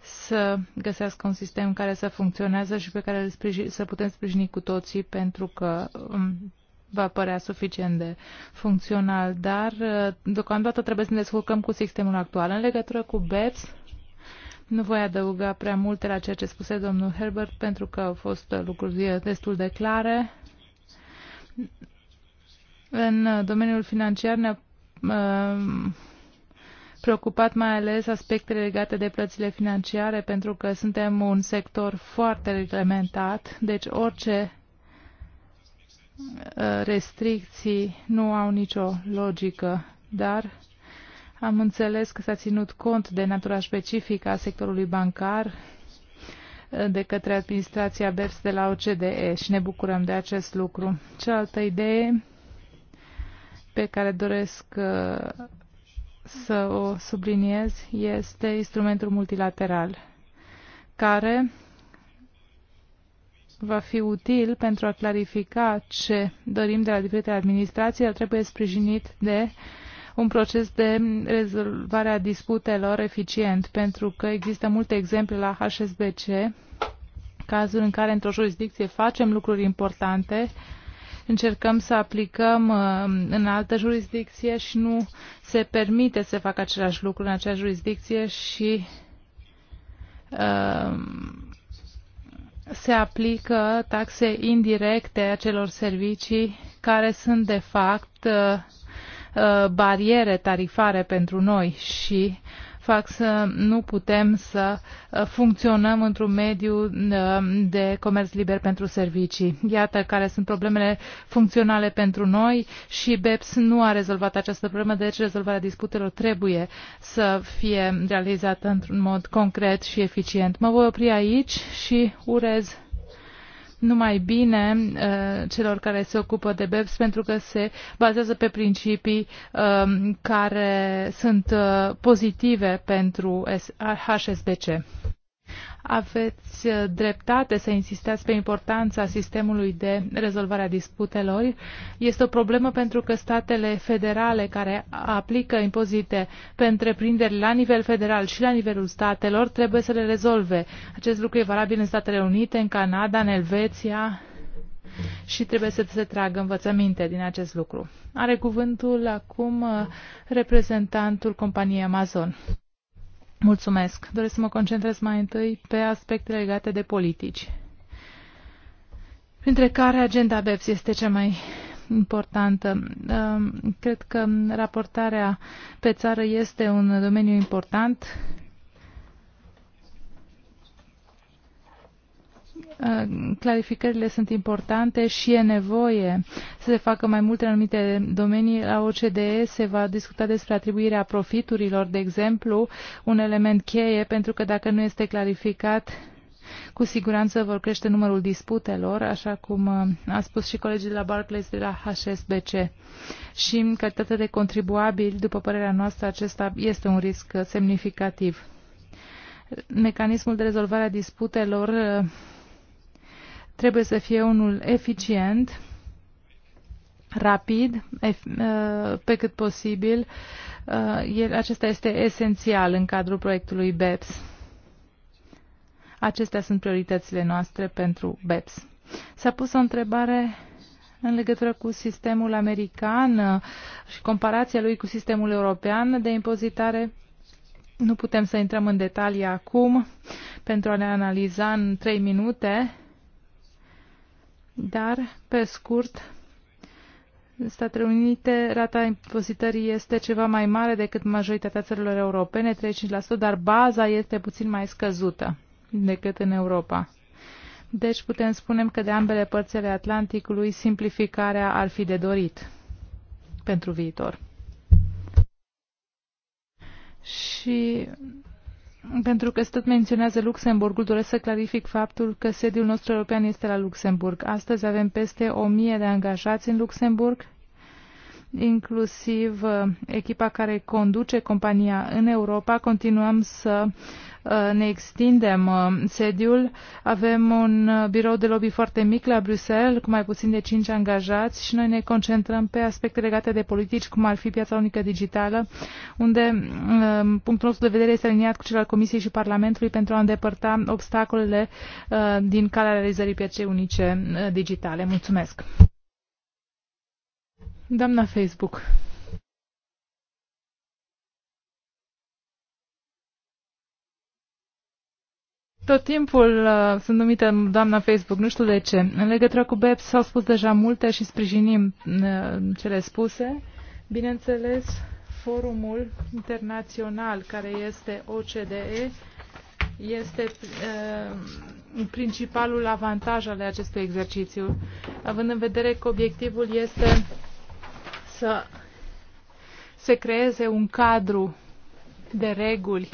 să găsească un sistem care să funcționează și pe care să putem sprijini cu toții, pentru că um, va părea suficient de funcțional, dar uh, deocamdată trebuie să ne descurcăm cu sistemul actual. În legătură cu BEPS, nu voi adăuga prea multe la ceea ce spuse domnul Herbert, pentru că au fost uh, lucruri uh, destul de clare. În domeniul financiar ne-a preocupat mai ales aspectele legate de plățile financiare, pentru că suntem un sector foarte reglementat, deci orice restricții nu au nicio logică, dar am înțeles că s-a ținut cont de natura specifică a sectorului bancar eh, de către administrația BEPS de la OCDE și ne bucurăm de acest lucru. Cealaltă idee pe care doresc eh, să o subliniez este instrumentul multilateral, care va fi util pentru a clarifica ce dorim de la diferite administrații, dar trebuie sprijinit de un proces de rezolvare a disputelor eficient, pentru că există multe exemple la HSBC, cazuri în care într-o jurisdicție facem lucruri importante, încercăm să aplicăm uh, în altă jurisdicție și nu se permite să facă același lucru în acea jurisdicție și uh, se aplică taxe indirecte acelor celor servicii care sunt de fapt uh, uh, bariere tarifare pentru noi și fac să nu putem să uh, funcționăm într-un mediu uh, de comerț liber pentru servicii. Iată care sunt problemele funcționale pentru noi și BEPS nu a rezolvat această problemă, deci rezolvarea disputelor trebuie să fie realizată într-un mod concret și eficient. Mă voi opri aici și urez numai bine uh, celor care se ocupă de BEPS pentru că se bazează pe principii um, care sunt uh, pozitive pentru HSBC. Aveți uh, dreptate să insistați pe importanța sistemului de rezolvare a disputelor. Este o problemă pentru că statele federale care aplică impozite pe întreprinderi la nivel federal și la nivelul statelor trebuie să le rezolve. Acest lucru e valabil în Statele Unite, în Canada, în Elveția și trebuie să se tragă învățăminte din acest lucru. Are cuvântul acum uh, reprezentantul companiei Amazon. Mulțumesc. Doresc să mă concentrez mai întâi pe aspecte legate de politici, printre care agenda BEPS este cea mai importantă. Cred că raportarea pe țară este un domeniu important Uh, clarificările sunt importante și e nevoie să se facă mai multe în anumite domenii. La OCDE se va discuta despre atribuirea profiturilor, de exemplu, un element cheie, pentru că dacă nu este clarificat, cu siguranță vor crește numărul disputelor, așa cum uh, a spus și colegii de la Barclays de la HSBC. Și în calitate de contribuabil, după părerea noastră, acesta este un risc semnificativ. Mecanismul de rezolvare a disputelor uh, trebuie să fie unul eficient, rapid, uh, pe cât posibil. Uh, acesta este esențial în cadrul proiectului BEPS. Acestea sunt prioritățile noastre pentru BEPS. S-a pus o întrebare în legătură cu sistemul american uh, și comparația lui cu sistemul european de impozitare. Nu putem să intrăm în detalii acum pentru a le analiza în trei minute dar, pe scurt, în Statele Unite rata impozitării este ceva mai mare decât majoritatea țărilor europene, 35%, dar baza este puțin mai scăzută decât în Europa. Deci putem spune că de ambele părțile Atlanticului simplificarea ar fi de dorit pentru viitor. Și pentru că tot menționează Luxemburgul, doresc să clarific faptul că sediul nostru european este la Luxemburg. Astăzi avem peste 1000 de angajați în Luxemburg inclusiv uh, echipa care conduce compania în Europa. Continuăm să uh, ne extindem uh, sediul. Avem un birou de lobby foarte mic la Bruxelles, cu mai puțin de 5 angajați și noi ne concentrăm pe aspecte legate de politici, cum ar fi piața unică digitală, unde um, punctul nostru de vedere este aliniat cu cel al Comisiei și Parlamentului pentru a îndepărta obstacolele din calea realizării pieței unice digitale. Mulțumesc! Doamna Facebook. Tot timpul uh, sunt numită doamna Facebook, nu știu de ce. În legătură cu BEPS s-au spus deja multe și sprijinim uh, cele spuse. Bineînțeles, forumul internațional care este OCDE este uh, principalul avantaj al acestui exercițiu, având în vedere că obiectivul este să se creeze un cadru de reguli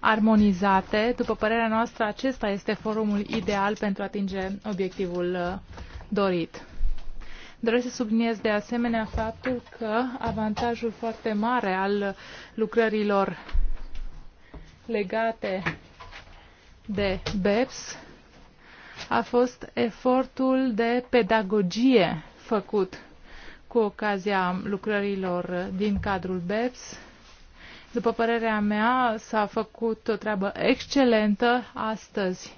armonizate. După părerea noastră, acesta este forumul ideal pentru a atinge obiectivul uh, dorit. Doresc să subliniez de asemenea faptul că avantajul foarte mare al lucrărilor legate de BEPS a fost efortul de pedagogie făcut cu ocazia lucrărilor din cadrul BEPS. După părerea mea, s-a făcut o treabă excelentă astăzi.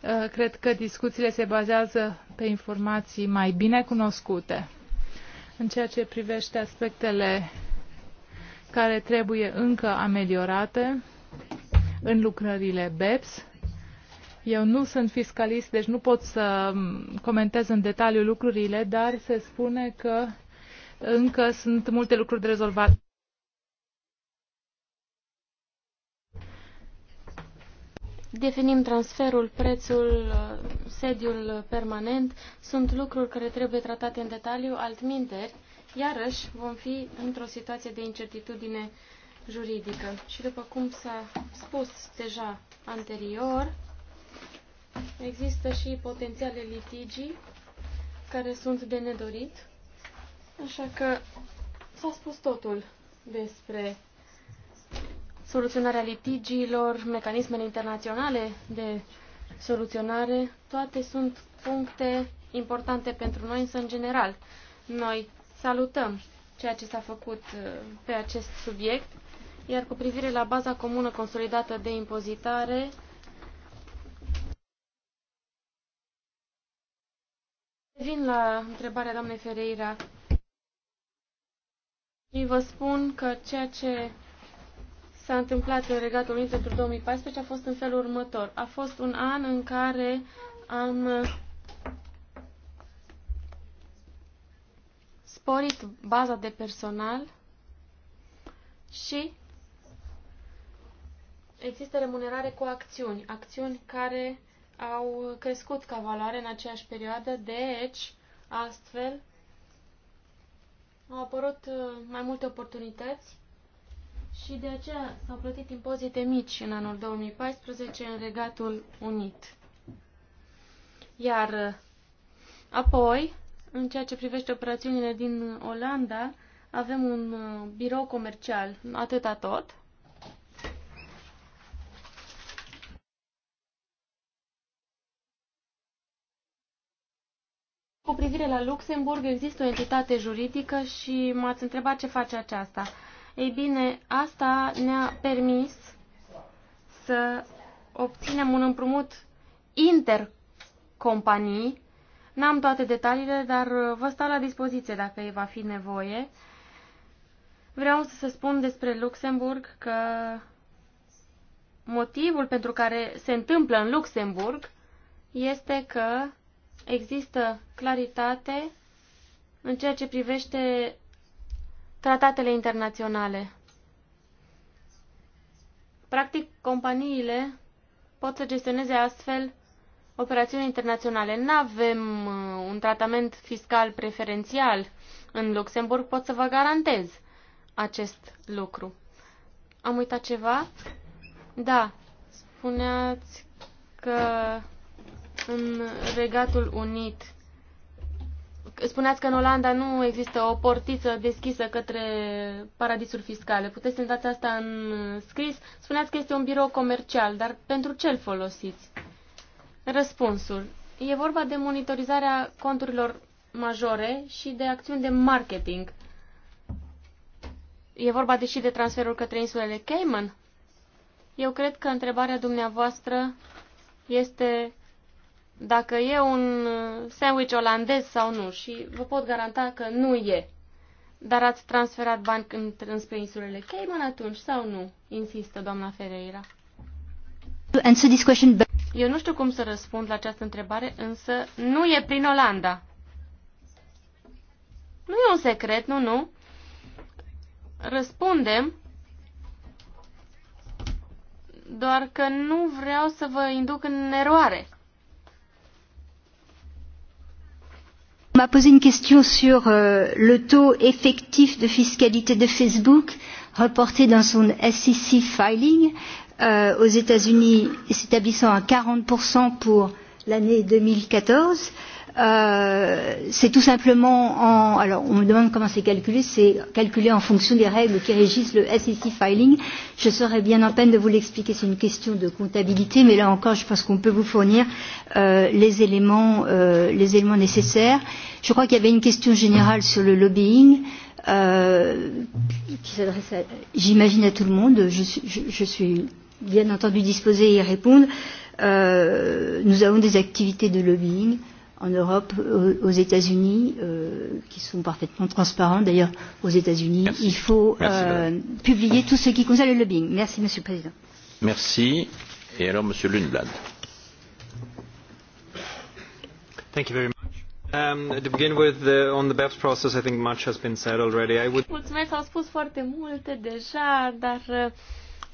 Uh, cred că discuțiile se bazează pe informații mai bine cunoscute. În ceea ce privește aspectele care trebuie încă ameliorate în lucrările BEPS, eu nu sunt fiscalist, deci nu pot să comentez în detaliu lucrurile, dar se spune că încă sunt multe lucruri de rezolvat. Definim transferul, prețul, sediul permanent. Sunt lucruri care trebuie tratate în detaliu, altminteri, iarăși vom fi într-o situație de incertitudine juridică. Și după cum s-a spus deja anterior, Există și potențiale litigii care sunt de nedorit, așa că s-a spus totul despre soluționarea litigiilor, mecanismele internaționale de soluționare, toate sunt puncte importante pentru noi, însă în general. Noi salutăm ceea ce s-a făcut uh, pe acest subiect, iar cu privire la baza comună consolidată de impozitare, Revin la întrebarea doamnei Ferreira și vă spun că ceea ce s-a întâmplat în Regatul Unit pentru 2014 a fost în felul următor. A fost un an în care am sporit baza de personal și există remunerare cu acțiuni, acțiuni care au crescut ca valoare în aceeași perioadă, deci, astfel, au apărut uh, mai multe oportunități și de aceea s-au plătit impozite mici în anul 2014 în Regatul Unit. Iar uh, apoi, în ceea ce privește operațiunile din Olanda, avem un uh, birou comercial, atâta tot, Cu privire la Luxemburg există o entitate juridică și m-ați întrebat ce face aceasta. Ei bine, asta ne-a permis să obținem un împrumut intercompanii. N-am toate detaliile, dar uh, vă stau la dispoziție dacă îi va fi nevoie. Vreau să se spun despre Luxemburg că motivul pentru care se întâmplă în Luxemburg este că există claritate în ceea ce privește tratatele internaționale. Practic, companiile pot să gestioneze astfel operațiuni internaționale. Nu avem uh, un tratament fiscal preferențial în Luxemburg, pot să vă garantez acest lucru. Am uitat ceva? Da, spuneați că în Regatul Unit. Spuneați că în Olanda nu există o portiță deschisă către paradisuri fiscale. Puteți să-mi dați asta în scris? Spuneați că este un birou comercial, dar pentru ce îl folosiți? Răspunsul. E vorba de monitorizarea conturilor majore și de acțiuni de marketing. E vorba deși de transferul către insulele Cayman? Eu cred că întrebarea dumneavoastră este dacă e un sandwich olandez sau nu și vă pot garanta că nu e. Dar ați transferat bani înspre insulele Cayman atunci sau nu? Insistă doamna Ferreira. Eu nu știu cum să răspund la această întrebare, însă nu e prin Olanda. Nu e un secret, nu, nu. Răspundem, doar că nu vreau să vă induc în eroare. m'a posé une question sur euh, le taux effectif de fiscalité de Facebook reporté dans son SEC filing euh, aux États-Unis s'établissant à 40% pour l'année 2014. Euh, c'est tout simplement en. Alors, on me demande comment c'est calculé. C'est calculé en fonction des règles qui régissent le SEC filing. Je serais bien en peine de vous l'expliquer. C'est une question de comptabilité, mais là encore, je pense qu'on peut vous fournir euh, les éléments, euh, les éléments nécessaires. Je crois qu'il y avait une question générale sur le lobbying. Euh, qui s'adresse, j'imagine, à tout le monde. Je je, je suis bien entendu disposée à y répondre. Euh, nous avons des activités de lobbying euh, en Europe, aux États-Unis, euh, qui sont parfaitement transparents. D'ailleurs, aux États-Unis, il faut Merci, euh, Merci, publier tout ce qui concerne le lobbying. Merci, Monsieur le Président. Merci. Et alors, Monsieur Lundblad. Thank you very much. Um, to begin with, the, on the BEPS process, I think much has been said already. I would... Mulțumesc, au spus foarte multe deja, dar uh,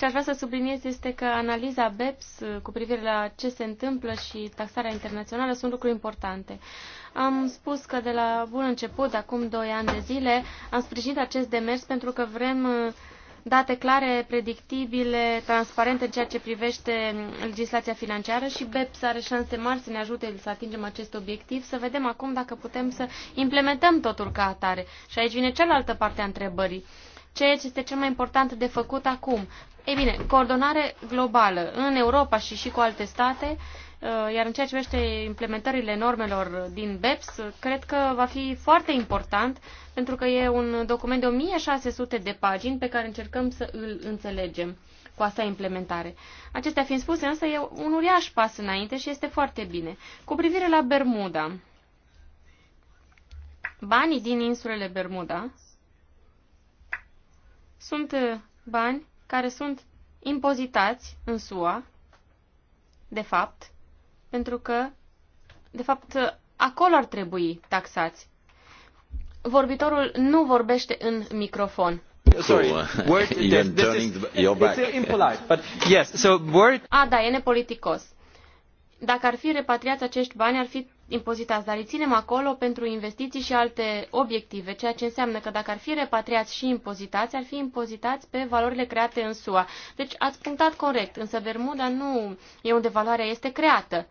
ce aș vrea să subliniez este că analiza BEPS uh, cu privire la ce se întâmplă și taxarea internațională sunt lucruri importante. Am spus că de la bun început, acum 2 ani de zile, am sprijinit acest demers pentru că vrem uh, date clare, predictibile, transparente în ceea ce privește um, legislația financiară și BEPS are șanse mari să ne ajute să atingem acest obiectiv, să vedem acum dacă putem să implementăm totul ca atare. Și aici vine cealaltă parte a întrebării ceea ce este cel mai important de făcut acum. Ei bine, coordonare globală în Europa și și cu alte state, uh, iar în ceea ce privește implementările normelor din BEPS, cred că va fi foarte important, pentru că e un document de 1600 de pagini pe care încercăm să îl înțelegem cu asta implementare. Acestea fiind spuse, însă e un uriaș pas înainte și este foarte bine. Cu privire la Bermuda, banii din insulele Bermuda sunt uh, bani care sunt impozitați în SUA, de fapt, pentru că, de fapt, acolo ar trebui taxați. Vorbitorul nu vorbește în microfon. Sorry, A, da, e nepoliticos. Dacă ar fi repatriați acești bani, ar fi impozitați, dar îi ținem acolo pentru investiții și alte obiective, ceea ce înseamnă că dacă ar fi repatriați și impozitați, ar fi impozitați pe valorile create în SUA. Deci ați punctat corect, însă Bermuda nu e unde valoarea este creată.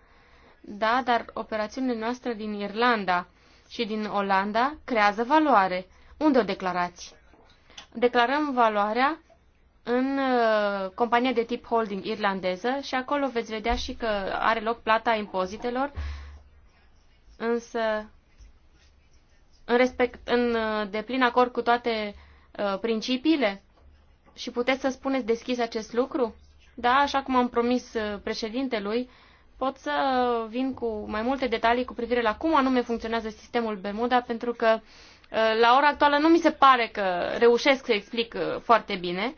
Da, dar operațiunile noastre din Irlanda și din Olanda creează valoare. Unde o declarați? Declarăm valoarea în uh, compania de tip holding irlandeză și acolo veți vedea și că are loc plata impozitelor însă în, respect, în uh, deplin acord cu toate uh, principiile? Și puteți să spuneți deschis acest lucru? Da, așa cum am promis uh, președintelui, pot să vin cu mai multe detalii cu privire la cum anume funcționează sistemul Bermuda, pentru că uh, la ora actuală nu mi se pare că reușesc să explic foarte bine.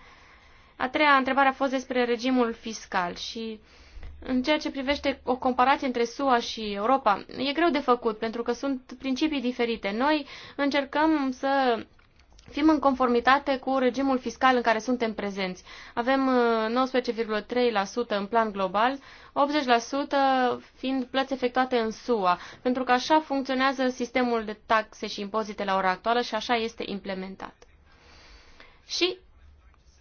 A treia întrebare a fost despre regimul fiscal și uh, în ceea ce privește o comparație între SUA și Europa, e greu de făcut, pentru că sunt principii diferite. Noi încercăm să fim în conformitate cu regimul fiscal în care suntem prezenți. Avem 19,3% uh, în plan global, 80% fiind plăți efectuate în SUA, pentru că așa funcționează sistemul de taxe și impozite la ora actuală și așa este implementat. Și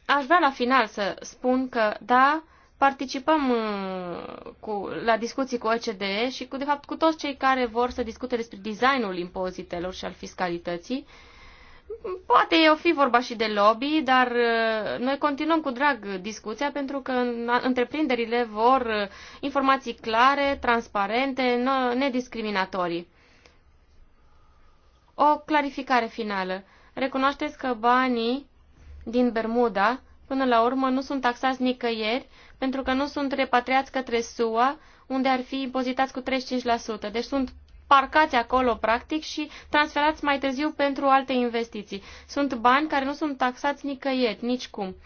aș vrea la final să spun că, da, participăm uh, cu, la discuții cu OCDE și cu, de fapt, cu toți cei care vor să discute despre designul impozitelor și al fiscalității. Poate o fi vorba și de lobby, dar uh, noi continuăm cu drag discuția pentru că întreprinderile vor uh, informații clare, transparente, nediscriminatorii. O clarificare finală. Recunoașteți că banii din Bermuda până la urmă nu sunt taxați nicăieri, pentru că nu sunt repatriați către SUA, unde ar fi impozitați cu 35%. Deci sunt parcați acolo, practic, și transferați mai târziu pentru alte investiții. Sunt bani care nu sunt taxați nicăieri, nici cum.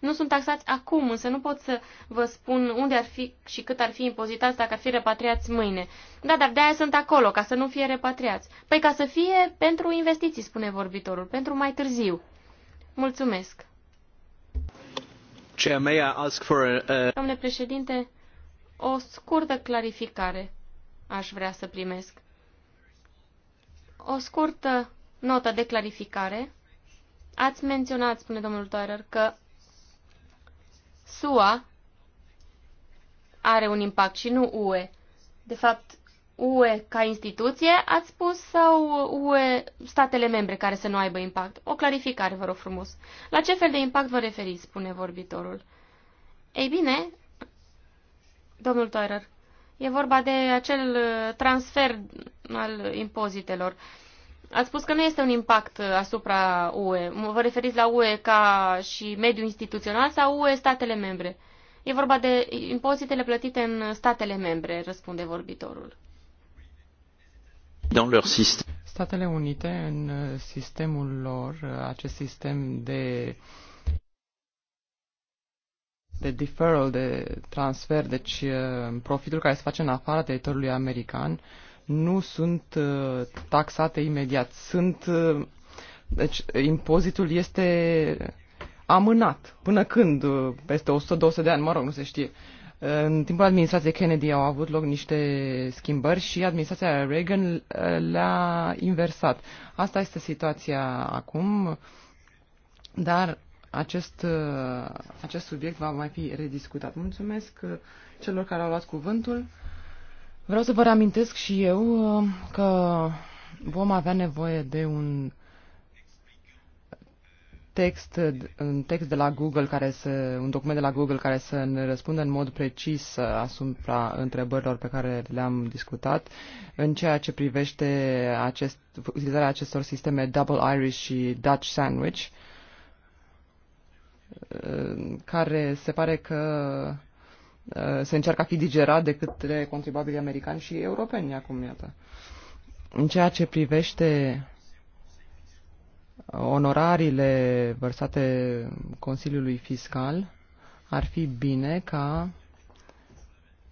Nu sunt taxați acum, însă nu pot să vă spun unde ar fi și cât ar fi impozitați dacă ar fi repatriați mâine. Da, dar de-aia sunt acolo, ca să nu fie repatriați. Păi ca să fie pentru investiții, spune vorbitorul, pentru mai târziu. Mulțumesc. Domnule președinte, o scurtă clarificare aș vrea să primesc. O scurtă notă de clarificare. Ați menționat, spune domnul Toerer, că SUA are un impact și nu UE. De fapt, UE ca instituție, ați spus, sau UE statele membre care să nu aibă impact? O clarificare, vă rog frumos. La ce fel de impact vă referiți, spune vorbitorul? Ei bine, domnul Teurer, e vorba de acel uh, transfer al impozitelor. Ați spus că nu este un impact uh, asupra UE. Vă referiți la UE ca și mediu instituțional sau UE statele membre? E vorba de impozitele plătite în statele membre, răspunde vorbitorul. Dans leur système. Statele Unite, în uh, sistemul lor, uh, acest sistem de de deferral, de transfer, deci uh, profitul care se face în afara teritoriului american, nu sunt taxate imediat. Sunt, deci impozitul este amânat. Până când? Peste 100-200 de ani, mă rog, nu se știe. În timpul administrației Kennedy au avut loc niște schimbări și administrația Reagan uh, le-a inversat. Asta este situația acum, dar acest, uh, acest subiect va mai fi rediscutat. Mulțumesc uh, celor care au luat cuvântul. Vreau să vă reamintesc și eu că vom avea nevoie de un text, un text de la Google care să, un document de la Google care să ne răspundă în mod precis asupra întrebărilor pe care le-am discutat în ceea ce privește acest, utilizarea acestor sisteme Double Irish și Dutch Sandwich, care se pare că uh, se încearcă a fi digerat de către contribuabili americani și europeni acum, iată. În ceea ce privește onorariile vărsate Consiliului Fiscal, ar fi bine ca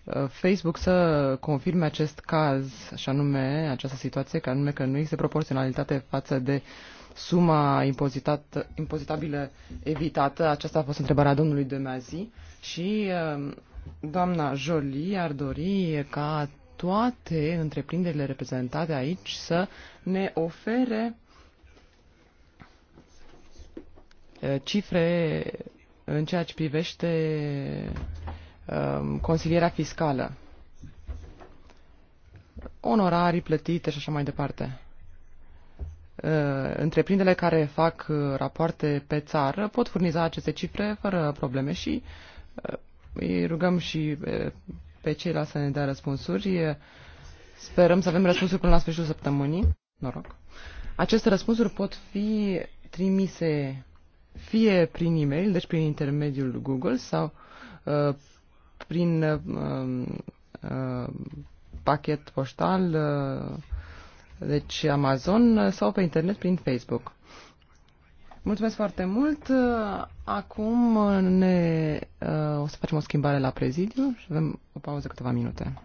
uh, Facebook să confirme acest caz, și anume această situație, că anume că nu există proporționalitate față de suma impozitabilă evitată. Aceasta a fost întrebarea domnului de și uh, doamna Jolie ar dori ca toate întreprinderile reprezentate aici să ne ofere Uh, cifre în ceea ce privește um, consilierea fiscală, onorarii plătite și așa mai departe. Uh, întreprinderile care fac uh, rapoarte pe țară pot furniza aceste cifre fără probleme și îi rugăm și pe ceilalți să ne dea răspunsuri. Sperăm să avem răspunsuri până la sfârșitul săptămânii. Noroc. Aceste răspunsuri pot fi trimise fie prin e-mail, deci prin intermediul Google sau uh, prin uh, um, uh, pachet poștal, uh, deci Amazon sau pe internet prin Facebook. Mulțumesc foarte mult. Uh, acum ne, uh, o să facem o schimbare la prezidiu și avem o pauză câteva minute.